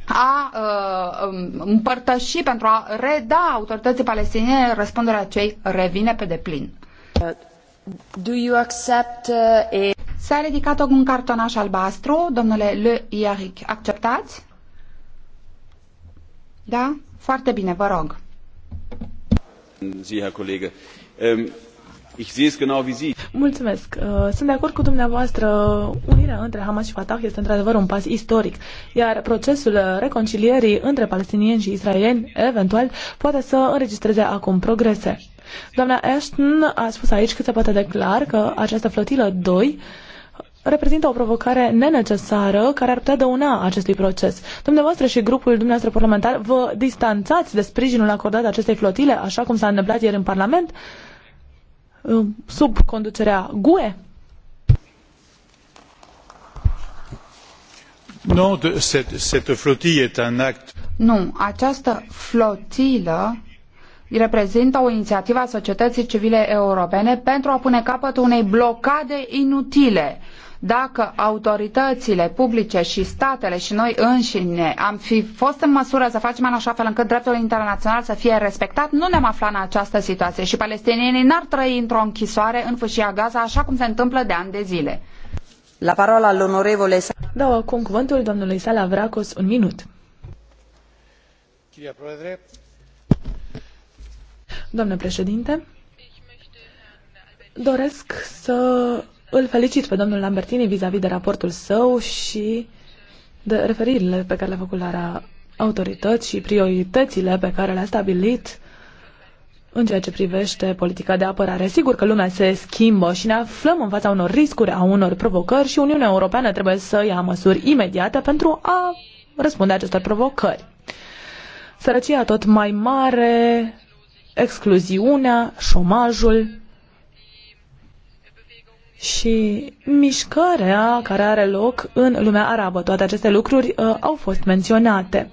a uh, um, împărtăși, pentru a reda autorității palestiniene răspunderea cei revine pe deplin. Uh, do you accept uh, a... S-a ridicat un cartonaș albastru, domnule Le Iaric. Acceptați? Da? Foarte bine, vă rog. Sie, colegă. Um... Ich sehe es genau wie Sie. Mulțumesc. Uh, sunt de acord cu dumneavoastră. Unirea între Hamas și Fatah este într-adevăr un pas istoric, iar procesul reconcilierii între palestinieni și israelieni, eventual, poate să înregistreze acum progrese. Doamna Ashton a spus aici cât se poate de clar că această flotilă 2 reprezintă o provocare nenecesară care ar putea dăuna acestui proces. Dumneavoastră și grupul dumneavoastră parlamentar vă distanțați de sprijinul acordat acestei flotile, așa cum s-a întâmplat ieri în Parlament? Uh, Uh, sub conducerea GUE? Non, de, cette, cette flotille est un act. Nu, această flotilă reprezintă o inițiativă a societății civile europene pentru a pune capăt unei blocade inutile dacă autoritățile publice și statele și noi înșine am fi fost în măsură să facem în așa fel încât dreptul internațional să fie respectat, nu ne-am aflat în această situație și palestinienii n-ar trăi într-o închisoare în fâșia Gaza, așa cum se întâmplă de ani de zile. La parola all'onorevole... Dau acum cuvântul domnului Vracos, un minut. Doamne președinte, doresc să îl felicit pe domnul Lambertini vis-a-vis -vis de raportul său și de referirile pe care le-a făcut la autorități și prioritățile pe care le-a stabilit în ceea ce privește politica de apărare. Sigur că lumea se schimbă și ne aflăm în fața unor riscuri, a unor provocări și Uniunea Europeană trebuie să ia măsuri imediate pentru a răspunde acestor provocări. Sărăcia tot mai mare, excluziunea, șomajul, și mișcarea care are loc în lumea arabă. Toate aceste lucruri uh, au fost menționate.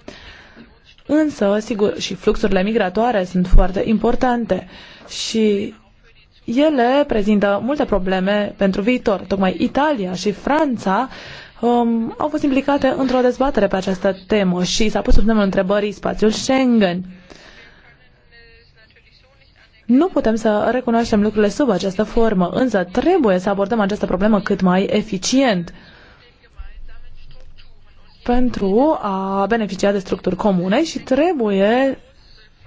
Însă, sigur, și fluxurile migratoare sunt foarte importante și ele prezintă multe probleme pentru viitor. Tocmai Italia și Franța um, au fost implicate într-o dezbatere pe această temă și s-a pus sub semnul întrebării spațiul Schengen. Uh, nu putem să recunoaștem lucrurile sub această formă, însă trebuie să abordăm această problemă cât mai eficient pentru a beneficia de structuri comune și trebuie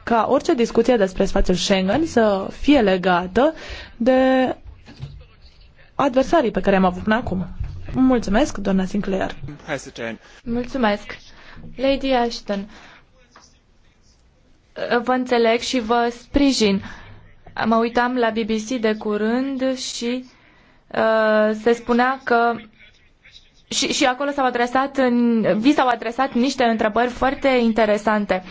ca orice discuție despre spațiul Schengen să fie legată de adversarii pe care am avut până acum. Mulțumesc, doamna Sinclair. Mulțumesc. Lady Ashton, vă înțeleg și vă sprijin. Mă uitam la BBC de curând și uh, se spunea că și, și acolo s-au adresat, în, vi s-au adresat niște întrebări foarte interesante.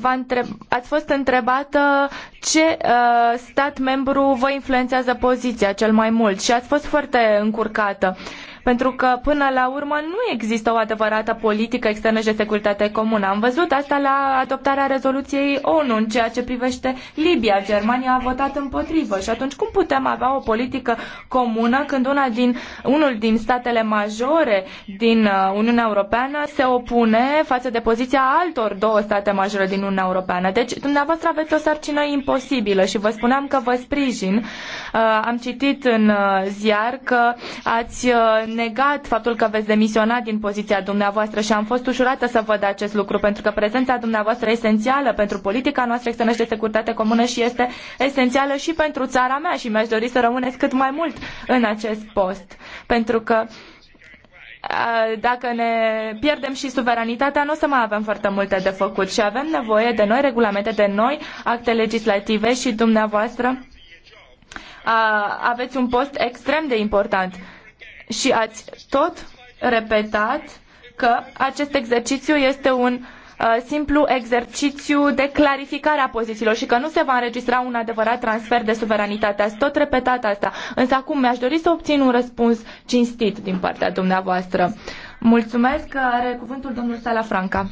V-a întreb, ați fost întrebată ce uh, stat membru vă influențează poziția cel mai mult și ați fost foarte încurcată. Uh, pentru că până la urmă nu există o adevărată politică externă și de securitate comună. Am văzut asta la adoptarea rezoluției ONU în ceea ce privește Libia. Germania a votat împotrivă și atunci cum putem avea o politică comună când una din, unul din statele majore din uh, Uniunea Europeană se opune față de poziția altor două state majore din Uniunea Europeană. Deci, dumneavoastră aveți o sarcină imposibilă și vă spuneam că vă sprijin. Uh, am citit în uh, ziar că ați negat faptul că veți demisiona din poziția dumneavoastră și am fost ușurată să văd acest lucru, pentru că prezența dumneavoastră esențială pentru politica noastră externă și de securitate comună și este esențială și pentru țara mea și mi-aș dori să rămâneți cât mai mult în acest post, pentru că dacă ne pierdem și suveranitatea, nu o să mai avem foarte multe de făcut și avem nevoie de noi regulamente, de noi acte legislative și dumneavoastră aveți un post extrem de important și ați tot repetat că acest exercițiu este un uh, simplu exercițiu de clarificare a pozițiilor și că nu se va înregistra un adevărat transfer de suveranitate. Ați tot repetat asta. Însă acum mi-aș dori să obțin un răspuns cinstit din partea dumneavoastră. Uh, Mulțumesc că are cuvântul domnul Sala Franca.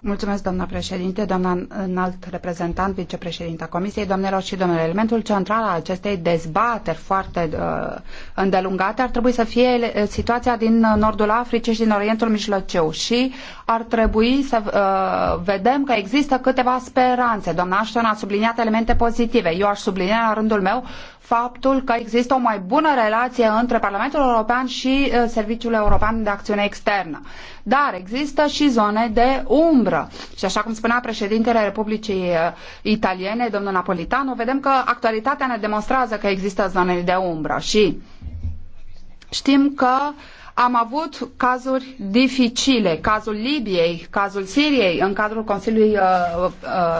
Mulțumesc, doamna președinte, doamna înalt reprezentant, vicepreședinta Comisiei, doamnelor și domnilor. Elementul central al acestei dezbateri foarte uh, îndelungate ar trebui să fie situația din nordul Africii și din Orientul Mijlociu și ar trebui să uh, vedem că există câteva speranțe. Doamna Ashton a subliniat elemente pozitive. Eu aș sublinia la rândul meu faptul că există o mai bună relație între Parlamentul European și uh, Serviciul European de Acțiune Externă. Dar există și zone de umbră. Și așa cum spunea președintele Republicii uh, Italiene, domnul Napolitano, vedem că actualitatea ne demonstrează că există zone de umbră și știm că uh, am avut cazuri dificile, cazul Libiei, cazul Siriei în cadrul Consiliului uh, uh,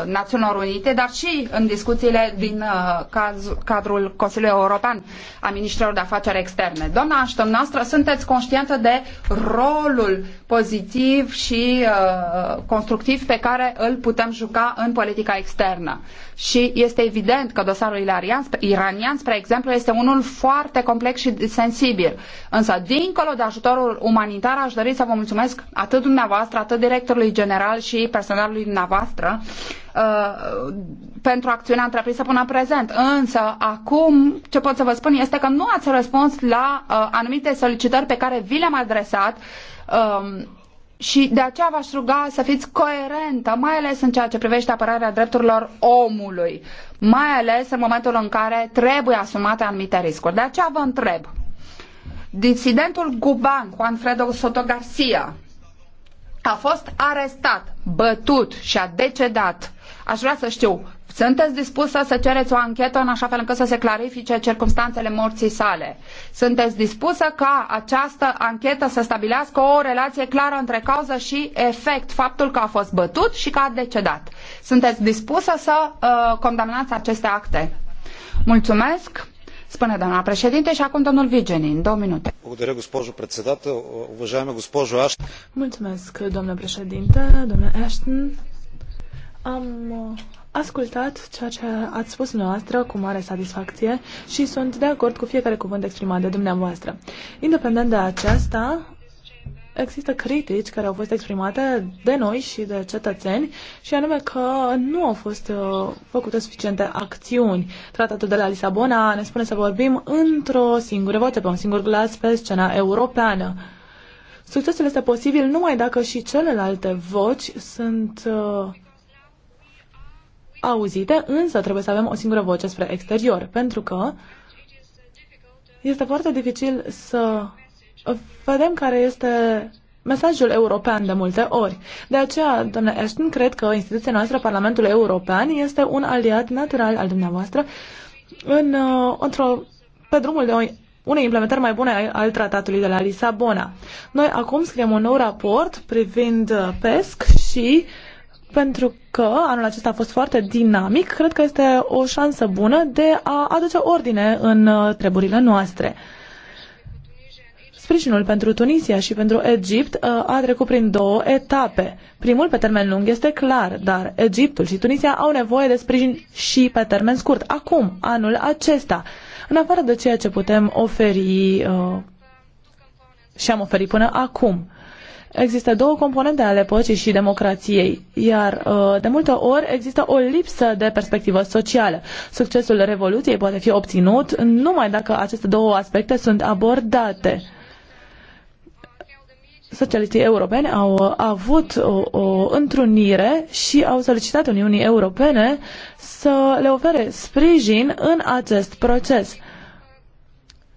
Națiunilor Unite, dar și în discuțiile din uh, caz, cadrul Consiliului European a Ministrilor de Afaceri Externe. Doamna Ashton, noastră, sunteți conștientă de rolul pozitiv și uh, constructiv pe care îl putem juca în politica externă și este evident că dosarul iranian, iranian, spre exemplu, este unul foarte complex și sensibil. Însă, dincolo de ajutorul umanitar, aș dori să vă mulțumesc atât dumneavoastră, atât directorului general și personalului dumneavoastră uh, pentru acțiunea întreprinsă până în prezent. Însă, acum, ce pot să vă spun este că nu ați răspuns la uh, anumite solicitări pe care vi le-am adresat uh, și de aceea v-aș ruga să fiți coerentă, mai ales în ceea ce privește apărarea drepturilor omului, mai ales în momentul în care trebuie asumate anumite riscuri. De aceea vă întreb, disidentul Juan Fredo Soto Garcia a fost arestat, bătut și a decedat aș vrea să știu, sunteți dispusă să cereți o anchetă în așa fel încât să se clarifice circumstanțele morții sale? Sunteți dispusă ca această anchetă să stabilească o relație clară între cauză și efect, faptul că a fost bătut și că a decedat? Sunteți dispusă să uh, condamnați aceste acte? Mulțumesc! Spune doamna președinte și acum domnul Vigenin, două minute. Mulțumesc, domnule președinte, domnule Ashton. Am uh, ascultat ceea ce ați spus noastră cu mare satisfacție și sunt de acord cu fiecare cuvânt exprimat de dumneavoastră. Independent de aceasta, există critici care au fost exprimate de noi și de cetățeni și anume că nu au fost uh, făcute suficiente acțiuni. Tratatul de la Lisabona ne spune să vorbim într-o singură voce, pe un singur glas pe scena europeană. Succesul este posibil numai dacă și celelalte voci sunt uh, auzite, însă trebuie să avem o singură voce spre exterior, pentru că este foarte dificil să vedem care este mesajul european de multe ori. De aceea, domnule Ashton, cred că instituția noastră, Parlamentul European, este un aliat natural al dumneavoastră în, uh, într-o, pe drumul de o, unei implementări mai bune al tratatului de la Lisabona. Noi acum scriem un nou raport privind uh, PESC și uh, pentru că anul acesta a fost foarte dinamic, cred că este o șansă bună de a aduce ordine în uh, treburile noastre. Sprijinul pentru Tunisia și pentru Egipt uh, a trecut prin două etape. Primul pe termen lung este clar, dar Egiptul și Tunisia au nevoie de sprijin și pe termen scurt, acum, anul acesta. În afară de ceea ce putem oferi uh, și am oferit până acum. Există două componente ale păcii și democrației, iar uh, de multe ori există o lipsă de perspectivă socială. Succesul revoluției poate fi obținut numai dacă aceste două aspecte sunt abordate socialiștii europeni au uh, avut o, o întrunire și au solicitat Uniunii Europene să le ofere sprijin în acest proces.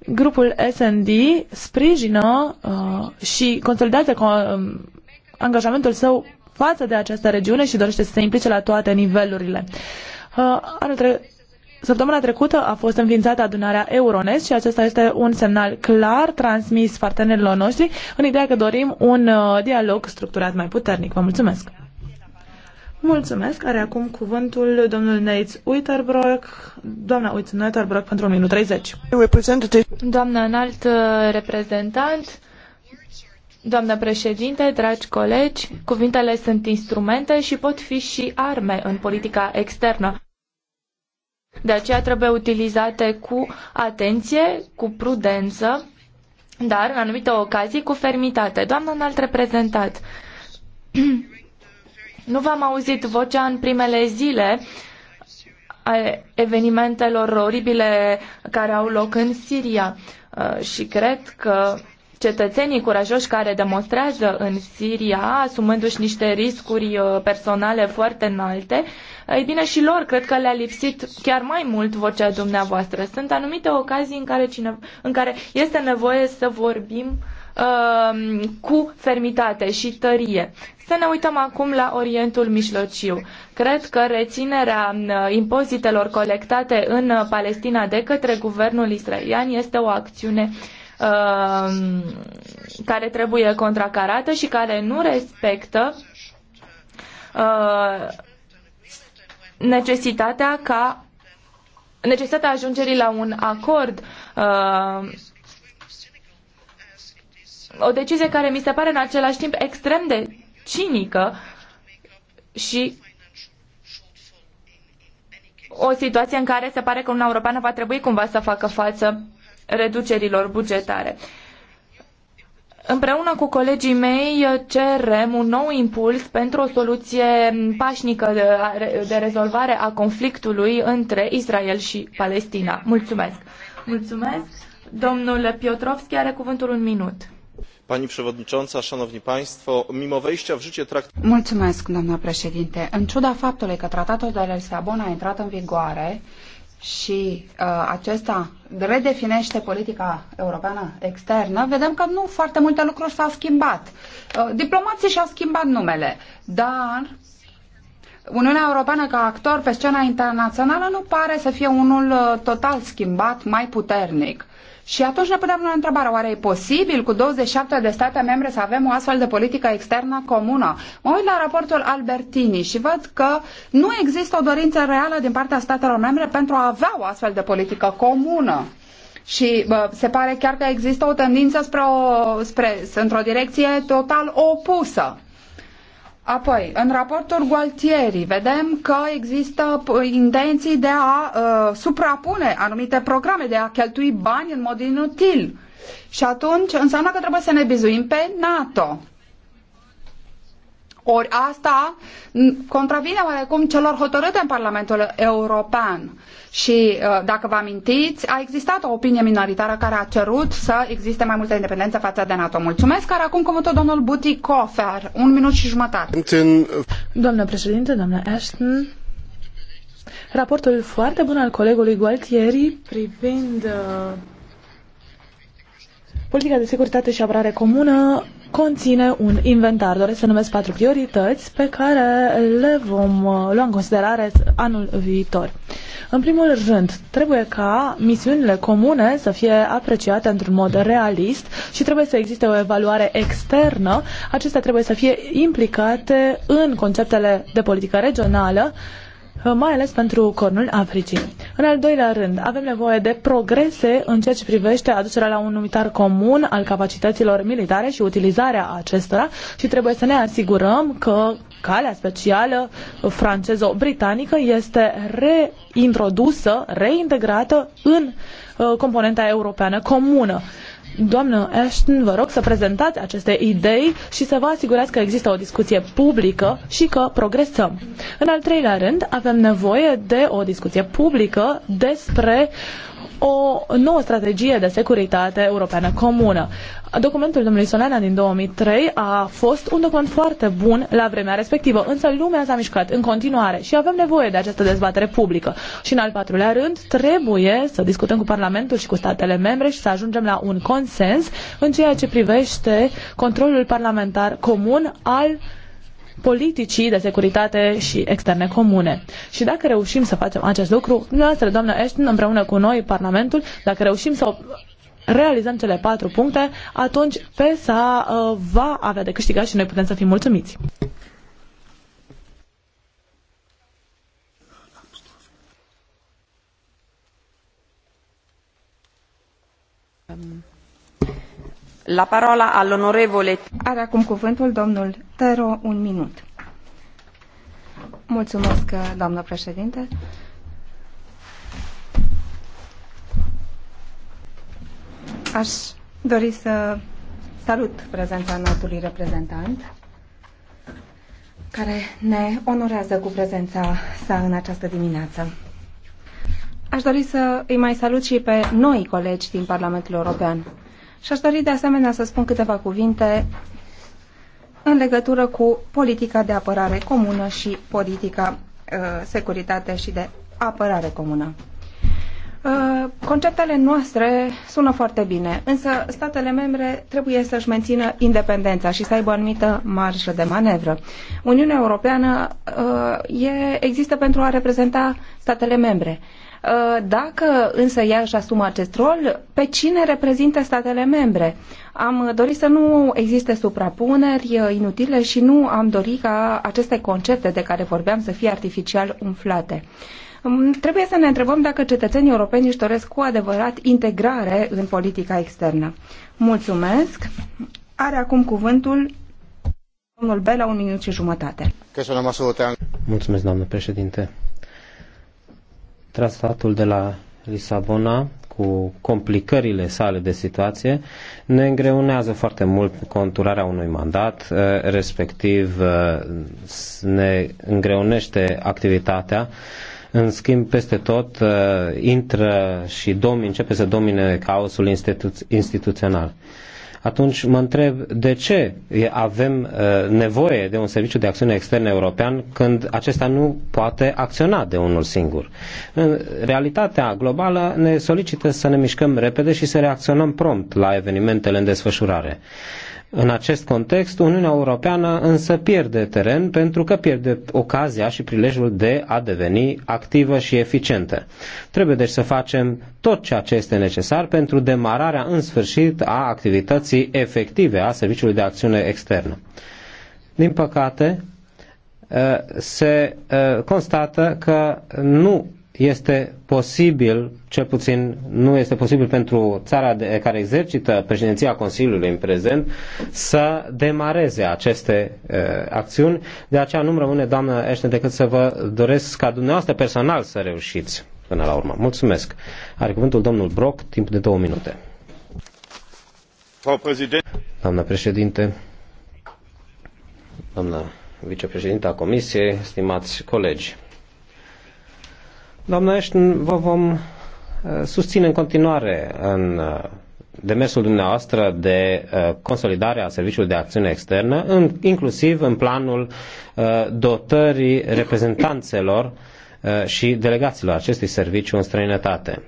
Grupul SND sprijină uh, și consolidează uh, angajamentul său față de această regiune și dorește să se implice la toate nivelurile. Uh, anul tre- Săptămâna trecută a fost înființată adunarea Euronest și acesta este un semnal clar transmis partenerilor noștri în ideea că dorim un uh, dialog structurat mai puternic. Vă mulțumesc! Mulțumesc. Are acum cuvântul domnul Neitz Uiterbrock. Doamna Uiterbrock pentru 1 minut 30. Doamna înalt uh, reprezentant, doamna președinte, dragi colegi, cuvintele sunt instrumente și pot fi și arme în politica externă. De aceea trebuie utilizate cu atenție, cu prudență, dar în anumite ocazii cu fermitate. Doamna înalt reprezentant, *clears throat* Nu v-am auzit vocea în primele zile a evenimentelor oribile care au loc în Siria uh, și cred că cetățenii curajoși care demonstrează în Siria, asumându-și niște riscuri uh, personale foarte înalte, uh, ei bine și lor, cred că le-a lipsit chiar mai mult vocea dumneavoastră. Sunt anumite ocazii în care, cine, în care este nevoie să vorbim Um, cu fermitate și tărie. Să ne uităm acum la Orientul Mijlociu. Cred că reținerea uh, impozitelor colectate în uh, Palestina de către guvernul israelian este o acțiune uh, care trebuie contracarată și care nu respectă uh, necesitatea ca necesitatea ajungerii la un acord uh, o decizie care mi se pare în același timp extrem de cinică și o situație în care se pare că Uniunea Europeană va trebui cumva să facă față reducerilor bugetare. Împreună cu colegii mei uh, cerem un nou impuls pentru o soluție pașnică de, de rezolvare a conflictului între Israel și Palestina. Mulțumesc! Mulțumesc! Domnul Piotrovski are cuvântul un minut pani przewodnicząca! szanowni państwo! mimo wejścia w życie traktatu. în ciuda faptului că tratatul de la lisabona a intrat în vigoare și uh, acesta redefinește politica europeană externă, vedem că nu foarte multe lucruri s-au schimbat. Uh, diplomații și-au schimbat numele, dar Uniunea Europeană ca actor pe scena internațională nu pare să fie unul uh, total schimbat, mai puternic. Și atunci ne putem pune întrebarea, oare e posibil cu 27 de state membre să avem o astfel de politică externă comună? Mă uit la raportul Albertini și văd că nu există o dorință reală din partea statelor membre pentru a avea o astfel de politică comună și bă, se pare chiar că există o tendință spre, o, spre într-o direcție total opusă. Apoi, în raportul Gualtieri, vedem că există intenții de a uh, suprapune anumite programe, de a cheltui bani în mod inutil. Și atunci înseamnă că trebuie să ne bizuim pe NATO. Ori asta contravine oarecum celor hotărâte în Parlamentul European. Și uh, dacă vă amintiți, a existat o opinie minoritară care a cerut să existe mai multă independență față de NATO. Mulțumesc, care acum cuvântul domnul Buti Cofer. Un minut și jumătate. Domnule președinte, domnule Ashton, raportul foarte bun al colegului Gualtieri privind uh, politica de securitate și apărare comună conține un inventar. Doresc să numesc patru priorități pe care le vom uh, lua în considerare anul viitor. În primul rând, trebuie ca misiunile comune să fie apreciate într-un mod realist și trebuie să existe o evaluare externă. Acestea trebuie să fie implicate în conceptele de politică regională Uh, mai ales pentru cornul Africii. În al doilea rând, avem nevoie de progrese în ceea ce privește aducerea la un numitar comun al capacităților militare și utilizarea acestora și trebuie să ne asigurăm că calea specială francezo-britanică este reintrodusă, reintegrată în uh, componenta europeană comună. Doamnă Ashton, vă rog să prezentați aceste idei și să vă asigurați că există o discuție publică și că progresăm. În al treilea rând, avem nevoie de o discuție publică despre o nouă strategie de securitate europeană comună. Documentul domnului Solana din 2003 a fost un document foarte bun la vremea respectivă, însă lumea s-a mișcat în continuare și avem nevoie de această dezbatere publică. Și în al patrulea rând, trebuie să discutăm cu Parlamentul și cu statele membre și să ajungem la un consens în ceea ce privește controlul parlamentar comun al politicii de securitate și externe comune. Și dacă reușim să facem acest lucru, dumneavoastră, doamnă Ashton, împreună cu noi, Parlamentul, dacă reușim să realizăm cele patru puncte, atunci PESA uh, va avea de câștigat și noi putem să fim mulțumiți. La parola al onorevole. Are acum cuvântul domnul Tero, un minut. Mulțumesc, doamnă președinte. Aș dori să salut prezența înaltului reprezentant care ne onorează cu prezența sa în această dimineață. Aș dori să îi mai salut și pe noi colegi din Parlamentul European. Și aș dori de asemenea să spun câteva cuvinte în legătură cu politica de apărare comună și politica uh, securitate și de apărare comună. Uh, conceptele noastre sună foarte bine, însă statele membre trebuie să-și mențină independența și să aibă anumită marjă de manevră. Uniunea Europeană uh, e, există pentru a reprezenta statele membre. Uh, Uh, dacă însă ea își asumă acest rol, pe cine reprezintă statele membre? Am dorit să nu existe suprapuneri uh, inutile și nu am dorit ca aceste concepte de care vorbeam să fie artificial umflate. Um, trebuie să ne întrebăm dacă cetățenii europeni își doresc cu adevărat integrare în politica externă. Mulțumesc. Are acum cuvântul domnul Bela, un minut și jumătate. Mulțumesc, doamnă președinte. Tratatul de la Lisabona, cu complicările sale de situație, ne îngreunează foarte mult conturarea unui mandat, eh, respectiv eh, ne îngreunește activitatea. În schimb, peste tot eh, intră și domine, începe să domine caosul instituț- instituțional atunci mă întreb de ce avem uh, nevoie de un serviciu de acțiune externă european când acesta nu poate acționa de unul singur. Realitatea globală ne solicită să ne mișcăm repede și să reacționăm prompt la evenimentele în desfășurare. În acest context, Uniunea Europeană însă pierde teren pentru că pierde ocazia și prilejul de a deveni activă și eficientă. Trebuie deci să facem tot ceea ce este necesar pentru demararea în sfârșit a activității efective a Serviciului de Acțiune Externă. Din păcate, se eh, constată că nu este posibil, cel puțin nu este posibil pentru țara de, care exercită președinția Consiliului în prezent, să demareze aceste uh, acțiuni. De aceea nu-mi rămâne, doamnă Ashton, decât să vă doresc ca dumneavoastră personal să reușiți până la urmă. Mulțumesc. Are cuvântul domnul Brock, timp de două minute. Doamnă președinte, doamnă vicepreședinte a Comisiei, stimați colegi, Doamna Ashton, vă vom uh, susține în continuare în uh, demersul dumneavoastră de uh, consolidare a Serviciului de Acțiune Externă, în, inclusiv în planul dotării reprezentanțelor și delegaților acestui serviciu în străinătate.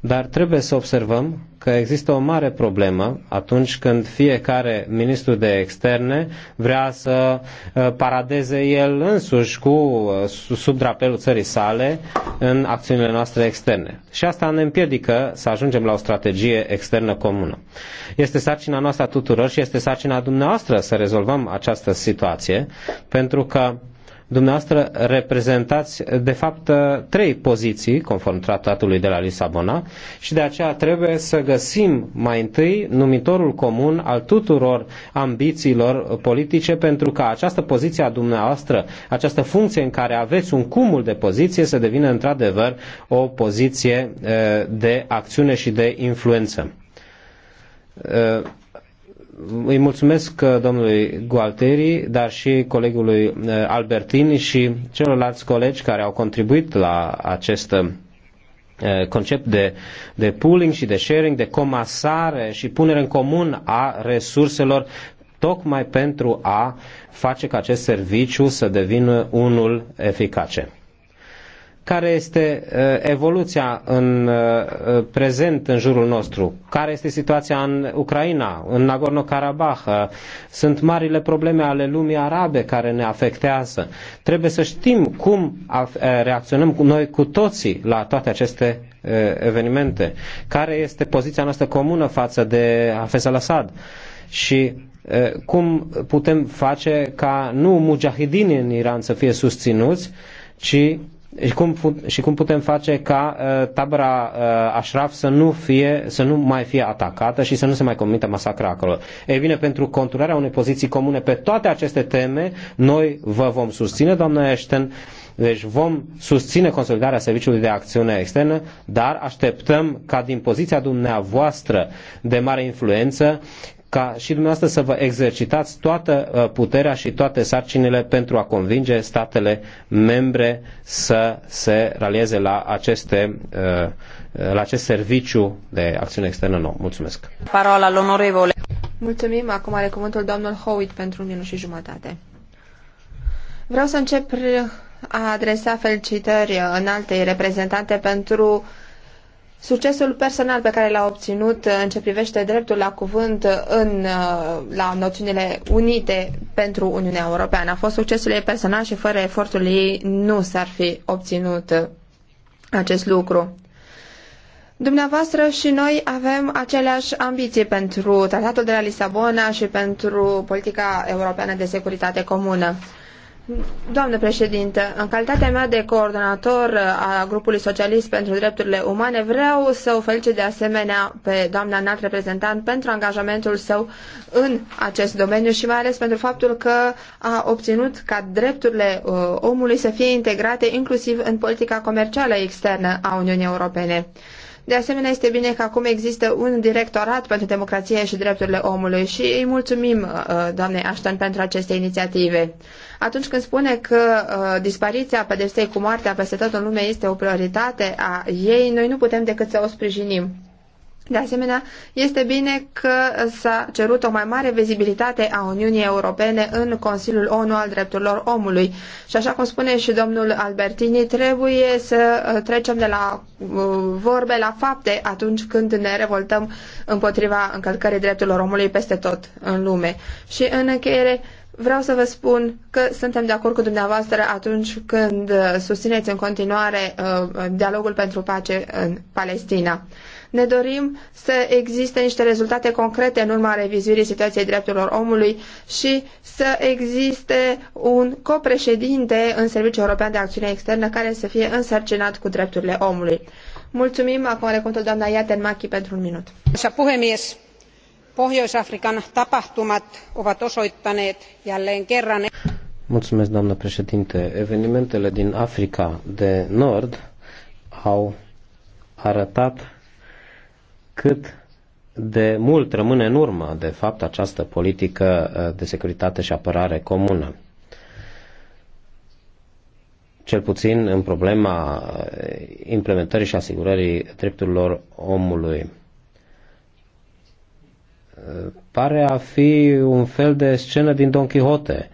Dar trebuie să observăm că există o mare problemă atunci când fiecare ministru de externe vrea să uh, paradeze el însuși cu uh, sub drapelul țării sale în acțiunile noastre externe. Și asta ne împiedică să ajungem la o strategie externă comună. Este sarcina noastră a tuturor și este sarcina dumneavoastră să rezolvăm această situație, pentru că Dumneavoastră reprezentați, de fapt, trei poziții, conform tratatului de la Lisabona, și de aceea trebuie să găsim mai întâi numitorul comun al tuturor ambițiilor politice, pentru ca această poziție a dumneavoastră, această funcție în care aveți un cumul de poziție, să devină într-adevăr o poziție eh, de acțiune și de influență eh, îi mulțumesc uh, domnului Gualteri, dar și colegului uh, Albertini și celorlalți colegi care au contribuit la acest uh, concept de, de pooling și de sharing, de comasare și punere în comun a resurselor tocmai pentru a face ca acest serviciu să devină unul eficace care este uh, evoluția în uh, prezent în jurul nostru, care este situația în Ucraina, în Nagorno-Karabakh, sunt marile probleme ale lumii arabe care ne afectează. Trebuie să știm cum uh, reacționăm noi cu toții la toate aceste evenimente, care este poziția noastră comună față de Hafez al-Assad și cum putem face ca nu mujahidinii în Iran să fie susținuți, ci și cum, și cum putem face ca uh, tabăra uh, Ashraf să nu, fie, să nu mai fie atacată și să nu se mai comită masacra acolo. Ei bine, pentru conturarea unei poziții comune pe toate aceste teme, noi vă vom susține, doamna Ashton, deci vom susține consolidarea Serviciului de Acțiune Externă, dar așteptăm ca din poziția dumneavoastră de mare influență ca și dumneavoastră să vă exercitați toată uh, puterea și toate sarcinile pentru a convinge statele membre să se ralieze la, aceste, uh, la acest serviciu de acțiune externă nou. Mulțumesc. Parola l'onorevole. Mulțumim. Acum are cuvântul domnul Howitt pentru un minut și jumătate. Vreau să încep a adresa felicitări în altei reprezentante pentru uh, Succesul personal pe care l-a obținut uh, în ce privește dreptul la cuvânt uh, în, uh, la Națiunile Unite pentru Uniunea Europeană a fost succesul ei personal și fără efortul ei nu s-ar fi obținut acest lucru. Dumneavoastră și noi avem aceleași ambiții pentru Tratatul de la Lisabona și pentru politica europeană de securitate comună. Doamnă președinte, în calitatea mea de coordonator uh, a grupului socialist pentru drepturile umane, vreau să o felicit de asemenea pe doamna înalt reprezentant pentru angajamentul său în acest domeniu și mai ales pentru faptul că a obținut ca drepturile uh, omului să fie integrate inclusiv în politica comercială externă a Uniunii Europene. De asemenea, este bine că acum există un directorat pentru democrație și drepturile omului și îi mulțumim, uh, doamnei Ashton, pentru aceste inițiative. Atunci când spune că uh, dispariția pedepsei cu moartea peste tot în lume este o prioritate a ei, noi nu putem decât să o sprijinim. De asemenea, este bine că s-a cerut o mai mare vizibilitate a Uniunii Europene în Consiliul ONU al Drepturilor Omului. Și așa cum spune și domnul Albertini, trebuie să uh, trecem de la uh, vorbe la fapte atunci când ne revoltăm împotriva încălcării drepturilor omului peste tot în lume. Și în încheiere, Vreau să vă spun că suntem de acord cu dumneavoastră atunci când uh, susțineți în continuare dialogul pentru pace în Palestina. Ne dorim să existe niște rezultate concrete în urma revizuirii situației drepturilor omului și să existe un copreședinte în Serviciul European de Acțiune Externă care să fie însărcinat cu drepturile omului. Mulțumim, acum are doamna Iaten Machi pentru un minut. puhemies, Pohjois-Afrikan tapahtumat ovat osoittaneet jälleen kerran... Mulțumesc, doamnă președinte. Evenimentele din Africa de Nord au arătat cât de mult rămâne în urmă, de fapt, această politică uh, de securitate și apărare comună. Cel puțin în problema uh, implementării și asigurării drepturilor omului. Uh, pare a fi un fel de scenă din Don Quixote.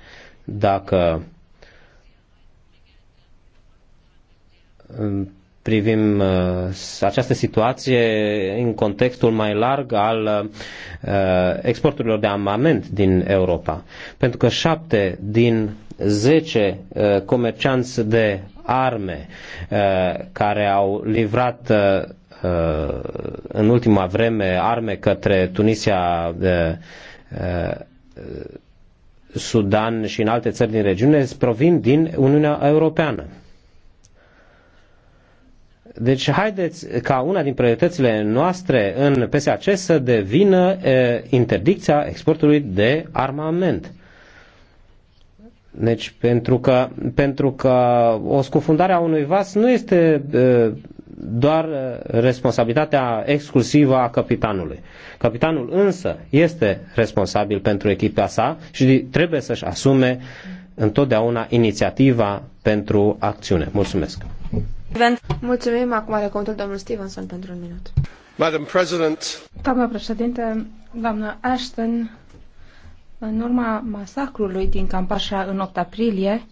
Dacă privim uh, această situație în contextul mai larg al uh, exporturilor de armament din Europa. Pentru că șapte din zece uh, comercianți de arme care au livrat în ultima vreme arme către Tunisia, Sudan și în alte țări din regiune provin din Uniunea Europeană. Deci haideți ca una din prioritățile noastre în PSAC să devină interdicția exportului de armament. Deci pentru că, pentru că o scufundare a unui vas nu este doar responsabilitatea exclusivă a capitanului. Capitanul însă este responsabil pentru echipa sa și trebuie să-și asume întotdeauna inițiativa pentru acțiune. Mulțumesc! Mulțumim, acum are domnul Stevenson pentru un minut. Madam President. Doamna președinte, doamnă Ashton, în urma masacrului din Campașa în 8 aprilie,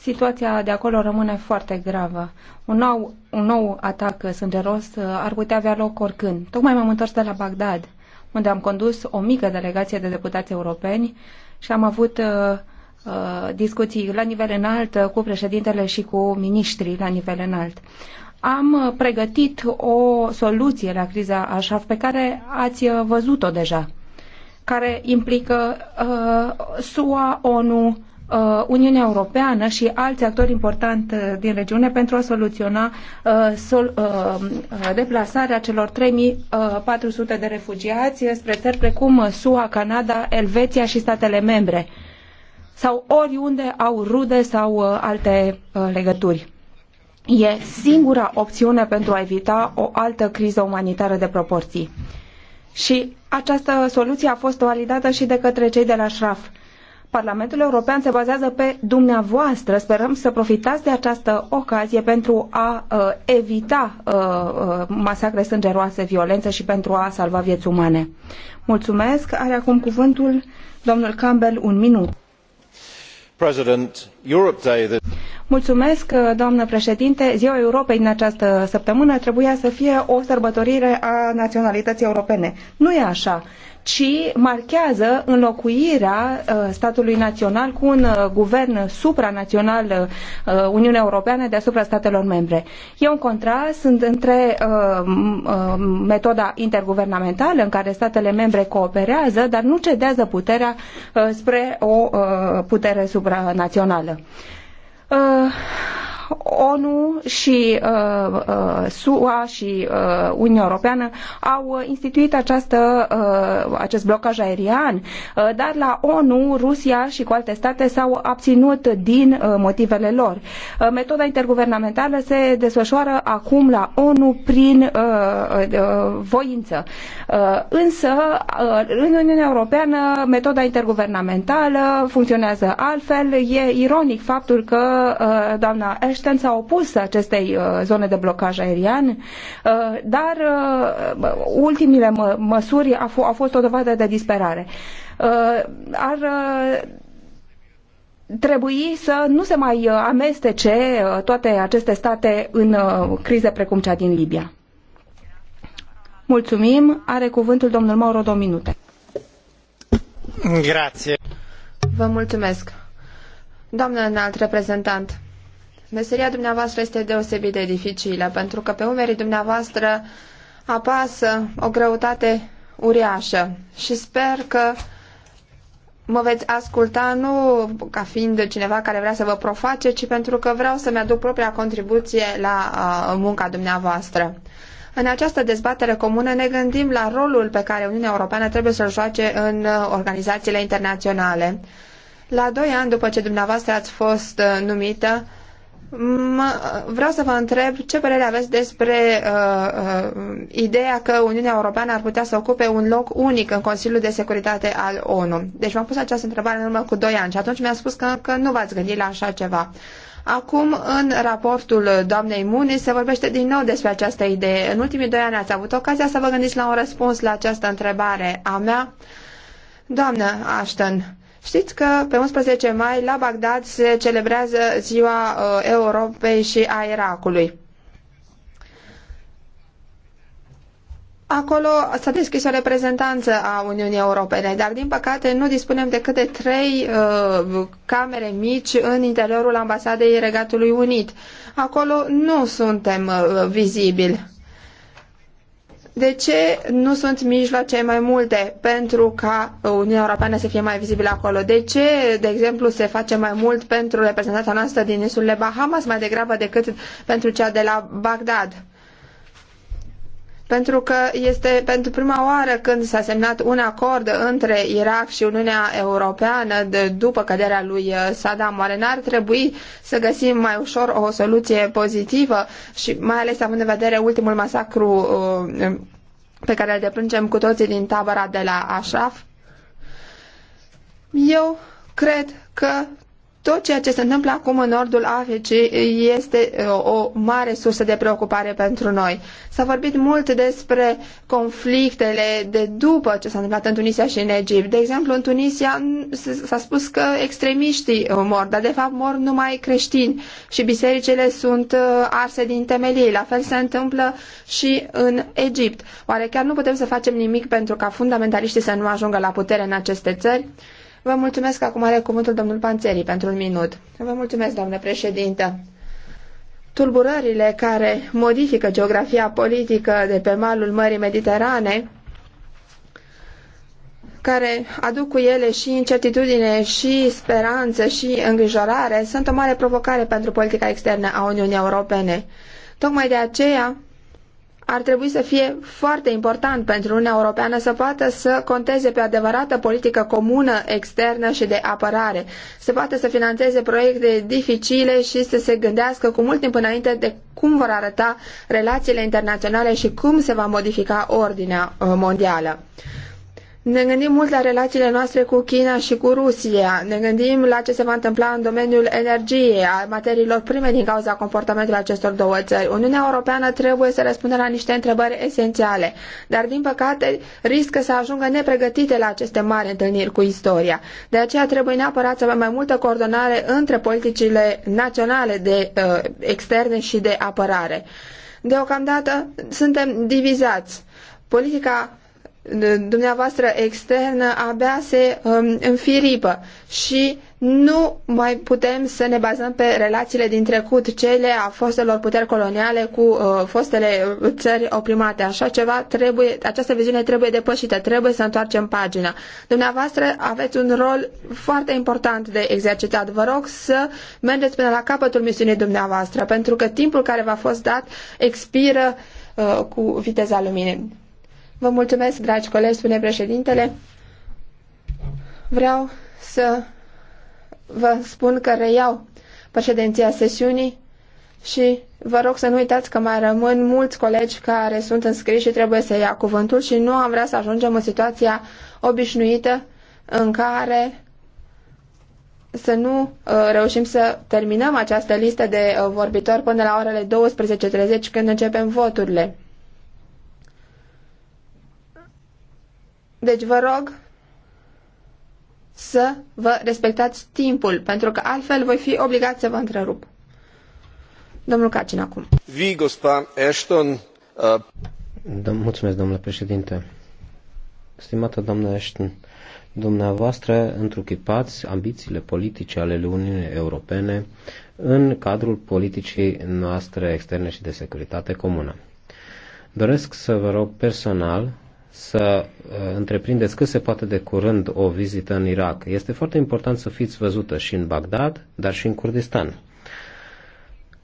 situația de acolo rămâne foarte gravă. Un nou, un nou atac sângeros uh, ar putea avea loc oricând. Tocmai m-am întors de la Bagdad, unde am condus o mică delegație de deputați europeni și am avut uh, Uh, discuții la nivel înalt uh, cu președintele și cu miniștrii la nivel înalt. Am uh, pregătit o soluție la criza așa pe care ați văzut-o deja, care implică uh, SUA, ONU, uh, Uniunea Europeană și alți actori importanti din regiune pentru a soluționa uh, sol, uh, deplasarea celor 3400 de refugiați spre țări precum SUA, Canada, Elveția și statele membre. Uh, sau oriunde au rude sau uh, alte uh, legături. E singura opțiune pentru a evita o altă criză umanitară de proporții. Și această soluție a fost validată și de către cei de la Șraf. Parlamentul European se bazează pe dumneavoastră. Sperăm să profitați de această ocazie pentru a uh, evita uh, uh, masacre sângeroase, violență și pentru a salva vieți umane. Mulțumesc. Are acum cuvântul domnul Campbell un minut. Mulțumesc, doamnă președinte. Ziua Europei din această săptămână trebuia să fie o sărbătorire a naționalității europene. Nu e așa ci marchează înlocuirea uh, statului național cu un uh, guvern supranațional uh, Uniunea Europeană deasupra statelor membre. E un contrast între metoda interguvernamentală în care statele membre cooperează, dar nu cedează puterea spre o putere supranațională ONU și uh, uh, SUA și uh, Uniunea Europeană au uh, instituit această, uh, acest blocaj aerian, uh, dar la ONU, Rusia și cu alte state s-au abținut din uh, motivele lor. Uh, metoda interguvernamentală se desfășoară acum la ONU prin uh, uh, voință. Uh, însă, uh, în Uniunea Europeană, metoda interguvernamentală funcționează altfel. E ironic faptul că uh, doamna Ashton Liechtenstein s-a opus acestei uh, zone de blocaj aerian, uh, dar uh, ultimile mă măsuri au fost o dovadă de disperare. Ar trebui să nu se mai amestece toate aceste state în crize precum cea din Libia. Mulțumim. Are cuvântul domnul Mauro două minute. Grație. Vă mulțumesc. Doamnă înalt reprezentant, Meseria dumneavoastră este deosebit de dificilă, pentru că pe umerii dumneavoastră apasă o greutate uriașă și sper că mă veți asculta nu ca fiind cineva care vrea să vă proface, ci pentru că vreau să-mi aduc propria contribuție la a, munca dumneavoastră. În această dezbatere comună ne gândim la rolul pe care Uniunea Europeană trebuie să-l joace în organizațiile internaționale. La doi ani după ce dumneavoastră ați fost numită, vreau să vă întreb ce părere aveți despre uh, uh, ideea că Uniunea Europeană ar putea să ocupe un loc unic în Consiliul de Securitate al ONU. Deci v-am pus această întrebare în urmă cu doi ani și atunci mi-a spus că, că nu v-ați gândit la așa ceva. Acum, în raportul doamnei Muni, se vorbește din nou despre această idee. În ultimii doi ani ați avut ocazia să vă gândiți la un răspuns la această întrebare a mea. Doamnă Ashton, Știți că pe 11 mai la Bagdad se celebrează ziua uh, Europei și a Irakului. Acolo s-a deschis o reprezentanță a Uniunii Europene, dar din păcate nu dispunem decât de trei uh, camere mici în interiorul ambasadei Regatului Unit. Acolo nu suntem uh, vizibili. De ce nu sunt mijloace mai multe pentru ca Uniunea Europeană să fie mai vizibilă acolo? De ce, de exemplu, se face mai mult pentru reprezentanta noastră din insulele Bahamas mai degrabă decât pentru cea de la Bagdad? pentru că este pentru prima oară când s-a semnat un acord între Irak și Uniunea Europeană de, după căderea lui uh, Saddam. Oare n-ar trebui să găsim mai ușor o soluție pozitivă și mai ales având în vedere ultimul masacru uh, pe care îl deplângem cu toții din tabăra de la Ashraf? Eu cred că tot ceea ce se întâmplă acum în nordul Africii este o mare sursă de preocupare pentru noi. S-a vorbit mult despre conflictele de după ce s-a întâmplat în Tunisia și în Egipt. De exemplu, în Tunisia s-a spus că extremiștii mor, dar de fapt mor numai creștini și bisericile sunt arse din temelii. La fel se întâmplă și în Egipt. Oare chiar nu putem să facem nimic pentru ca fundamentaliștii să nu ajungă la putere în aceste țări? Vă mulțumesc că acum are cuvântul domnul Panțeri pentru un minut. Vă mulțumesc, doamnă președintă. Tulburările care modifică geografia politică de pe malul Mării Mediterane care aduc cu ele și incertitudine, și speranță, și îngrijorare, sunt o mare provocare pentru politica externă a Uniunii Europene. Tocmai de aceea ar trebui să fie foarte important pentru Uniunea Europeană să poată să conteze pe adevărată politică comună externă și de apărare, să poată să financeze proiecte dificile și să se gândească cu mult timp înainte de cum vor arăta relațiile internaționale și cum se va modifica ordinea uh, mondială. Ne gândim mult la relațiile noastre cu China și cu Rusia, ne gândim la ce se va întâmpla în domeniul energiei, al materiilor prime din cauza comportamentului acestor două țări. Uniunea Europeană trebuie să răspundă la niște întrebări esențiale, dar din păcate riscă să ajungă nepregătite la aceste mari întâlniri cu istoria. De aceea trebuie neapărat să avem mai multă coordonare între politicile naționale de uh, externe și de apărare. Deocamdată suntem divizați. Politica dumneavoastră externă abia se um, înfiripă și nu mai putem să ne bazăm pe relațiile din trecut, cele a fostelor puteri coloniale cu uh, fostele țări oprimate. Așa ceva trebuie, această viziune trebuie depășită, trebuie să întoarcem pagina. Dumneavoastră aveți un rol foarte important de exercitat. Vă rog să mergeți până la capătul misiunii dumneavoastră, pentru că timpul care v-a fost dat expiră uh, cu viteza luminii. Vă mulțumesc, dragi colegi, spune președintele. Vreau să vă spun că reiau președinția sesiunii și vă rog să nu uitați că mai rămân mulți colegi care sunt înscriși și trebuie să ia cuvântul și nu am vrea să ajungem în situația obișnuită în care să nu uh, reușim să terminăm această listă de uh, vorbitori până la orele 12.30 când începem voturile. Deci vă rog să vă respectați timpul, pentru că altfel voi fi obligat să vă întrerup. Domnul Cacin acum. gospan Ashton. Uh, da, mulțumesc, domnule președinte. Stimată doamnă Ashton, dumneavoastră întruchipați ambițiile politice ale Uniunii Europene în cadrul politicii noastre externe și de securitate comună. Doresc să vă rog personal să uh, întreprindeți cât se poate de curând o vizită în Irak. Este foarte important să fiți văzută și în Bagdad, dar și în Kurdistan.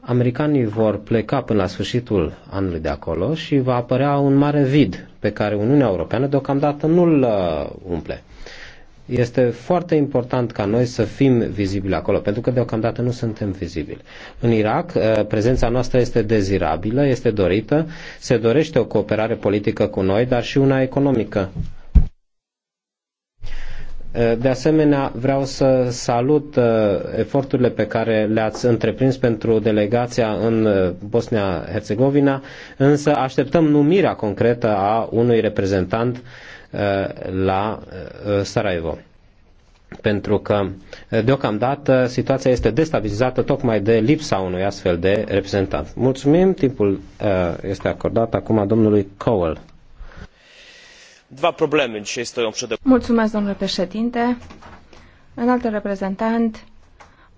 Americanii vor pleca până la sfârșitul anului de acolo și va apărea un mare vid pe care Uniunea Europeană deocamdată nu-l uh, umple este foarte important ca noi să fim vizibili acolo, pentru că deocamdată nu suntem vizibili. În Irak, eh, prezența noastră este dezirabilă, este dorită, se dorește o cooperare politică cu noi, dar și una economică. Eh, de asemenea, vreau să salut eh, eforturile pe care le-ați întreprins pentru delegația în Bosnia-Herzegovina, însă așteptăm numirea concretă a unui reprezentant Uh, la uh, Sarajevo. Pentru că, uh, deocamdată, situația este destabilizată tocmai de lipsa unui astfel de reprezentant. Mulțumim, timpul este acordat acum domnului Cowell. Mulțumesc, domnule președinte. un alt reprezentant,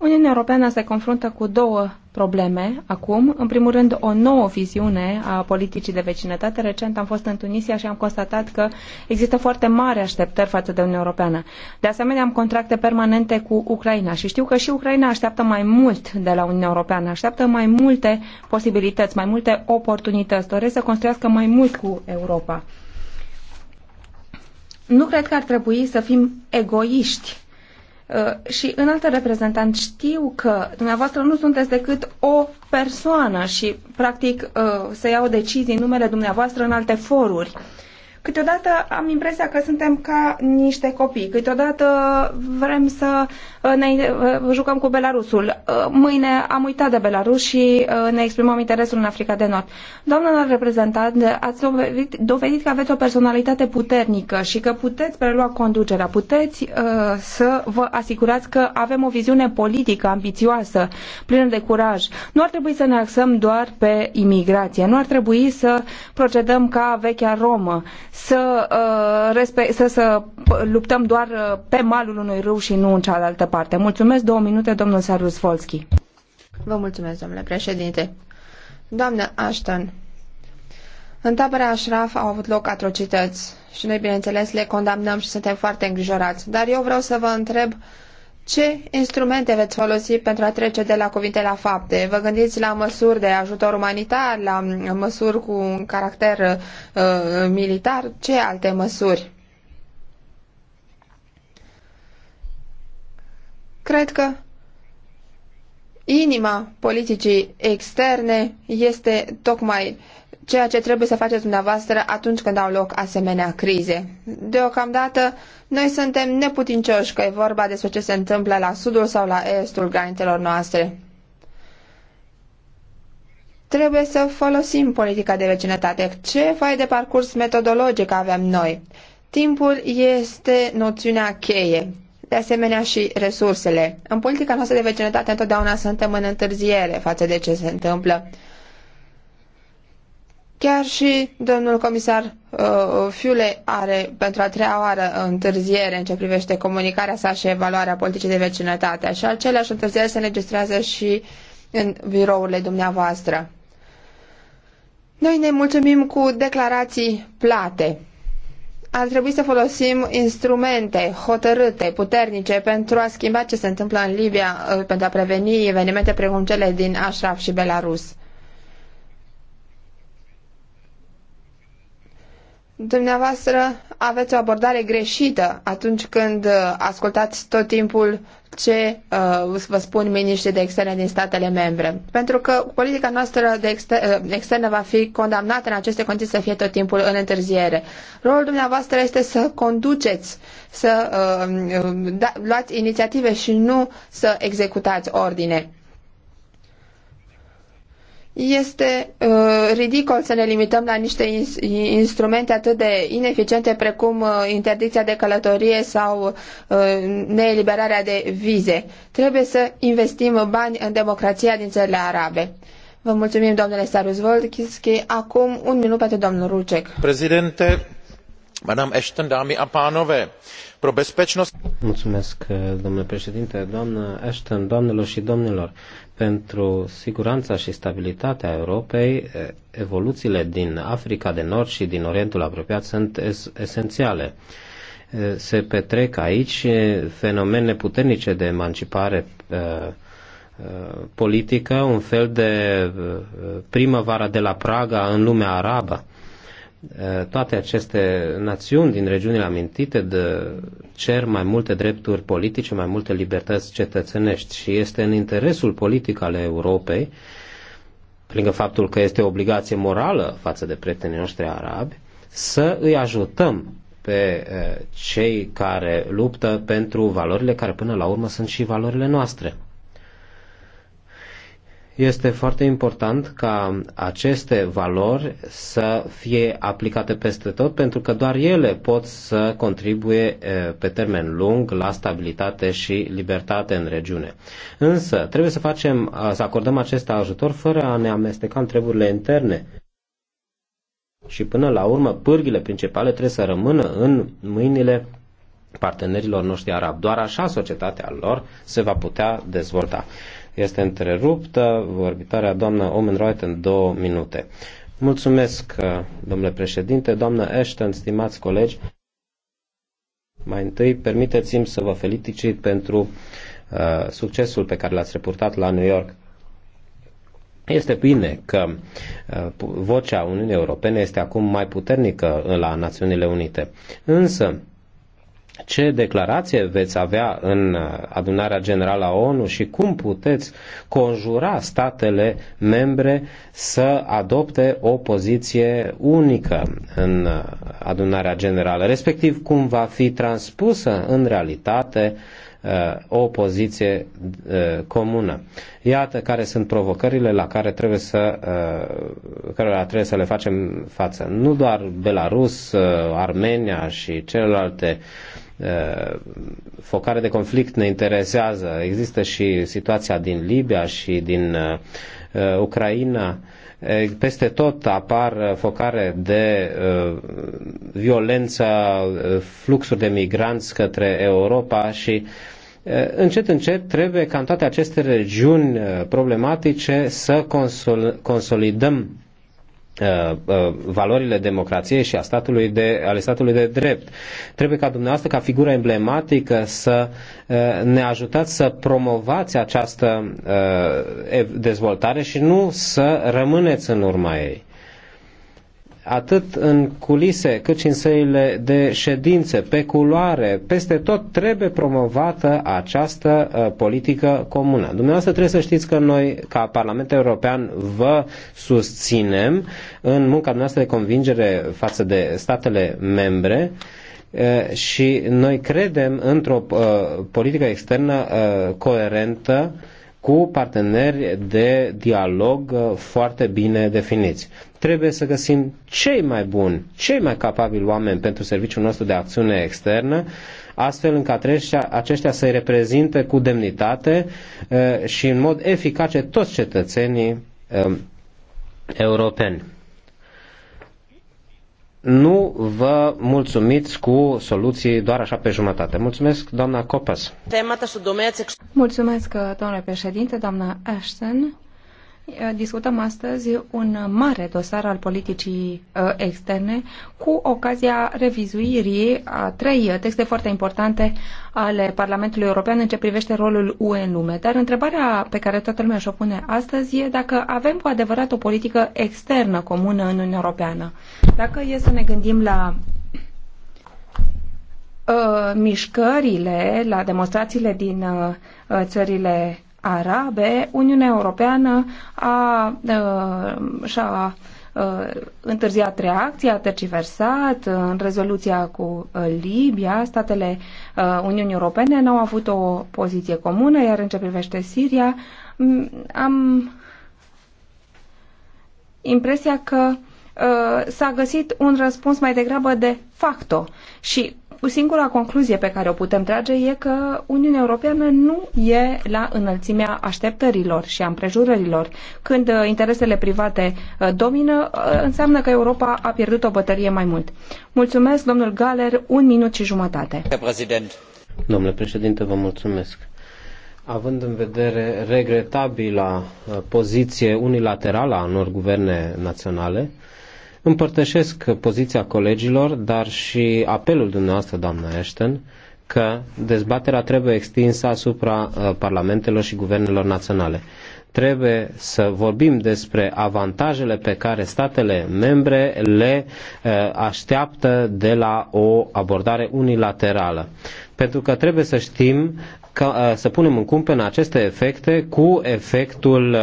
Uniunea Europeană se confruntă cu două probleme acum. În primul rând, o nouă viziune a politicii de vecinătate. Recent am fost în Tunisia și am constatat că există foarte mari așteptări față de Uniunea Europeană. De asemenea, am contracte permanente cu Ucraina și știu că și Ucraina așteaptă mai mult de la Uniunea Europeană, așteaptă mai multe posibilități, mai multe oportunități, doresc să construiască mai mult cu Europa. Nu cred că ar trebui să fim egoiști Uh, și în alte reprezentant știu că dumneavoastră nu sunteți decât o persoană și practic uh, se iau decizii în numele dumneavoastră în alte foruri. Uh, Câteodată am impresia că suntem ca niște copii. Câteodată vrem să uh, ne uh, jucăm cu Belarusul. Uh, mâine am uitat de Belarus și ne exprimăm interesul în Africa de Nord. Doamna reprezentant, ați dovedit, dovedit că aveți o personalitate puternică și că puteți prelua conducerea. Puteți uh, să vă asigurați că avem o viziune politică ambițioasă, plină de curaj. Nu ar trebui să ne axăm doar pe imigrație. Nu ar trebui să procedăm ca vechea Romă să, uh, să, să luptăm doar uh, pe malul unui râu și nu în cealaltă parte. Mulțumesc două minute, domnul Sarus Volski. Vă mulțumesc, domnule președinte. Doamnă Ashton, în tabăra Ashraf au avut loc atrocități și noi, bineînțeles, le condamnăm și suntem foarte îngrijorați. Dar eu vreau să vă întreb ce instrumente veți folosi pentru a trece de la cuvinte la fapte? Vă gândiți la măsuri de ajutor umanitar, la măsuri cu un caracter uh, militar? Ce alte măsuri? Cred că inima politicii externe este tocmai ceea ce trebuie să faceți dumneavoastră atunci când au loc asemenea crize. Deocamdată, noi suntem neputincioși că e vorba despre ce se întâmplă la sudul sau la estul granițelor noastre. Trebuie să folosim politica de vecinătate. Ce vai de parcurs metodologic avem noi? Timpul este noțiunea cheie de asemenea și resursele. În politica noastră de vecinătate întotdeauna suntem în întârziere față de ce se întâmplă Chiar și domnul comisar uh, Fiule are pentru a treia oară întârziere în ce privește comunicarea sa și evaluarea politicii de vecinătate și aceleași întârzieri se înregistrează și în birourile dumneavoastră. Noi ne mulțumim cu declarații plate. Ar trebui să folosim instrumente hotărâte, puternice, pentru a schimba ce se întâmplă în Libia, uh, pentru a preveni evenimente precum cele din Ashraf și Belarus. Dumneavoastră aveți o abordare greșită atunci când uh, ascultați tot timpul ce uh, vă spun miniștrii de externe din statele membre. Pentru că politica noastră de exter- uh, externă va fi condamnată în aceste condiții să fie tot timpul în întârziere. Rolul dumneavoastră este să conduceți, să uh, da, luați inițiative și nu să executați ordine. Este uh, ridicol să ne limităm la niște ins instrumente atât de ineficiente precum uh, interdicția de călătorie sau uh, neeliberarea de vize. Trebuie să investim bani în democrația din țările arabe. Vă mulțumim, domnule Sarus Voldkischi. Acum un minut pentru domnul Rucek. Prezidente, madame Ashton, dami a panove, pro bezpečnost... Mulțumesc, domnule președinte, doamnă Ashton, doamnelor și domnilor pentru siguranța și stabilitatea Europei, evoluțiile din Africa de Nord și din Orientul apropiat sunt esențiale. Se petrec aici fenomene puternice de emancipare politică, un fel de primăvară de la Praga în lumea arabă Eh, toate aceste națiuni din regiunile amintite de, cer mai multe drepturi politice, mai multe libertăți cetățenești și este în interesul politic al Europei, pe lângă faptul că este o obligație morală față de prietenii noștri arabi, să îi ajutăm pe eh, cei care luptă pentru valorile care până la urmă sunt și valorile noastre este foarte important ca aceste valori să fie aplicate peste tot, pentru că doar ele pot să contribuie pe termen lung la stabilitate și libertate în regiune. Însă, trebuie să facem, să acordăm acest ajutor fără a ne amesteca în treburile interne. Și până la urmă, pârghile principale trebuie să rămână în mâinile partenerilor noștri arabi. Doar așa societatea lor se va putea dezvolta este întreruptă. Vorbitoarea doamna Omen în două minute. Mulțumesc, uh, domnule președinte, doamnă Ashton, stimați colegi. Mai întâi, permiteți-mi să vă felicit pentru uh, succesul pe care l-ați reportat la New York. Este bine că uh, vocea Uniunii Europene este acum mai puternică la Națiunile Unite. Însă, ce declarație veți avea în uh, adunarea generală a ONU și cum puteți conjura statele membre să adopte o poziție unică în uh, adunarea generală, respectiv cum va fi transpusă în realitate uh, o poziție comună. Iată care sunt provocările la care trebuie să, care trebuie să le facem față. Nu doar Belarus, Armenia și celelalte Uh, focare de conflict ne interesează. Există și situația din Libia și din uh, uh, Ucraina. Peste tot apar focare de violență, fluxuri de migranți către Europa și încet, încet trebuie ca în toate aceste regiuni problematice să consolidăm Uh, uh, valorile democrației și a statului de, ale statului de drept. Trebuie ca dumneavoastră, ca figură emblematică, să uh, ne ajutați să promovați această dezvoltare și nu să rămâneți în urma ei atât în culise cât și în săile de ședințe, pe culoare, peste tot trebuie promovată această uh, politică comună. Dumneavoastră trebuie să știți că noi, ca Parlament European, vă susținem în munca noastră de convingere față de statele membre uh, și noi credem într-o uh, politică externă uh, coerentă cu parteneri de dialog uh, foarte bine definiți. Trebuie să găsim cei mai buni, cei mai capabili oameni pentru serviciul nostru de acțiune externă, astfel încât aceștia să-i reprezinte cu demnitate uh, și în mod eficace toți cetățenii um, europeni nu vă mulțumiți cu soluții doar așa pe jumătate. Mulțumesc, doamna Copas. Mulțumesc, uh, doamna președinte, doamna Ashton. Eh, discutăm astăzi un mare dosar al politicii eh, externe cu ocazia revizuirii a trei texte foarte importante ale Parlamentului European în ce privește rolul UE în lume. Dar întrebarea pe care toată lumea și-o pune astăzi e dacă avem cu adevărat o politică externă comună în Uniunea Europeană. Dacă e să ne gândim la eh, mișcările, la demonstrațiile din țările arabe, Uniunea Europeană a, uh, și-a uh, întârziat reacția, a tergiversat uh, în rezoluția cu uh, Libia. Statele Uniunii Europene n-au avut o poziție comună, iar în ce privește Siria, am impresia că s-a găsit un răspuns mai degrabă de facto și singura concluzie pe care o putem trage e că Uniunea Europeană nu e la înălțimea așteptărilor și a împrejurărilor. Când uh, interesele private uh, domină, uh, înseamnă că Europa a pierdut o bătărie mai mult. Mulțumesc, domnul Galer, un minut și jumătate. Domnule președinte, vă mulțumesc având în vedere regretabila poziție unilaterală a unor guverne naționale, Împărtășesc poziția colegilor, dar și apelul dumneavoastră, doamna Ashton, că dezbaterea trebuie extinsă asupra uh, parlamentelor și guvernelor naționale. Trebuie să vorbim despre avantajele pe care statele membre le uh, așteaptă de la o abordare unilaterală. Pentru că trebuie să știm că, uh, să punem în cumpen aceste efecte cu efectul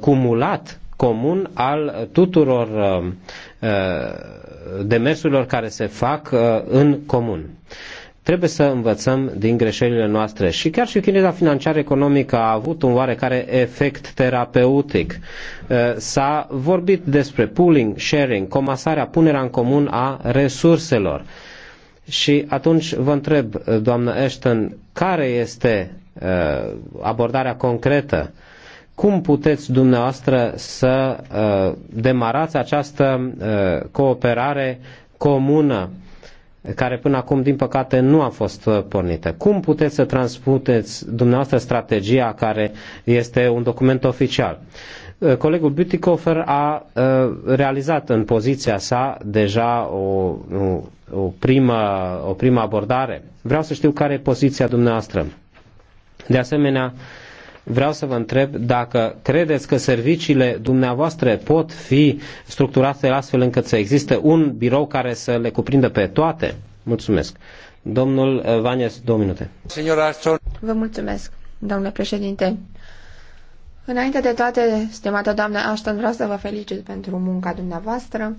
cumulat comun al tuturor uh, uh, demersurilor care se fac uh, în comun. Trebuie să învățăm din greșelile noastre și chiar și chineza financiară economică a avut un oarecare efect terapeutic. S-a vorbit despre pooling, sharing, comasarea, punerea în comun a resurselor. Și atunci vă întreb, doamnă Ashton, care este abordarea concretă cum puteți dumneavoastră să uh, demarați această uh, cooperare comună care până acum, din păcate, nu a fost uh, pornită. Cum puteți să transpuneți dumneavoastră strategia care este un document oficial? Uh, colegul Butikofer a uh, realizat în poziția sa deja o, o, o, primă, o primă abordare. Vreau să știu care e poziția dumneavoastră. De asemenea, uh, vreau să vă întreb dacă credeți că serviciile dumneavoastră pot fi structurate astfel încât să existe un birou care să le cuprindă pe toate? Mulțumesc. Domnul uh, Vanes, două minute. Vă mulțumesc, domnule președinte. Înainte de toate, stimată doamnă Ashton, vreau să vă felicit pentru munca dumneavoastră.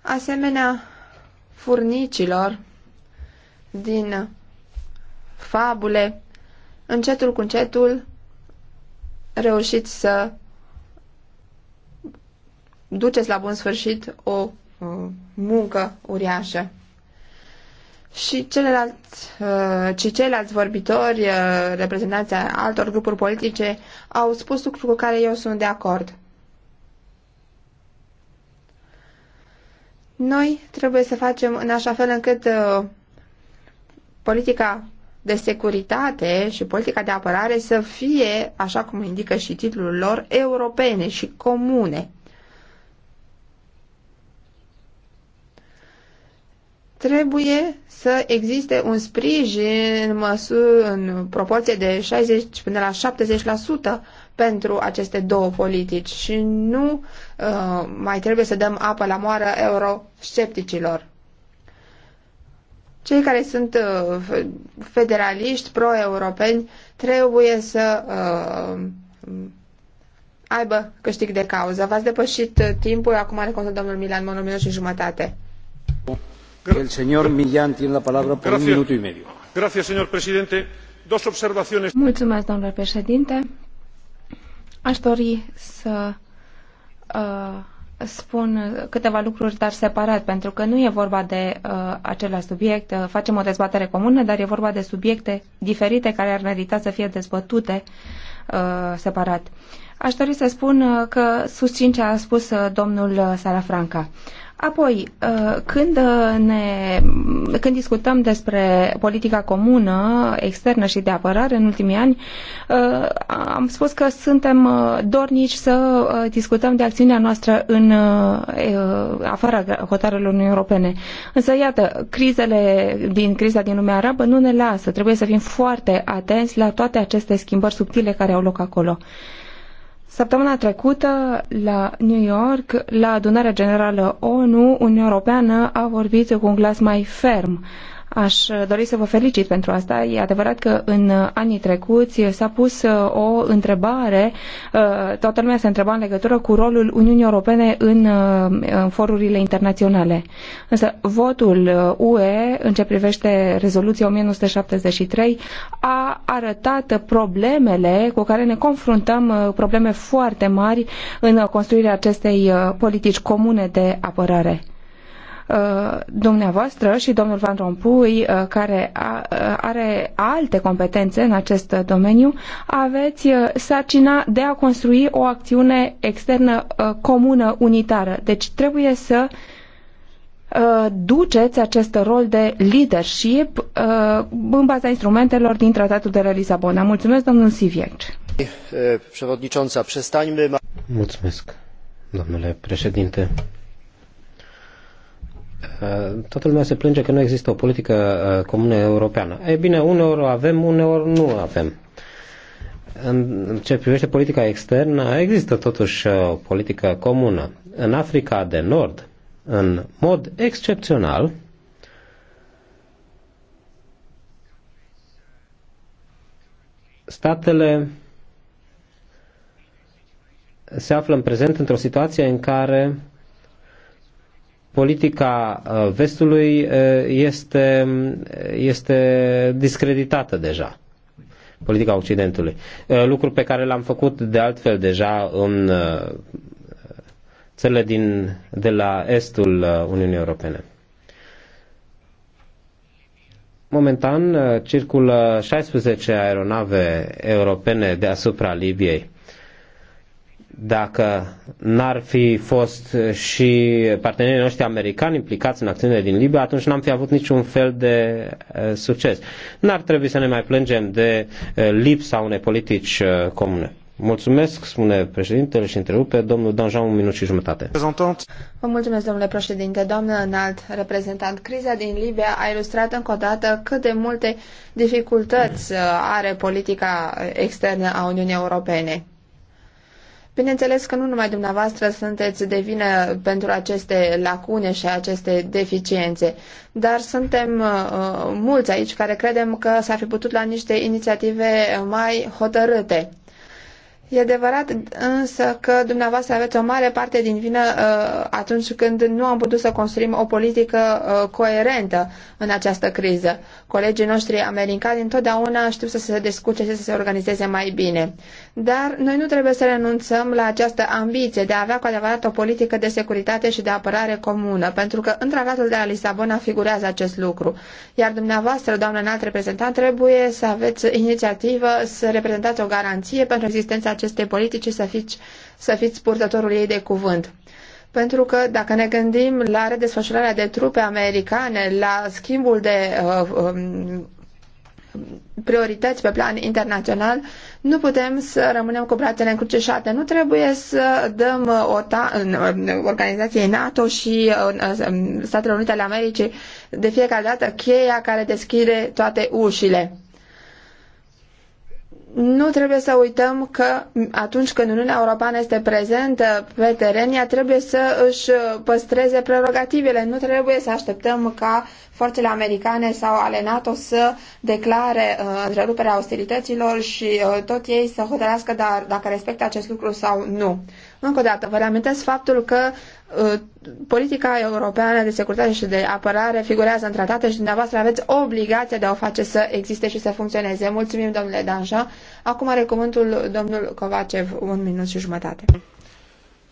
Asemenea, furnicilor din fabule, încetul cu încetul reușiți să duceți la bun sfârșit o muncă uriașă. Și ceilalți, uh, și ceilalți vorbitori, uh, reprezentanții altor grupuri politice, au spus lucruri cu care eu sunt de acord. Noi trebuie să facem în așa fel încât uh, politica de securitate și politica de apărare să fie, așa cum indică și titlul lor, europene și comune. Trebuie să existe un sprijin în, măsur, în proporție de 60 până la 70% pentru aceste două politici și nu uh, mai trebuie să dăm apă la moară euroscepticilor. Cei care sunt uh, federaliști, pro-europeni, trebuie să uh, aibă câștig de cauză. V-ați depășit uh, timpul, acum are contul domnul Milan, mă și jumătate. El señor Millán tiene la palabra por un minuto y medio. Gracias, señor presidente. Dos observaciones. Mulțumesc, domnule președinte. Aș dori să uh, spun câteva lucruri, dar separat, pentru că nu e vorba de uh, același subiect. facem o dezbatere comună, dar e vorba de subiecte diferite care ar merita să fie dezbătute uh, separat. Aș dori să spun uh, că susțin ce a spus uh, domnul Salafranca. Apoi, uh, când, uh, ne, când discutăm despre politica comună, externă și de apărare în ultimii ani, uh, am spus că suntem dornici să discutăm de acțiunea noastră în afara hotarelor Uniunii Europene. Însă, iată, crizele din criza din lumea arabă nu ne lasă. Trebuie să fim foarte atenți la toate aceste schimbări subtile care au loc acolo. Săptămâna trecută, la New York, la adunarea generală ONU, Uniunea Europeană a vorbit cu un glas mai ferm Aș dori să vă felicit pentru asta. E adevărat că în anii trecuți s-a pus uh, o întrebare, uh, toată lumea se întreba în legătură cu rolul Uniunii Europene în uh, forurile internaționale. Însă votul UE în ce privește rezoluția 1973 a arătat problemele cu care ne confruntăm, probleme foarte mari în construirea acestei politici comune de apărare. Uh, dumneavoastră și domnul Van Rompuy, uh, care uh, are alte competențe în acest domeniu, aveți sarcina de a construi o acțiune externă comună, unitară. Deci trebuie să duceți acest rol de leadership în baza instrumentelor din Tratatul de la Lisabona. Mulțumesc, domnul Siviec. Eh, eh, Mulțumesc, domnule președinte. Uh, toată lumea se plânge că nu există o politică uh, comună europeană. E bine, uneori o avem, uneori nu avem. În ce privește politica externă, există totuși uh, o politică comună. În Africa de Nord, în mod excepțional, statele se află în prezent într-o situație în care politica uh, vestului uh, este, este discreditată deja politica Occidentului. Uh, lucru pe care l-am făcut de altfel deja în țările din, de la estul Uniunii Europene. Momentan circulă 16 aeronave europene deasupra Libiei dacă n-ar fi fost și partenerii noștri americani implicați în acțiunile din Libia, atunci n-am fi avut niciun fel de uh, succes. N-ar trebui să ne mai plângem de uh, lipsa unei politici uh, comune. Mulțumesc, spune președintele și întrerupe domnul Danjean un minut și jumătate. Vă mulțumesc, domnule președinte, doamnă înalt reprezentant. Criza din Libia a ilustrat încă o dată cât de multe dificultăți uh, are politica uh, externă a Uniunii Europene. Bineînțeles că nu numai dumneavoastră sunteți de vină pentru aceste lacune și aceste deficiențe, dar suntem uh, mulți aici care credem că s-ar fi putut la niște inițiative mai hotărâte. E adevărat însă că dumneavoastră aveți o mare parte din vină uh, atunci când nu am putut să construim o politică uh, coerentă în această criză. Colegii noștri americani întotdeauna știu să se descurce și să se organizeze mai bine. Dar noi nu trebuie să renunțăm la această ambiție de a avea cu adevărat o politică de securitate și de apărare comună, pentru că în tratatul de la Lisabona figurează acest lucru. Iar dumneavoastră, doamnă înalt reprezentant, trebuie să aveți inițiativă să reprezentați o garanție pentru existența aceste politici să fiți, să fiți purtătorul ei de cuvânt. Pentru că dacă ne gândim la redesfășurarea de trupe americane, la schimbul de uh, um, priorități pe plan internațional, nu putem să rămânem cu brațele încrucișate. Nu trebuie să dăm uh, OTA în uh, organizației NATO și uh, în Statele Unite ale Americii de fiecare dată cheia care deschide toate ușile nu trebuie să uităm că atunci când Uniunea Europeană este prezentă pe teren, ea trebuie să își păstreze prerogativele. Nu trebuie să așteptăm ca forțele americane sau ale NATO să declare uh, întreruperea ostilităților și uh, tot ei să hotărească dar, dacă respectă acest lucru sau nu. Încă o dată, vă reamintesc faptul că uh, politica europeană de securitate și de apărare figurează în tratate și dumneavoastră aveți obligația de a o face să existe și să funcționeze. Mulțumim, domnule Danja. Acum are cuvântul domnul Kovacev, un minut și jumătate.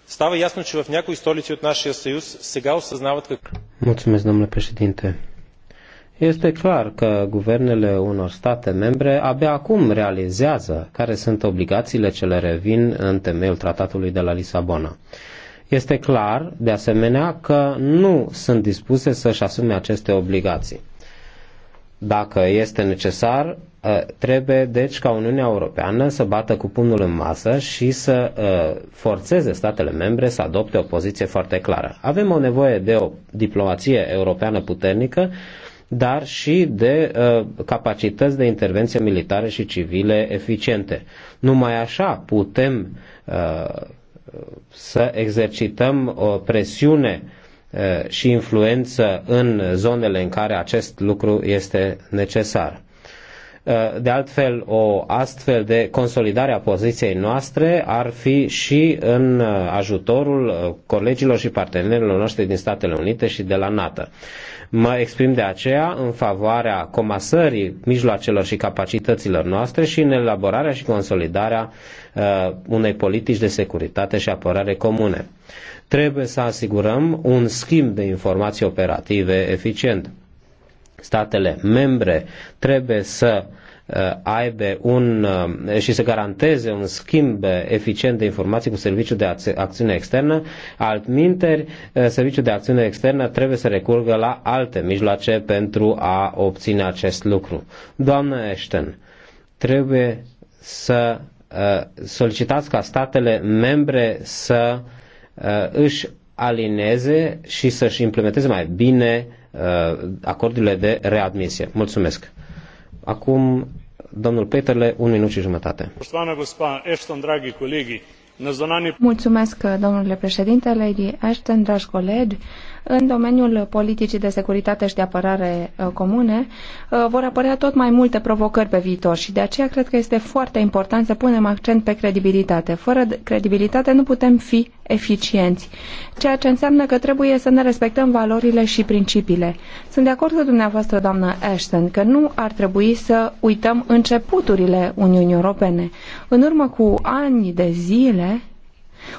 Stava ясно, че в някои столици от нашия съюз сега осъзнават как... Mulțumesc, domnule președinte. Este clar că guvernele unor state membre abia acum realizează care sunt obligațiile ce le revin în temeiul tratatului de la Lisabona. Este clar, de asemenea, că nu sunt dispuse să-și asume aceste obligații. Dacă este necesar, ă, trebuie deci ca Uniunea Europeană să bată cu pumnul în masă și să ă, forțeze statele membre să adopte o poziție foarte clară. Avem o nevoie de o diplomație europeană puternică dar și de uh, capacități de intervenție militare și civile eficiente. Numai așa putem uh, să exercităm o presiune uh, și influență în zonele în care acest lucru este necesar. Eh, de altfel, o astfel de consolidare a poziției noastre ar fi și în eh, ajutorul eh, colegilor și partenerilor noștri din Statele Unite și de la NATO. Mă exprim de aceea în favoarea comasării mijloacelor și capacităților noastre și în elaborarea și consolidarea unei politici de securitate și apărare comune. Trebuie să asigurăm un schimb de informații operative eficient statele membre trebuie să uh, aibă un uh, și să garanteze un schimb eficient de informații cu serviciul de acțiune externă, altminteri uh, serviciul de acțiune externă trebuie să recurgă la alte mijloace pentru a obține acest lucru. Doamnă Ashton, trebuie să solicitați ca statele membre să își alineze și să-și implementeze mai bine Uh, acordurile de readmisie. Mulțumesc. Acum, domnul Peterle, un minut și jumătate. Mulțumesc, domnule președinte, Lady Ashton, dragi colegi în domeniul politicii de securitate și de apărare uh, comune uh, vor apărea tot mai multe provocări pe viitor și de aceea cred că este foarte important să punem accent pe credibilitate. Fără credibilitate nu putem fi eficienți, ceea ce înseamnă că trebuie să ne respectăm valorile și principiile. Sunt de acord cu dumneavoastră, doamnă Ashton, că nu ar trebui să uităm începuturile Uniunii Europene. În urmă cu ani de zile,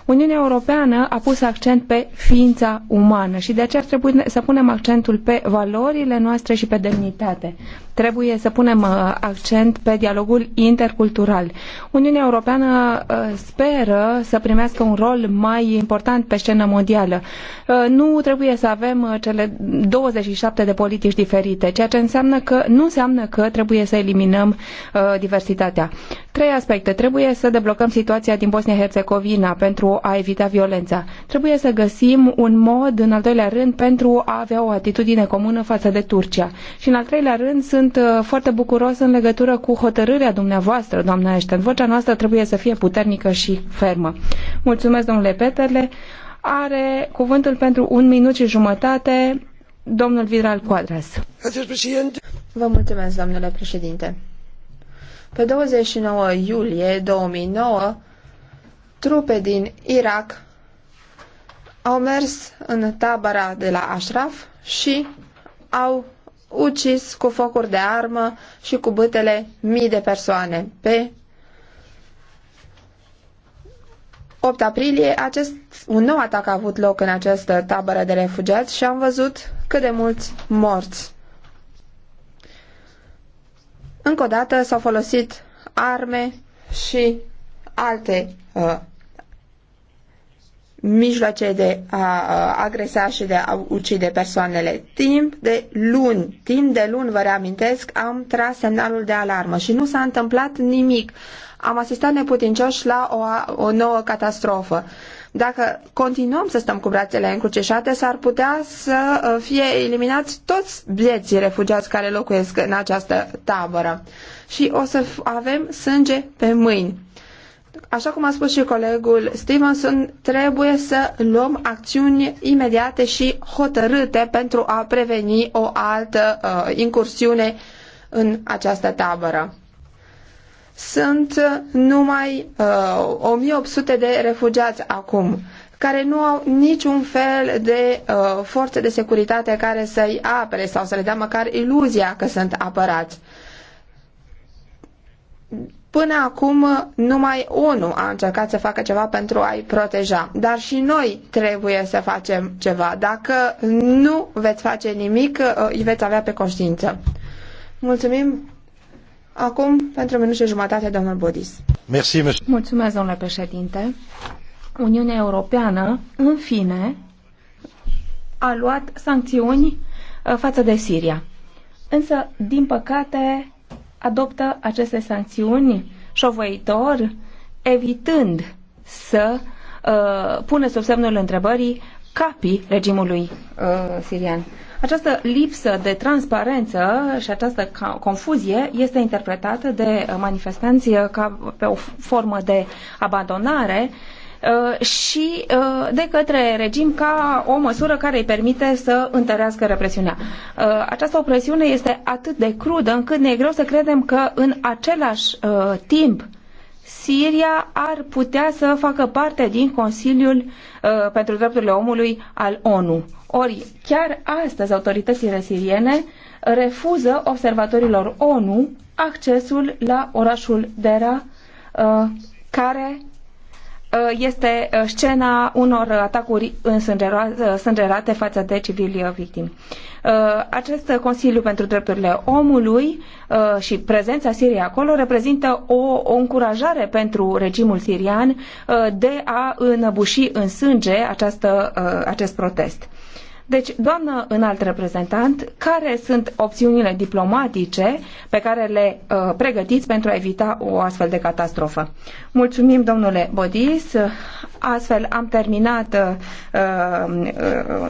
Uniunea Europeană a pus accent pe ființa umană și de aceea trebui să punem accentul pe valorile noastre și pe demnitate. Trebuie să punem uh, accent pe dialogul intercultural. Uniunea Europeană uh, speră să primească un rol mai important pe scenă mondială. Uh, nu trebuie să avem cele 27 de politici diferite, ceea ce înseamnă că nu înseamnă că trebuie să eliminăm diversitatea. Trei aspecte. Trebuie să deblocăm situația din Bosnia-Herzegovina pentru a evita violența. Trebuie să găsim un mod, în al doilea rând, pentru a avea o atitudine comună față de Turcia. Și în al treilea rând, sunt uh, foarte bucuros în legătură cu hotărârea dumneavoastră, doamna Ashton. Vocea noastră trebuie să fie puternică și fermă. Mulțumesc, domnule Peterle. Are cuvântul pentru un minut și jumătate domnul Viral Quadras. Vă mulțumesc, domnule președinte. Pe 29 iulie 2009, trupe din Irak au mers în tabăra de la Ashraf și au ucis cu focuri de armă și cu bătele mii de persoane. Pe 8 aprilie, acest, un nou atac a avut loc în această tabără de refugiați și am văzut cât de mulți morți. Încă o dată s-au folosit arme și alte uh, mijloace de a uh, agresa și de a ucide persoanele. Timp de luni, timp de luni, vă reamintesc, am tras semnalul de alarmă și nu s-a întâmplat nimic. Am asistat neputincioși la o, o nouă catastrofă. Dacă continuăm să stăm cu brațele încrucișate, s-ar putea să uh, fie eliminați toți bieții refugiați care locuiesc în această tabără. Și o să avem sânge pe mâini. Așa cum a spus și colegul Stevenson, trebuie să luăm acțiuni imediate și hotărâte pentru a preveni o altă uh, incursiune în această tabără sunt uh, numai uh, 1800 de refugiați acum care nu au niciun fel de uh, forțe de securitate care să-i apere sau să le dea măcar iluzia că sunt apărați. Până acum numai ONU a încercat să facă ceva pentru a-i proteja, dar și noi trebuie să facem ceva. Dacă nu veți face nimic, uh, îi veți avea pe conștiință. Mulțumim! Acum, pentru minut și jumătate, domnul Bodis. Merci, Mulțumesc, domnule președinte. Uniunea Europeană, în fine, a luat sancțiuni uh, față de Siria. Însă, din păcate, adoptă aceste sancțiuni șovăitor, evitând să uh, pune sub semnul întrebării capii regimului uh, sirian. Această lipsă de transparență și această confuzie este interpretată de uh, manifestanți uh, ca pe o formă de abandonare uh, și de către regim ca o măsură care îi permite să întărească represiunea. Această opresiune este atât de crudă încât ne e greu să credem că în același timp Siria ar putea să facă parte din Consiliul uh, pentru Drepturile Omului al ONU. Ori, chiar astăzi, autoritățile siriene refuză observatorilor ONU accesul la orașul Dera, uh, care Uh, este uh, scena unor atacuri însângerate uh, față de civili victimi. Acest Consiliu pentru Drepturile Omului și prezența Siriei acolo reprezintă o, o încurajare pentru regimul sirian de a înăbuși în sânge această, acest protest. Deci, doamnă înalt reprezentant, care sunt opțiunile diplomatice pe care le uh, pregătiți pentru a evita o astfel de catastrofă? Mulțumim, domnule Bodis. Astfel am terminat uh, uh,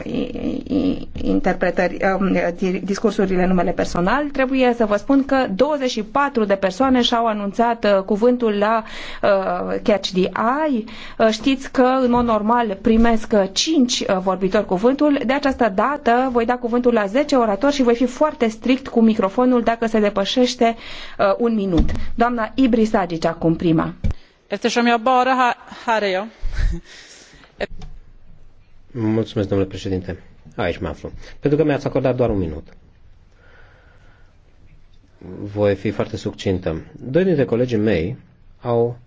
interpretări, uh, discursurile numele personal. Trebuie să vă spun că 24 de persoane și-au anunțat uh, cuvântul la uh, Catch the Eye. Uh, știți că, în mod normal, primesc 5 uh, uh, vorbitori cuvântul. De aceea această dată voi da cuvântul la 10 oratori și voi fi foarte strict cu microfonul dacă se depășește uh, un minut. Doamna Ibris Agici acum prima. Eftersom jag mi ha, här är Mulțumesc, domnule președinte. Aici mă aflu. Pentru că mi-ați acordat doar un minut. Voi fi foarte succintă. Doi dintre colegii mei au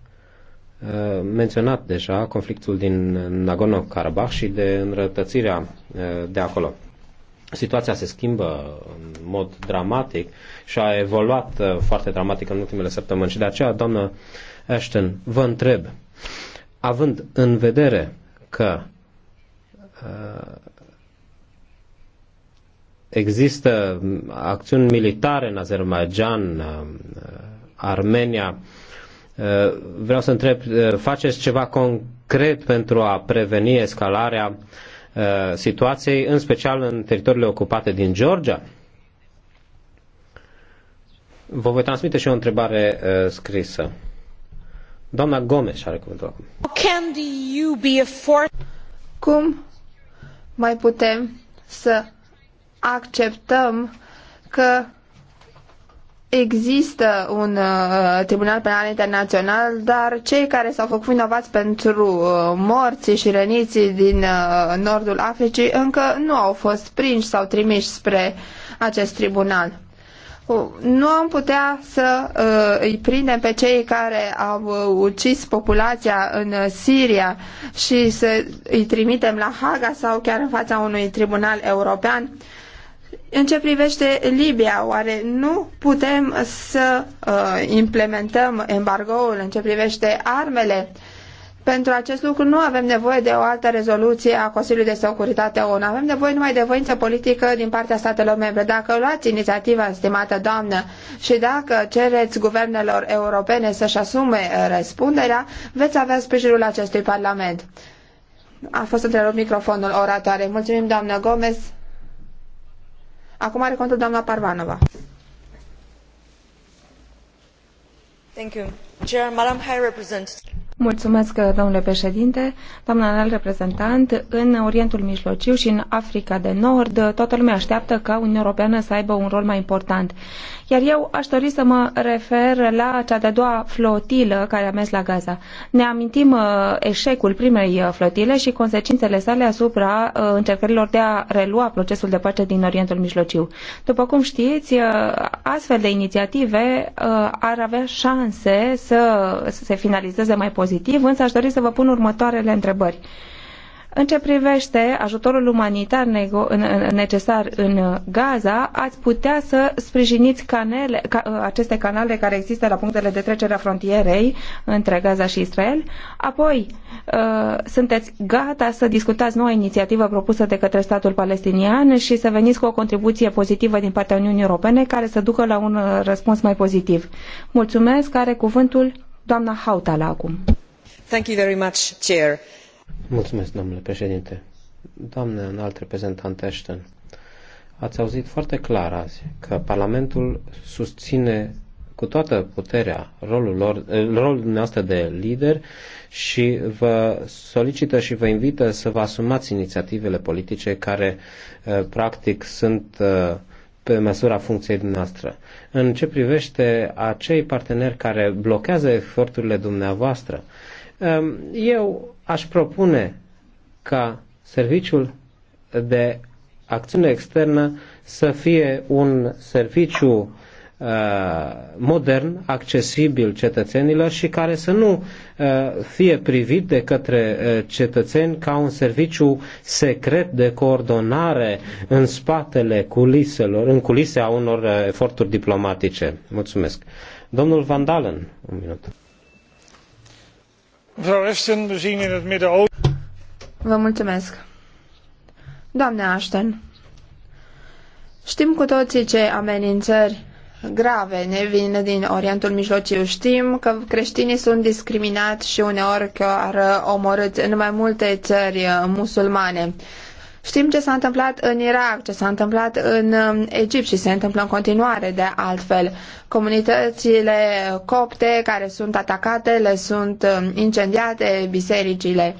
Uh, menționat deja conflictul din Nagorno-Karabakh și de înrătățirea uh, de acolo. Situația se schimbă în mod dramatic și a evoluat uh, foarte dramatic în ultimele săptămâni și de aceea, doamnă Ashton, vă întreb, având în vedere că există acțiuni militare în Azerbaijan, Armenia, Eh, vreau să întreb, eh, faceți ceva concret pentru a preveni escalarea eh, situației, în special în teritoriile ocupate din Georgia? Vă voi transmite și o întrebare uh, scrisă. Doamna Gomes are cuvântul acum. Can you be a Cum mai putem să acceptăm că Există un uh, tribunal penal internațional, dar cei care s-au făcut vinovați pentru uh, morții și răniții din uh, nordul Africii încă nu au fost prinși sau trimiși spre acest tribunal. nu am putea să uh, îi prindem pe cei care au uh, ucis populația în Siria și să îi trimitem la Haga sau chiar în fața unui tribunal european. Uh, în ce privește Libia, oare nu putem să uh, implementăm embargoul în ce privește armele? Pentru acest lucru nu avem nevoie de o altă rezoluție a Consiliului de Securitate ONU. Avem nevoie numai de voință politică din partea statelor membre. Dacă luați inițiativa, stimată doamnă, și dacă cereți guvernelor europene să-și asume răspunderea, veți avea sprijinul acestui Parlament. A fost întrerupt microfonul oratoare. Mulțumim, doamnă Gomez. Acum are contul doamna Parvanova. Thank you. Chair, Madam High Representative. Mulțumesc, domnule președinte, doamna înalt reprezentant. În Orientul Mijlociu și în Africa de Nord, toată lumea așteaptă ca Uniunea Europeană să aibă un rol mai important. Iar eu aș dori să mă refer la cea de-a doua flotilă care a mers la Gaza. Ne amintim uh, eșecul primei uh, flotile și consecințele sale asupra uh, încercărilor de a relua procesul de pace din Orientul Mijlociu. După cum știți, astfel de inițiative ar avea șanse să se finalizeze mai pozitiv, însă aș dori să vă pun următoarele întrebări. În ce privește ajutorul umanitar necesar în uh, Gaza, ați putea să sprijiniți canele, uh, aceste canale care există la punctele de trecere a frontierei între Gaza și Israel. Apoi, uh, sunteți gata să discutați noua inițiativă propusă de către statul palestinian și să veniți cu o contribuție pozitivă din partea Uniunii Europene care să ducă la un răspuns mai pozitiv. Mulțumesc, are cuvântul doamna Hautala acum. Thank you very much, Chair. Mulțumesc, domnule președinte. Doamne, un alt reprezentant Ashton, ați auzit foarte clar azi că Parlamentul susține cu toată puterea rolul, lor, eh, rolul dumneavoastră de lider și vă solicită și vă invită să vă asumați inițiativele politice care eh, practic sunt eh, pe măsura funcției dumneavoastră. În ce privește acei parteneri care blochează eforturile dumneavoastră, eu Aș propune ca serviciul de acțiune externă să fie un serviciu uh, modern, accesibil cetățenilor și care să nu uh, fie privit de către uh, cetățeni ca un serviciu secret de coordonare în spatele culiselor, în culise a unor uh, eforturi diplomatice. Mulțumesc. Domnul Van Dalen, un minut. Mevrouw Ashton, we zien in het Midden-Oosten. Vă mulțumesc. Doamna Ashton, știm cu toții ce amenințări grave ne vin din Orientul Mijlociu. Știm că creștinii sunt discriminați și uneori chiar omorâți în mai multe țări musulmane. Știm ce s-a întâmplat în Irak, ce s-a întâmplat în um, Egipt și se întâmplă în continuare de altfel. Comunitățile copte care sunt atacate, le sunt um, incendiate bisericile.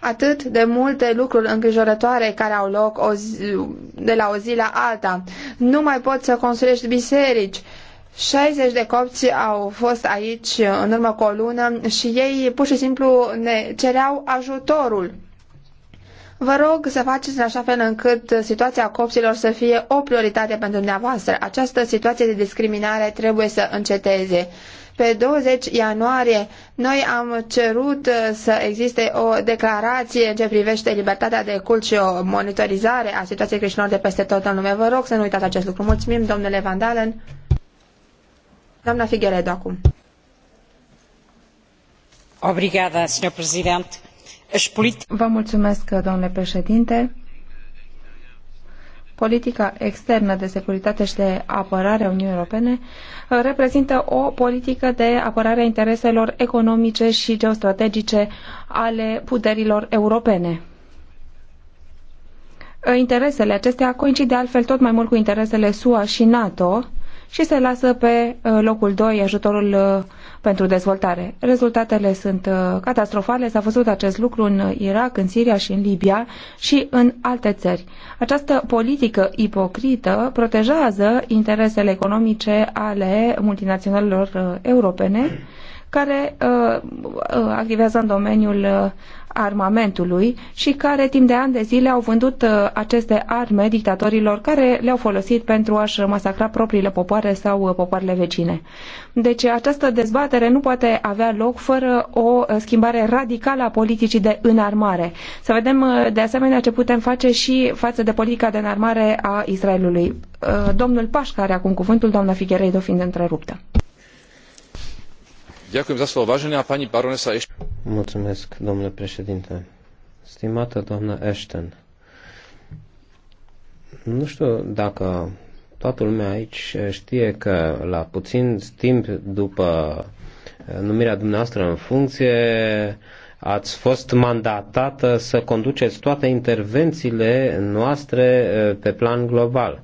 Atât de multe lucruri îngrijorătoare care au loc o zi, de la o zi la alta. Nu mai poți să construiești biserici. 60 de copți au fost aici în urmă cu o lună și ei pur și simplu ne cereau ajutorul. Vă rog să faceți în așa fel încât situația copților să fie o prioritate pentru dumneavoastră. Această situație de discriminare trebuie să înceteze. Pe 20 ianuarie noi am cerut să existe o declarație în ce privește libertatea de cult și o monitorizare a situației creștinilor de peste tot în lume. Vă rog să nu uitați acest lucru. Mulțumim, domnule Van Dalen. Doamna Figueredo acum. Obrigada, senhor presidente. Vă mulțumesc, domnule președinte. Politica externă de securitate și de apărare a Uniunii Europene uh, reprezintă o politică de apărare a intereselor economice și geostrategice ale puterilor europene. Uh, interesele acestea coincid de altfel tot mai mult cu interesele SUA și NATO și se lasă pe uh, locul 2 ajutorul pentru dezvoltare. Rezultatele sunt uh, catastrofale, s-a văzut acest lucru în Irak, în Siria și în Libia și în alte țări. Această politică ipocrită protejează interesele economice ale multinaționalelor uh, europene care uh, activează în domeniul armamentului și care timp de ani de zile au vândut uh, aceste arme dictatorilor care le-au folosit pentru a-și masacra propriile popoare sau uh, popoarele vecine. Deci această dezbatere nu poate avea loc fără o uh, schimbare radicală a politicii de înarmare. Să vedem de asemenea ce putem face și față de politica de înarmare a Israelului. Domnul Paș, care acum cuvântul, doamna Figueiredo fiind întreruptă. Mulțumesc, domnule președinte. Stimată doamnă Ashton, nu știu dacă toată lumea aici știe că la puțin timp după eh, numirea dumneavoastră în funcție, ați fost mandatată să conduceți toate intervențiile noastre eh, pe plan global.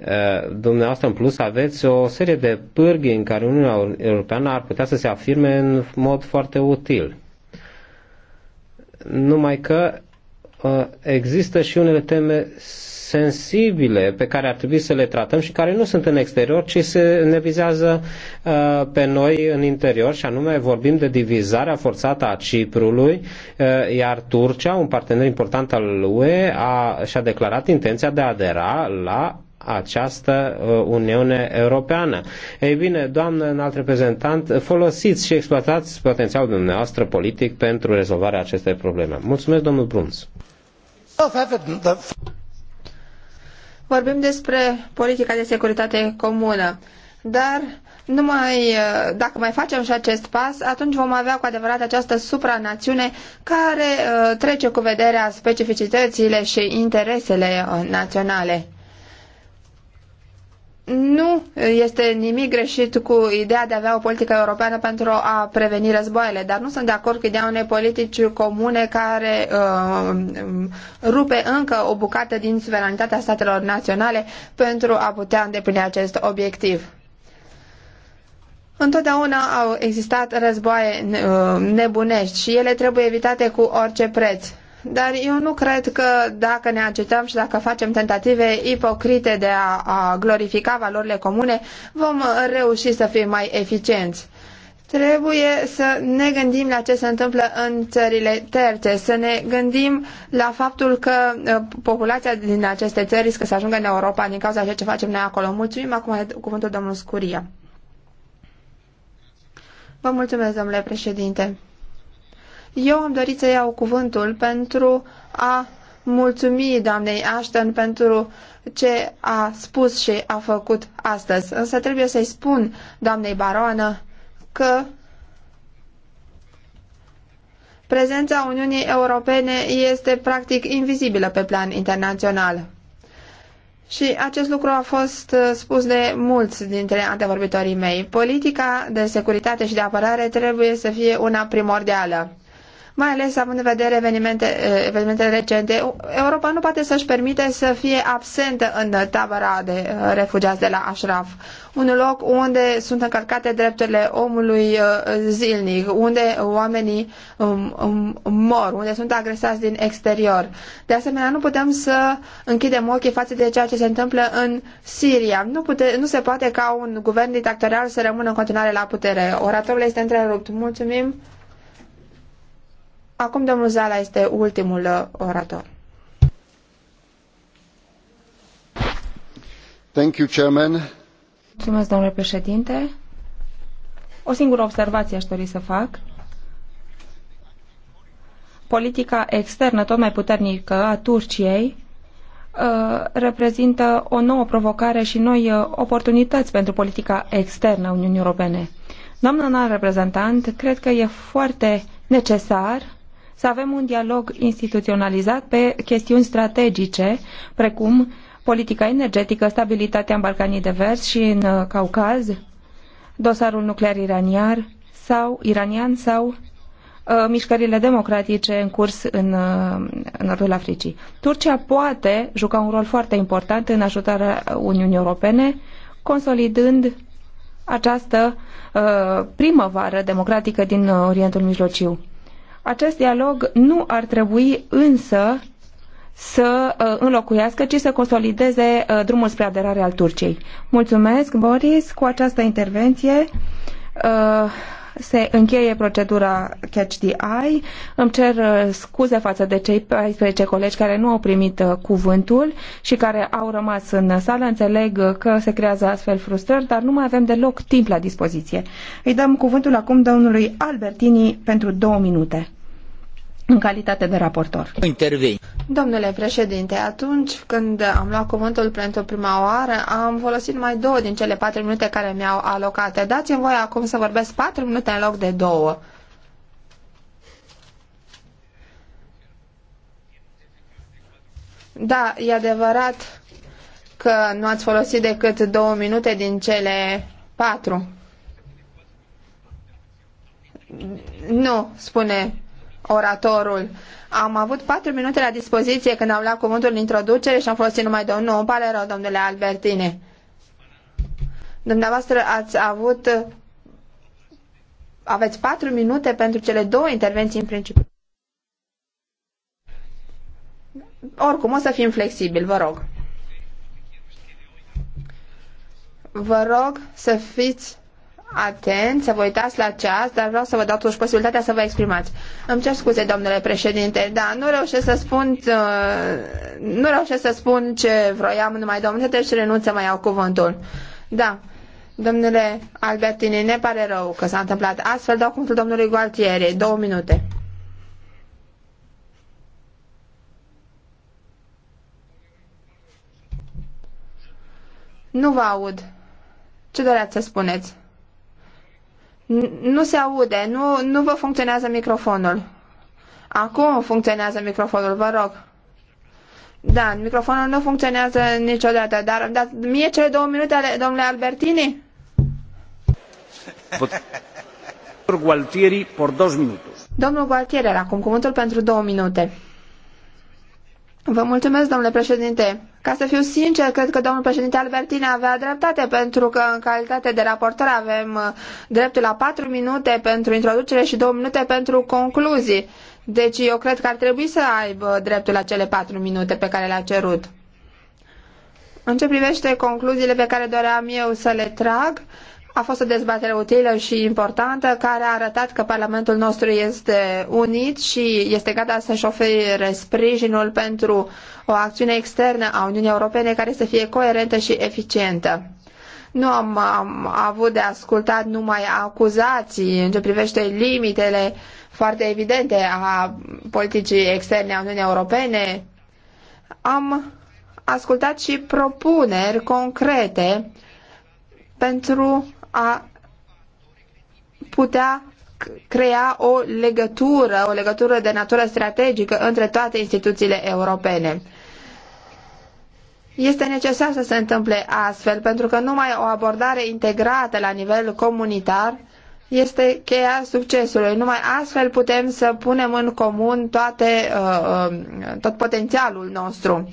Eh, dumneavoastră în plus aveți o serie de pârghi în care Uniunea Europeană ar putea să se afirme în mod foarte util. Numai că eh, există și unele teme sensibile pe care ar trebui să le tratăm și care nu sunt în exterior, ci se ne vizează uh, pe noi în interior și anume vorbim de divizarea forțată a Ciprului, uh, iar Turcia, un partener important al UE, a, și-a declarat intenția de a adera la această uh, Uniune Europeană. Ei bine, doamnă înalt reprezentant, folosiți și exploatați potențialul dumneavoastră politic pentru rezolvarea acestei probleme. Mulțumesc, domnul Bruns. Vorbim despre politica de securitate comună, dar numai uh, dacă mai facem și acest pas, atunci vom avea cu adevărat această supranațiune care uh, trece cu vederea specificitățile și interesele naționale nu este nimic greșit cu ideea de a avea o politică europeană pentru a preveni războaiele, dar nu sunt de acord cu ideea unei politici comune care uh, rupe încă o bucată din suveranitatea statelor naționale pentru a putea îndeplini acest obiectiv. Întotdeauna au existat războaie uh, nebunești și ele trebuie evitate cu orice preț. Dar eu nu cred că dacă ne agităm și dacă facem tentative ipocrite de a, a glorifica valorile comune, vom reuși să fim mai eficienți. Trebuie să ne gândim la ce se întâmplă în țările terțe, să ne gândim la faptul că uh, populația din aceste țări riscă să ajungă în Europa din cauza ceea ce facem noi acolo. Mulțumim acum cuvântul domnul Scuria. Vă mulțumesc, domnule președinte. Eu am dorit să iau cuvântul pentru a mulțumi doamnei Ashton pentru ce a spus și a făcut astăzi. Însă trebuie să-i spun doamnei baroană că prezența Uniunii Europene este practic invizibilă pe plan internațional. Și acest lucru a fost uh, spus de mulți dintre antevorbitorii mei. Politica de securitate și de apărare trebuie să fie una primordială mai ales având în vedere evenimente, recente. Europa nu poate să-și permite să fie absentă în tabăra de refugiați de la Ashraf, un loc unde sunt încălcate drepturile omului zilnic, unde oamenii um, um, mor, unde sunt agresați din exterior. De asemenea, nu putem să închidem ochii față de ceea ce se întâmplă în Siria. Nu, pute, nu se poate ca un guvern dictatorial să rămână în continuare la putere. Oratorul este întrerupt. Mulțumim! Acum domnul Zala este ultimul uh, orator. Thank you, Chairman. Mulțumesc, domnule președinte. O singură observație aș dori să fac politica externă tot mai puternică a Turciei uh, reprezintă o nouă provocare și noi uh, oportunități pentru politica externă a Uniunii Europene. Doamna înalt reprezentant, cred că e foarte necesar să avem un dialog instituționalizat pe chestiuni strategice, precum politica energetică, stabilitatea în Balcanii de Vest și în uh, Caucaz, dosarul nuclear iranian sau iranian sau uh, mișcările democratice în curs uh, în nordul Africii. Turcia poate juca un rol foarte important în ajutarea Uniunii Europene, consolidând această primăvară democratică din Orientul Mijlociu. Acest dialog nu ar trebui însă să uh, înlocuiască, ci să consolideze uh, drumul spre aderare al Turciei. Mulțumesc, Boris. Cu această intervenție uh, se încheie procedura Catch the Eye. Îmi cer scuze față de cei 14 colegi care nu au primit cuvântul și care au rămas în sală. Înțeleg că se creează astfel frustrări, dar nu mai avem deloc timp la dispoziție. Îi dăm cuvântul acum domnului Albertini pentru două minute în calitate de raportor. Intervin. Domnule președinte, atunci când am luat cuvântul pentru prima oară, am folosit mai două din cele patru minute care mi-au alocate. Dați-mi voi acum să vorbesc patru minute în loc de două. Da, e adevărat că nu ați folosit decât două minute din cele patru. Nu, spune oratorul. Am avut patru minute la dispoziție când am luat cuvântul în introducere și am folosit numai două. Nu, îmi pare rău, domnule Albertine. Dumneavoastră ați avut... Aveți patru minute pentru cele două intervenții în principiu. Oricum, o să fim flexibili, vă rog. Vă rog să fiți atent, să vă uitați la ceas, dar vreau să vă dau totuși posibilitatea să vă exprimați. Îmi cer scuze, domnule președinte, dar nu reușesc să spun, uh, nu reușesc să spun ce vroiam numai domnule, deci renunț să mai iau cuvântul. Da, domnule Albertini, ne pare rău că s-a întâmplat astfel, dau cuvântul domnului Gualtieri, două minute. Nu vă aud. Ce doreați să spuneți? Nu se aude, nu, nu vă funcționează microfonul. Acum funcționează microfonul, vă rog. Da, microfonul nu funcționează niciodată, dar dați mie cele două minute ale domnule Albertini? Gualtieri, por dos minutos. Domnul Gualtieri, acum cuvântul pentru două minute. Vă mulțumesc, domnule președinte. Ca să fiu sincer, cred că domnul președinte Albertini avea dreptate, pentru că în calitate de raportor avem uh, dreptul la patru minute pentru introducere și două minute pentru concluzii. Deci eu cred că ar trebui să aibă dreptul la cele patru minute pe care le-a cerut. În ce privește concluziile pe care doream eu să le trag, a fost o dezbatere utilă și importantă care a arătat că Parlamentul nostru este unit și este gata să-și ofere sprijinul pentru o acțiune externă a Uniunii Europene care să fie coerentă și eficientă. Nu am, am avut de ascultat numai acuzații în ce privește limitele foarte evidente a politicii externe a Uniunii Europene. Am ascultat și propuneri concrete pentru a putea crea o legătură, o legătură de natură strategică între toate instituțiile europene. Este necesar să se întâmple astfel, pentru că numai o abordare integrată la nivel comunitar este cheia succesului. Numai astfel putem să punem în comun toate, uh, uh, tot potențialul nostru.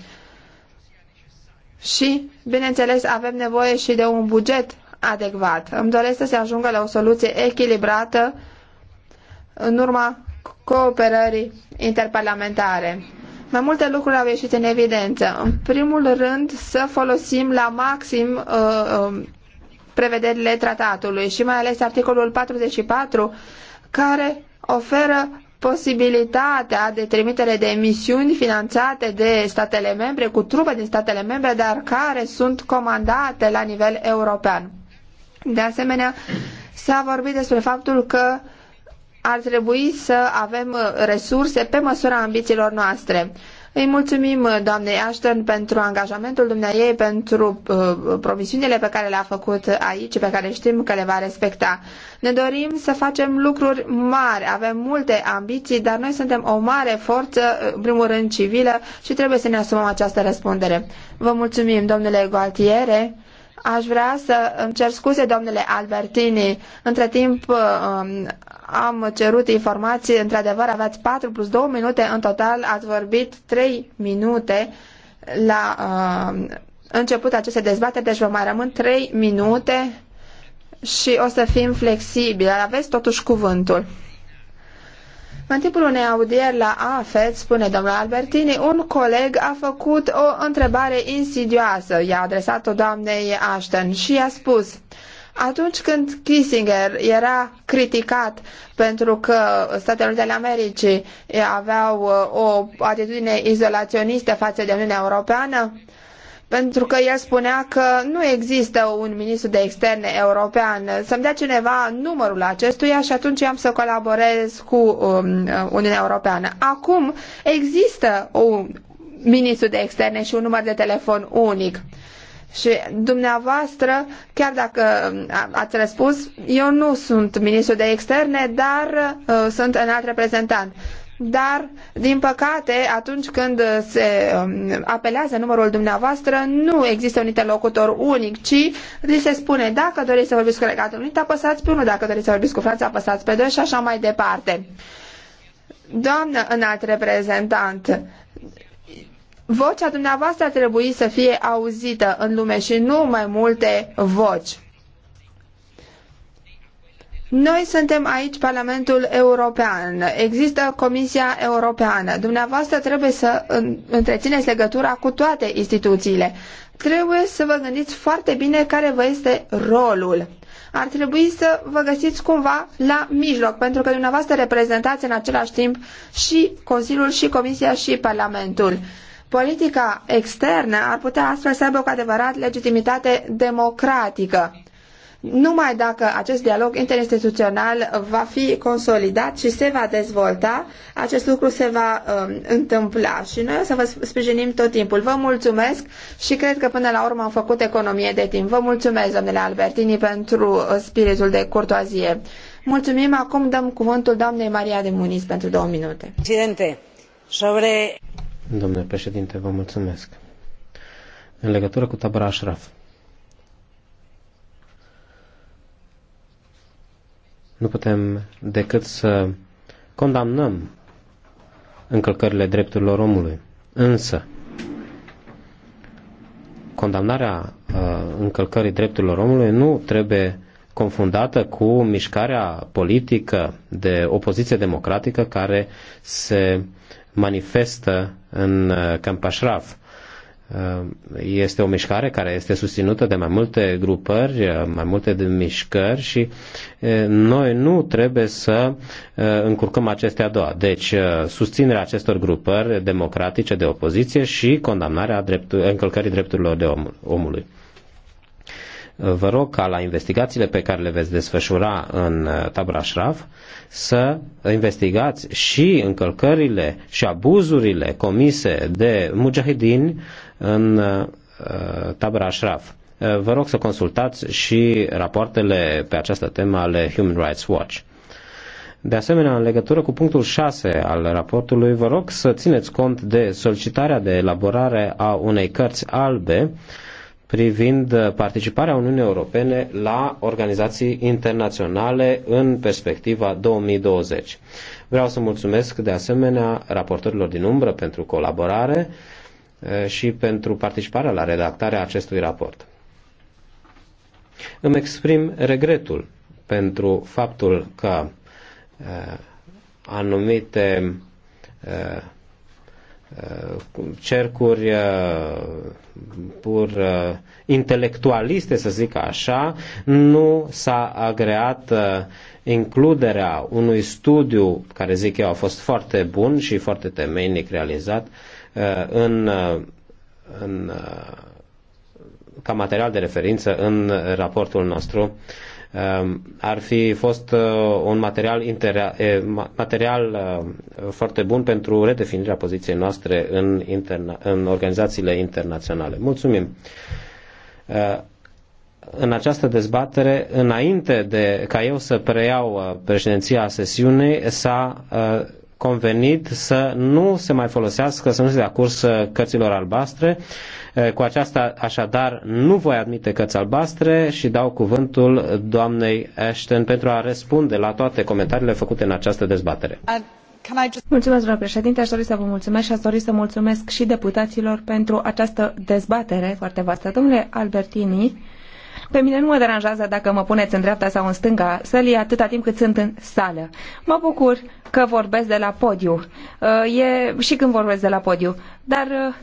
Și, bineînțeles, avem nevoie și de un buget adecvat. Îmi doresc să se ajungă la o soluție echilibrată în urma cooperării interparlamentare. Mai multe lucruri au ieșit în evidență. În primul rând, să folosim la maxim uh, uh, prevederile tratatului și mai ales articolul 44, care oferă posibilitatea de trimitere de misiuni finanțate de statele membre, cu trupe din statele membre, dar care sunt comandate la nivel european. De asemenea, s-a vorbit despre faptul că ar trebui să avem uh, resurse pe măsura ambițiilor noastre. Îi mulțumim uh, doamnei Ashton pentru angajamentul dumneiei, pentru uh, promisiunile pe care le-a făcut aici, pe care știm că le va respecta. Ne dorim să facem lucruri mari, avem multe ambiții, dar noi suntem o mare forță, uh, în primul rând civilă, și trebuie să ne asumăm această răspundere. Vă mulțumim, domnule Gualtiere. Aș vrea să îmi cer scuze, domnule Albertini. Între timp uh, um, am cerut informații. Într-adevăr, aveați 4 plus 2 minute în total. Ați vorbit 3 minute la uh, început aceste dezbateri, deci vă mai rămân 3 minute și o să fim flexibili. Aveți totuși cuvântul. În timpul unei audieri la AFET, spune domnul Albertini, un coleg a făcut o întrebare insidioasă. I-a adresat-o doamnei Ashton și i-a spus atunci când Kissinger era criticat pentru că Statele Unite ale Americii aveau uh, o atitudine izolaționistă față de Uniunea Europeană, pentru că el spunea că nu există un ministru de externe european. Să-mi dea cineva numărul acestuia și atunci am să colaborez cu um, Uniunea Europeană. Acum există un ministru de externe și un număr de telefon unic. Și dumneavoastră, chiar dacă um, ați răspuns, eu nu sunt ministru de externe, dar uh, sunt înalt reprezentant dar, din păcate, atunci când se um, apelează numărul dumneavoastră, nu există un interlocutor unic, ci li se spune dacă doriți să vorbiți cu Regatul Unit, apăsați pe unul, dacă doriți să vorbiți cu Franța, apăsați pe doi și așa mai departe. Doamnă înalt reprezentant, vocea dumneavoastră ar trebui să fie auzită în lume și nu mai multe voci. Noi suntem aici Parlamentul European, există Comisia Europeană. Dumneavoastră trebuie să întrețineți legătura cu toate instituțiile. Trebuie să vă gândiți foarte bine care vă este rolul. Ar trebui să vă găsiți cumva la mijloc, pentru că dumneavoastră reprezentați în același timp și Consiliul, și Comisia, și Parlamentul. Politica externă ar putea astfel să aibă o adevărat legitimitate democratică numai dacă acest dialog interinstituțional va fi consolidat și se va dezvolta, acest lucru se va um, întâmpla și noi o să vă sprijinim tot timpul. Vă mulțumesc și cred că până la urmă am făcut economie de timp. Vă mulțumesc, domnule Albertini, pentru uh, spiritul de curtoazie. Mulțumim. Acum dăm cuvântul doamnei Maria de Muniz pentru două minute. Președinte, sobre... Domnule președinte, vă mulțumesc. În legătură cu tabăra Ashraf, nu putem decât să condamnăm încălcările drepturilor omului. Însă, condamnarea uh, încălcării drepturilor omului nu trebuie confundată cu mișcarea politică de opoziție democratică care se manifestă în uh, Camp Ashraf. Este o mișcare care este susținută de mai multe grupări, mai multe de mișcări și noi nu trebuie să încurcăm acestea doua. Deci susținerea acestor grupări democratice de opoziție și condamnarea dreptul, încălcării drepturilor de om, omului. Vă rog ca la investigațiile pe care le veți desfășura în tabra Ashraf să investigați și încălcările și abuzurile comise de mujahidini în uh, tabăra Ashraf. Uh, vă rog să consultați și rapoartele pe această temă ale Human Rights Watch. De asemenea, în legătură cu punctul 6 al raportului, vă rog să țineți cont de solicitarea de elaborare a unei cărți albe privind uh, participarea Uniunii Europene la organizații internaționale în perspectiva 2020. Vreau să mulțumesc de asemenea raportorilor din umbră pentru colaborare Eh, și pentru participarea la redactarea acestui raport. Îmi exprim regretul pentru faptul că eh, anumite eh, cercuri pur intelectualiste, să zic așa, nu s-a agreat includerea unui studiu, care zic eu a fost foarte bun și foarte temeinic realizat, Uh, în, uh, în, uh, ca material de referință în raportul nostru um, ar fi fost un material, intera, material foarte bun pentru redefinirea poziției noastre în, interna, în organizațiile internaționale. Mulțumim! În această dezbatere, înainte de ca eu să preiau președinția sesiunii, s-a convenit să nu se mai folosească, să nu se dea curs uh, cărților albastre. Uh, cu aceasta, așadar, nu voi admite cărți albastre și dau cuvântul doamnei Ashton pentru a răspunde la toate comentariile făcute în această dezbatere. Uh, mulțumesc, doamnă președinte. Aș dori să vă mulțumesc și aș dori să mulțumesc și deputaților pentru această dezbatere foarte vastă. Domnule Albertini, pe mine nu mă deranjează dacă mă puneți în dreapta sau în stânga sălii atâta timp cât sunt în sală. Mă bucur că vorbesc de la podiu. Uh, e și când vorbesc de la podiu. Dar uh,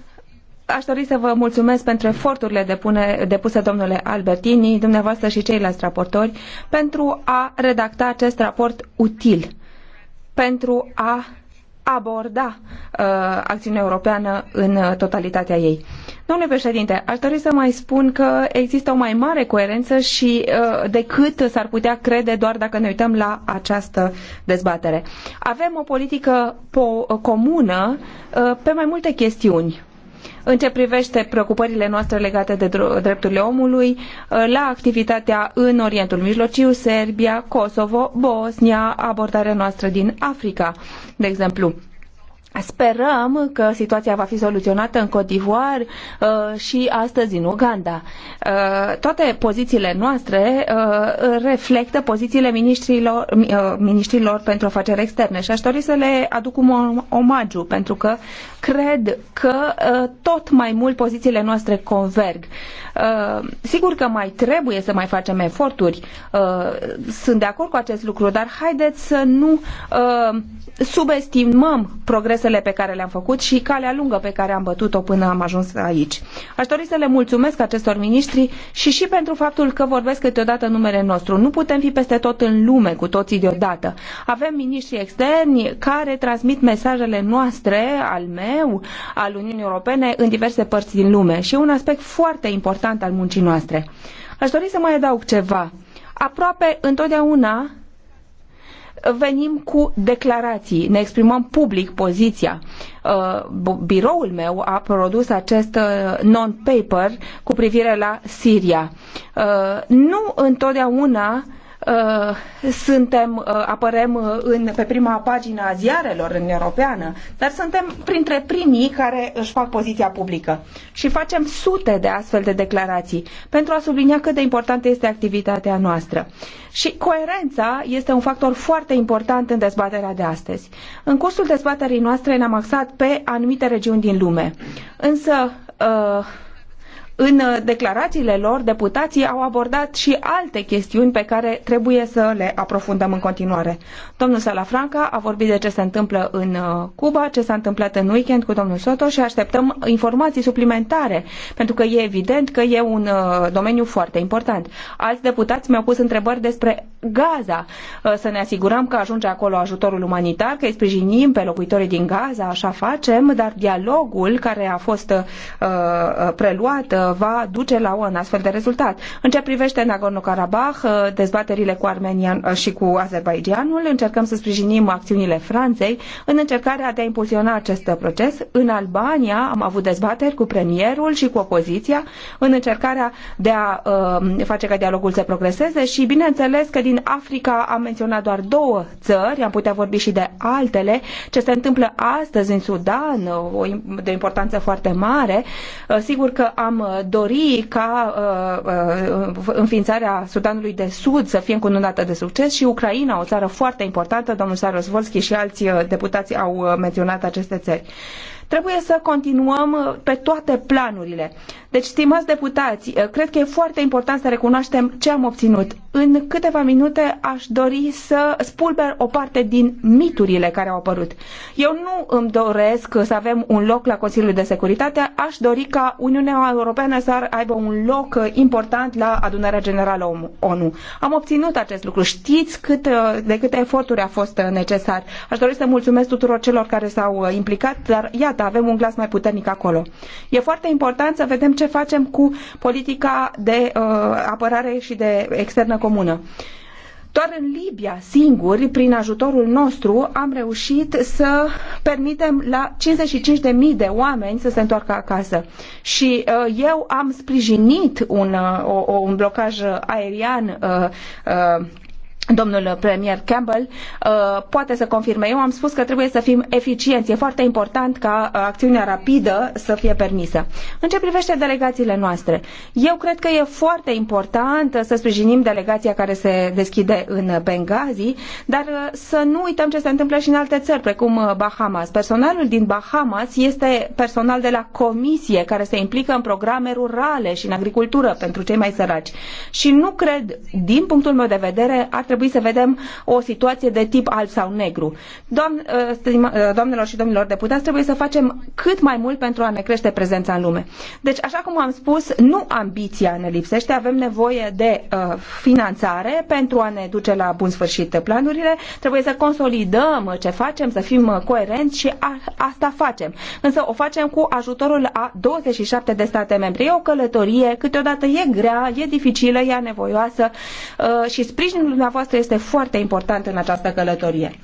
aș dori să vă mulțumesc pentru eforturile depune, depuse domnule Albertini, dumneavoastră și ceilalți raportori, pentru a redacta acest raport util, pentru a aborda uh, acțiunea europeană în uh, totalitatea ei. Domnule președinte, aș dori să mai spun că există o mai mare coerență și uh, decât s-ar putea crede doar dacă ne uităm la această dezbatere. Avem o politică po- comună uh, pe mai multe chestiuni în ce privește preocupările noastre legate de drepturile omului, uh, la activitatea în Orientul Mijlociu, Serbia, Kosovo, Bosnia, abordarea noastră din Africa, de exemplu. Sperăm că situația va fi soluționată în Cote d'Ivoire uh, și astăzi în Uganda. Uh, toate pozițiile noastre uh, reflectă pozițiile ministrilor, uh, ministrilor pentru afaceri externe și aș dori să le aduc un omagiu pentru că cred că uh, tot mai mult pozițiile noastre converg. Uh, sigur că mai trebuie să mai facem eforturi, uh, sunt de acord cu acest lucru, dar haideți să nu subestimăm progresele pe care le-am făcut și calea lungă pe care am bătut-o până am ajuns aici. Aș dori să le mulțumesc acestor miniștri și și pentru faptul că vorbesc câteodată numele nostru. Nu putem fi peste tot în lume cu toții deodată. Avem miniștri externi care transmit mesajele noastre al meu meu al Uniunii Europene în diverse părți din lume și un aspect foarte important al muncii noastre. Aș dori să mai adaug ceva. Aproape întotdeauna venim cu declarații, ne exprimăm public poziția. Uh, biroul meu a produs acest uh, non-paper cu privire la Siria. Uh, nu întotdeauna Uh, suntem, uh, apărăm uh, în, pe prima pagină a ziarelor în europeană, dar suntem printre primii care își fac poziția publică și facem sute de astfel de declarații pentru a sublinia cât de importantă este activitatea noastră. Și coerența este un factor foarte important în dezbaterea de astăzi. În cursul dezbaterii noastre ne-am axat pe anumite regiuni din lume, însă uh, în uh, declarațiile lor, deputații au abordat și alte chestiuni pe care trebuie să le aprofundăm în continuare. Domnul Salafranca a vorbit de ce se întâmplă în uh, Cuba, ce s-a întâmplat în weekend cu domnul Soto și așteptăm informații suplimentare, pentru că e evident că e un uh, domeniu foarte important. Alți deputați mi-au pus întrebări despre Gaza, uh, să ne asigurăm că ajunge acolo ajutorul umanitar, că îi sprijinim pe locuitorii din Gaza, așa facem, dar dialogul care a fost uh, uh preluat uh, va duce la un astfel de rezultat. În ce privește Nagorno-Karabakh, dezbaterile cu Armenia și cu Azerbaijanul, încercăm să sprijinim acțiunile Franței în încercarea de a impulsiona acest proces. În Albania am avut dezbateri cu premierul și cu opoziția în încercarea de a uh, face ca dialogul să progreseze și, bineînțeles, că din Africa am menționat doar două țări, am putea vorbi și de altele. Ce se întâmplă astăzi în Sudan, o, de importanță foarte mare, uh, sigur că am uh, dori ca uh, înființarea Sudanului de Sud să fie încununată de succes și Ucraina, o țară foarte importantă, domnul Saros Volski și alți deputați au menționat aceste țări. Trebuie să continuăm uh, pe toate planurile. Deci, stimați deputați, uh, cred că e foarte important să recunoaștem ce am obținut. În câteva minute aș dori să spulber o parte din miturile care au apărut. Eu nu îmi doresc să avem un loc la Consiliul de Securitate, aș dori ca Uniunea Europeană să aibă un loc uh, important la adunarea generală ONU. Am obținut acest lucru. Știți cât, de câte eforturi a fost necesar. Aș dori să mulțumesc tuturor celor care s-au implicat, dar iată, Gata, avem un glas mai puternic acolo. E foarte important să vedem ce facem cu politica de uh, apărare și de externă comună. Doar în Libia, singuri, prin ajutorul nostru, am reușit să permitem la 55.000 de oameni să se întoarcă acasă. Și uh, eu am sprijinit un, uh, o, un blocaj aerian uh, uh, domnul premier Campbell uh, poate să confirme. Eu am spus că trebuie să fim eficienți. E foarte important ca uh, acțiunea rapidă să fie permisă. În ce privește delegațiile noastre, eu cred că e foarte important să sprijinim delegația care se deschide în Benghazi, dar uh, să nu uităm ce se întâmplă și în alte țări, precum Bahamas. Personalul din Bahamas este personal de la comisie care se implică în programe rurale și în agricultură pentru cei mai săraci. Și nu cred, din punctul meu de vedere, ar trebui trebui să vedem o situație de tip alb sau negru. Doamn, uh, uh, doamnelor și domnilor deputați, trebuie să facem cât mai mult pentru a ne crește prezența în lume. Deci, așa cum am spus, nu ambiția ne lipsește, avem nevoie de uh, finanțare pentru a ne duce la bun sfârșit planurile, trebuie să consolidăm ce facem, să fim coerenți și a, asta facem. Însă o facem cu ajutorul a 27 de state membre. E o călătorie, câteodată e grea, e dificilă, e anevoioasă uh, și sprijinul dumneavoastră dumneavoastră este foarte important în această călătorie.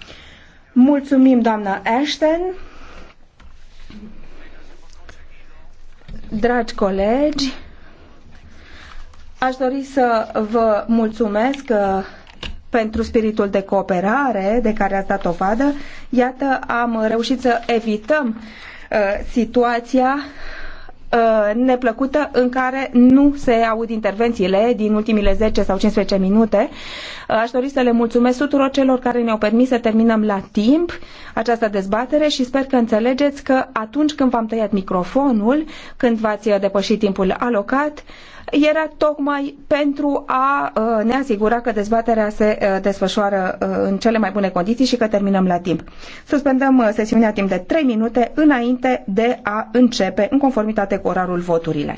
Mulțumim, doamnă Ashton. Dragi colegi, aș dori să vă mulțumesc uh, pentru spiritul de cooperare de care ați dat o vadă. Iată, am reușit să evităm uh, situația Uh, neplăcută în care nu se aud intervențiile din ultimile 10 sau 15 minute. Uh, aș dori să le mulțumesc tuturor celor care ne-au permis să terminăm la timp această dezbatere și sper că înțelegeți că atunci când v-am tăiat microfonul, când v-ați depășit timpul alocat, era tocmai pentru a uh, ne asigura că dezbaterea se uh, desfășoară uh, în cele mai bune condiții și că terminăm la timp. Suspendăm sesiunea timp de 3 minute înainte de a începe, în conformitate cu orarul voturile.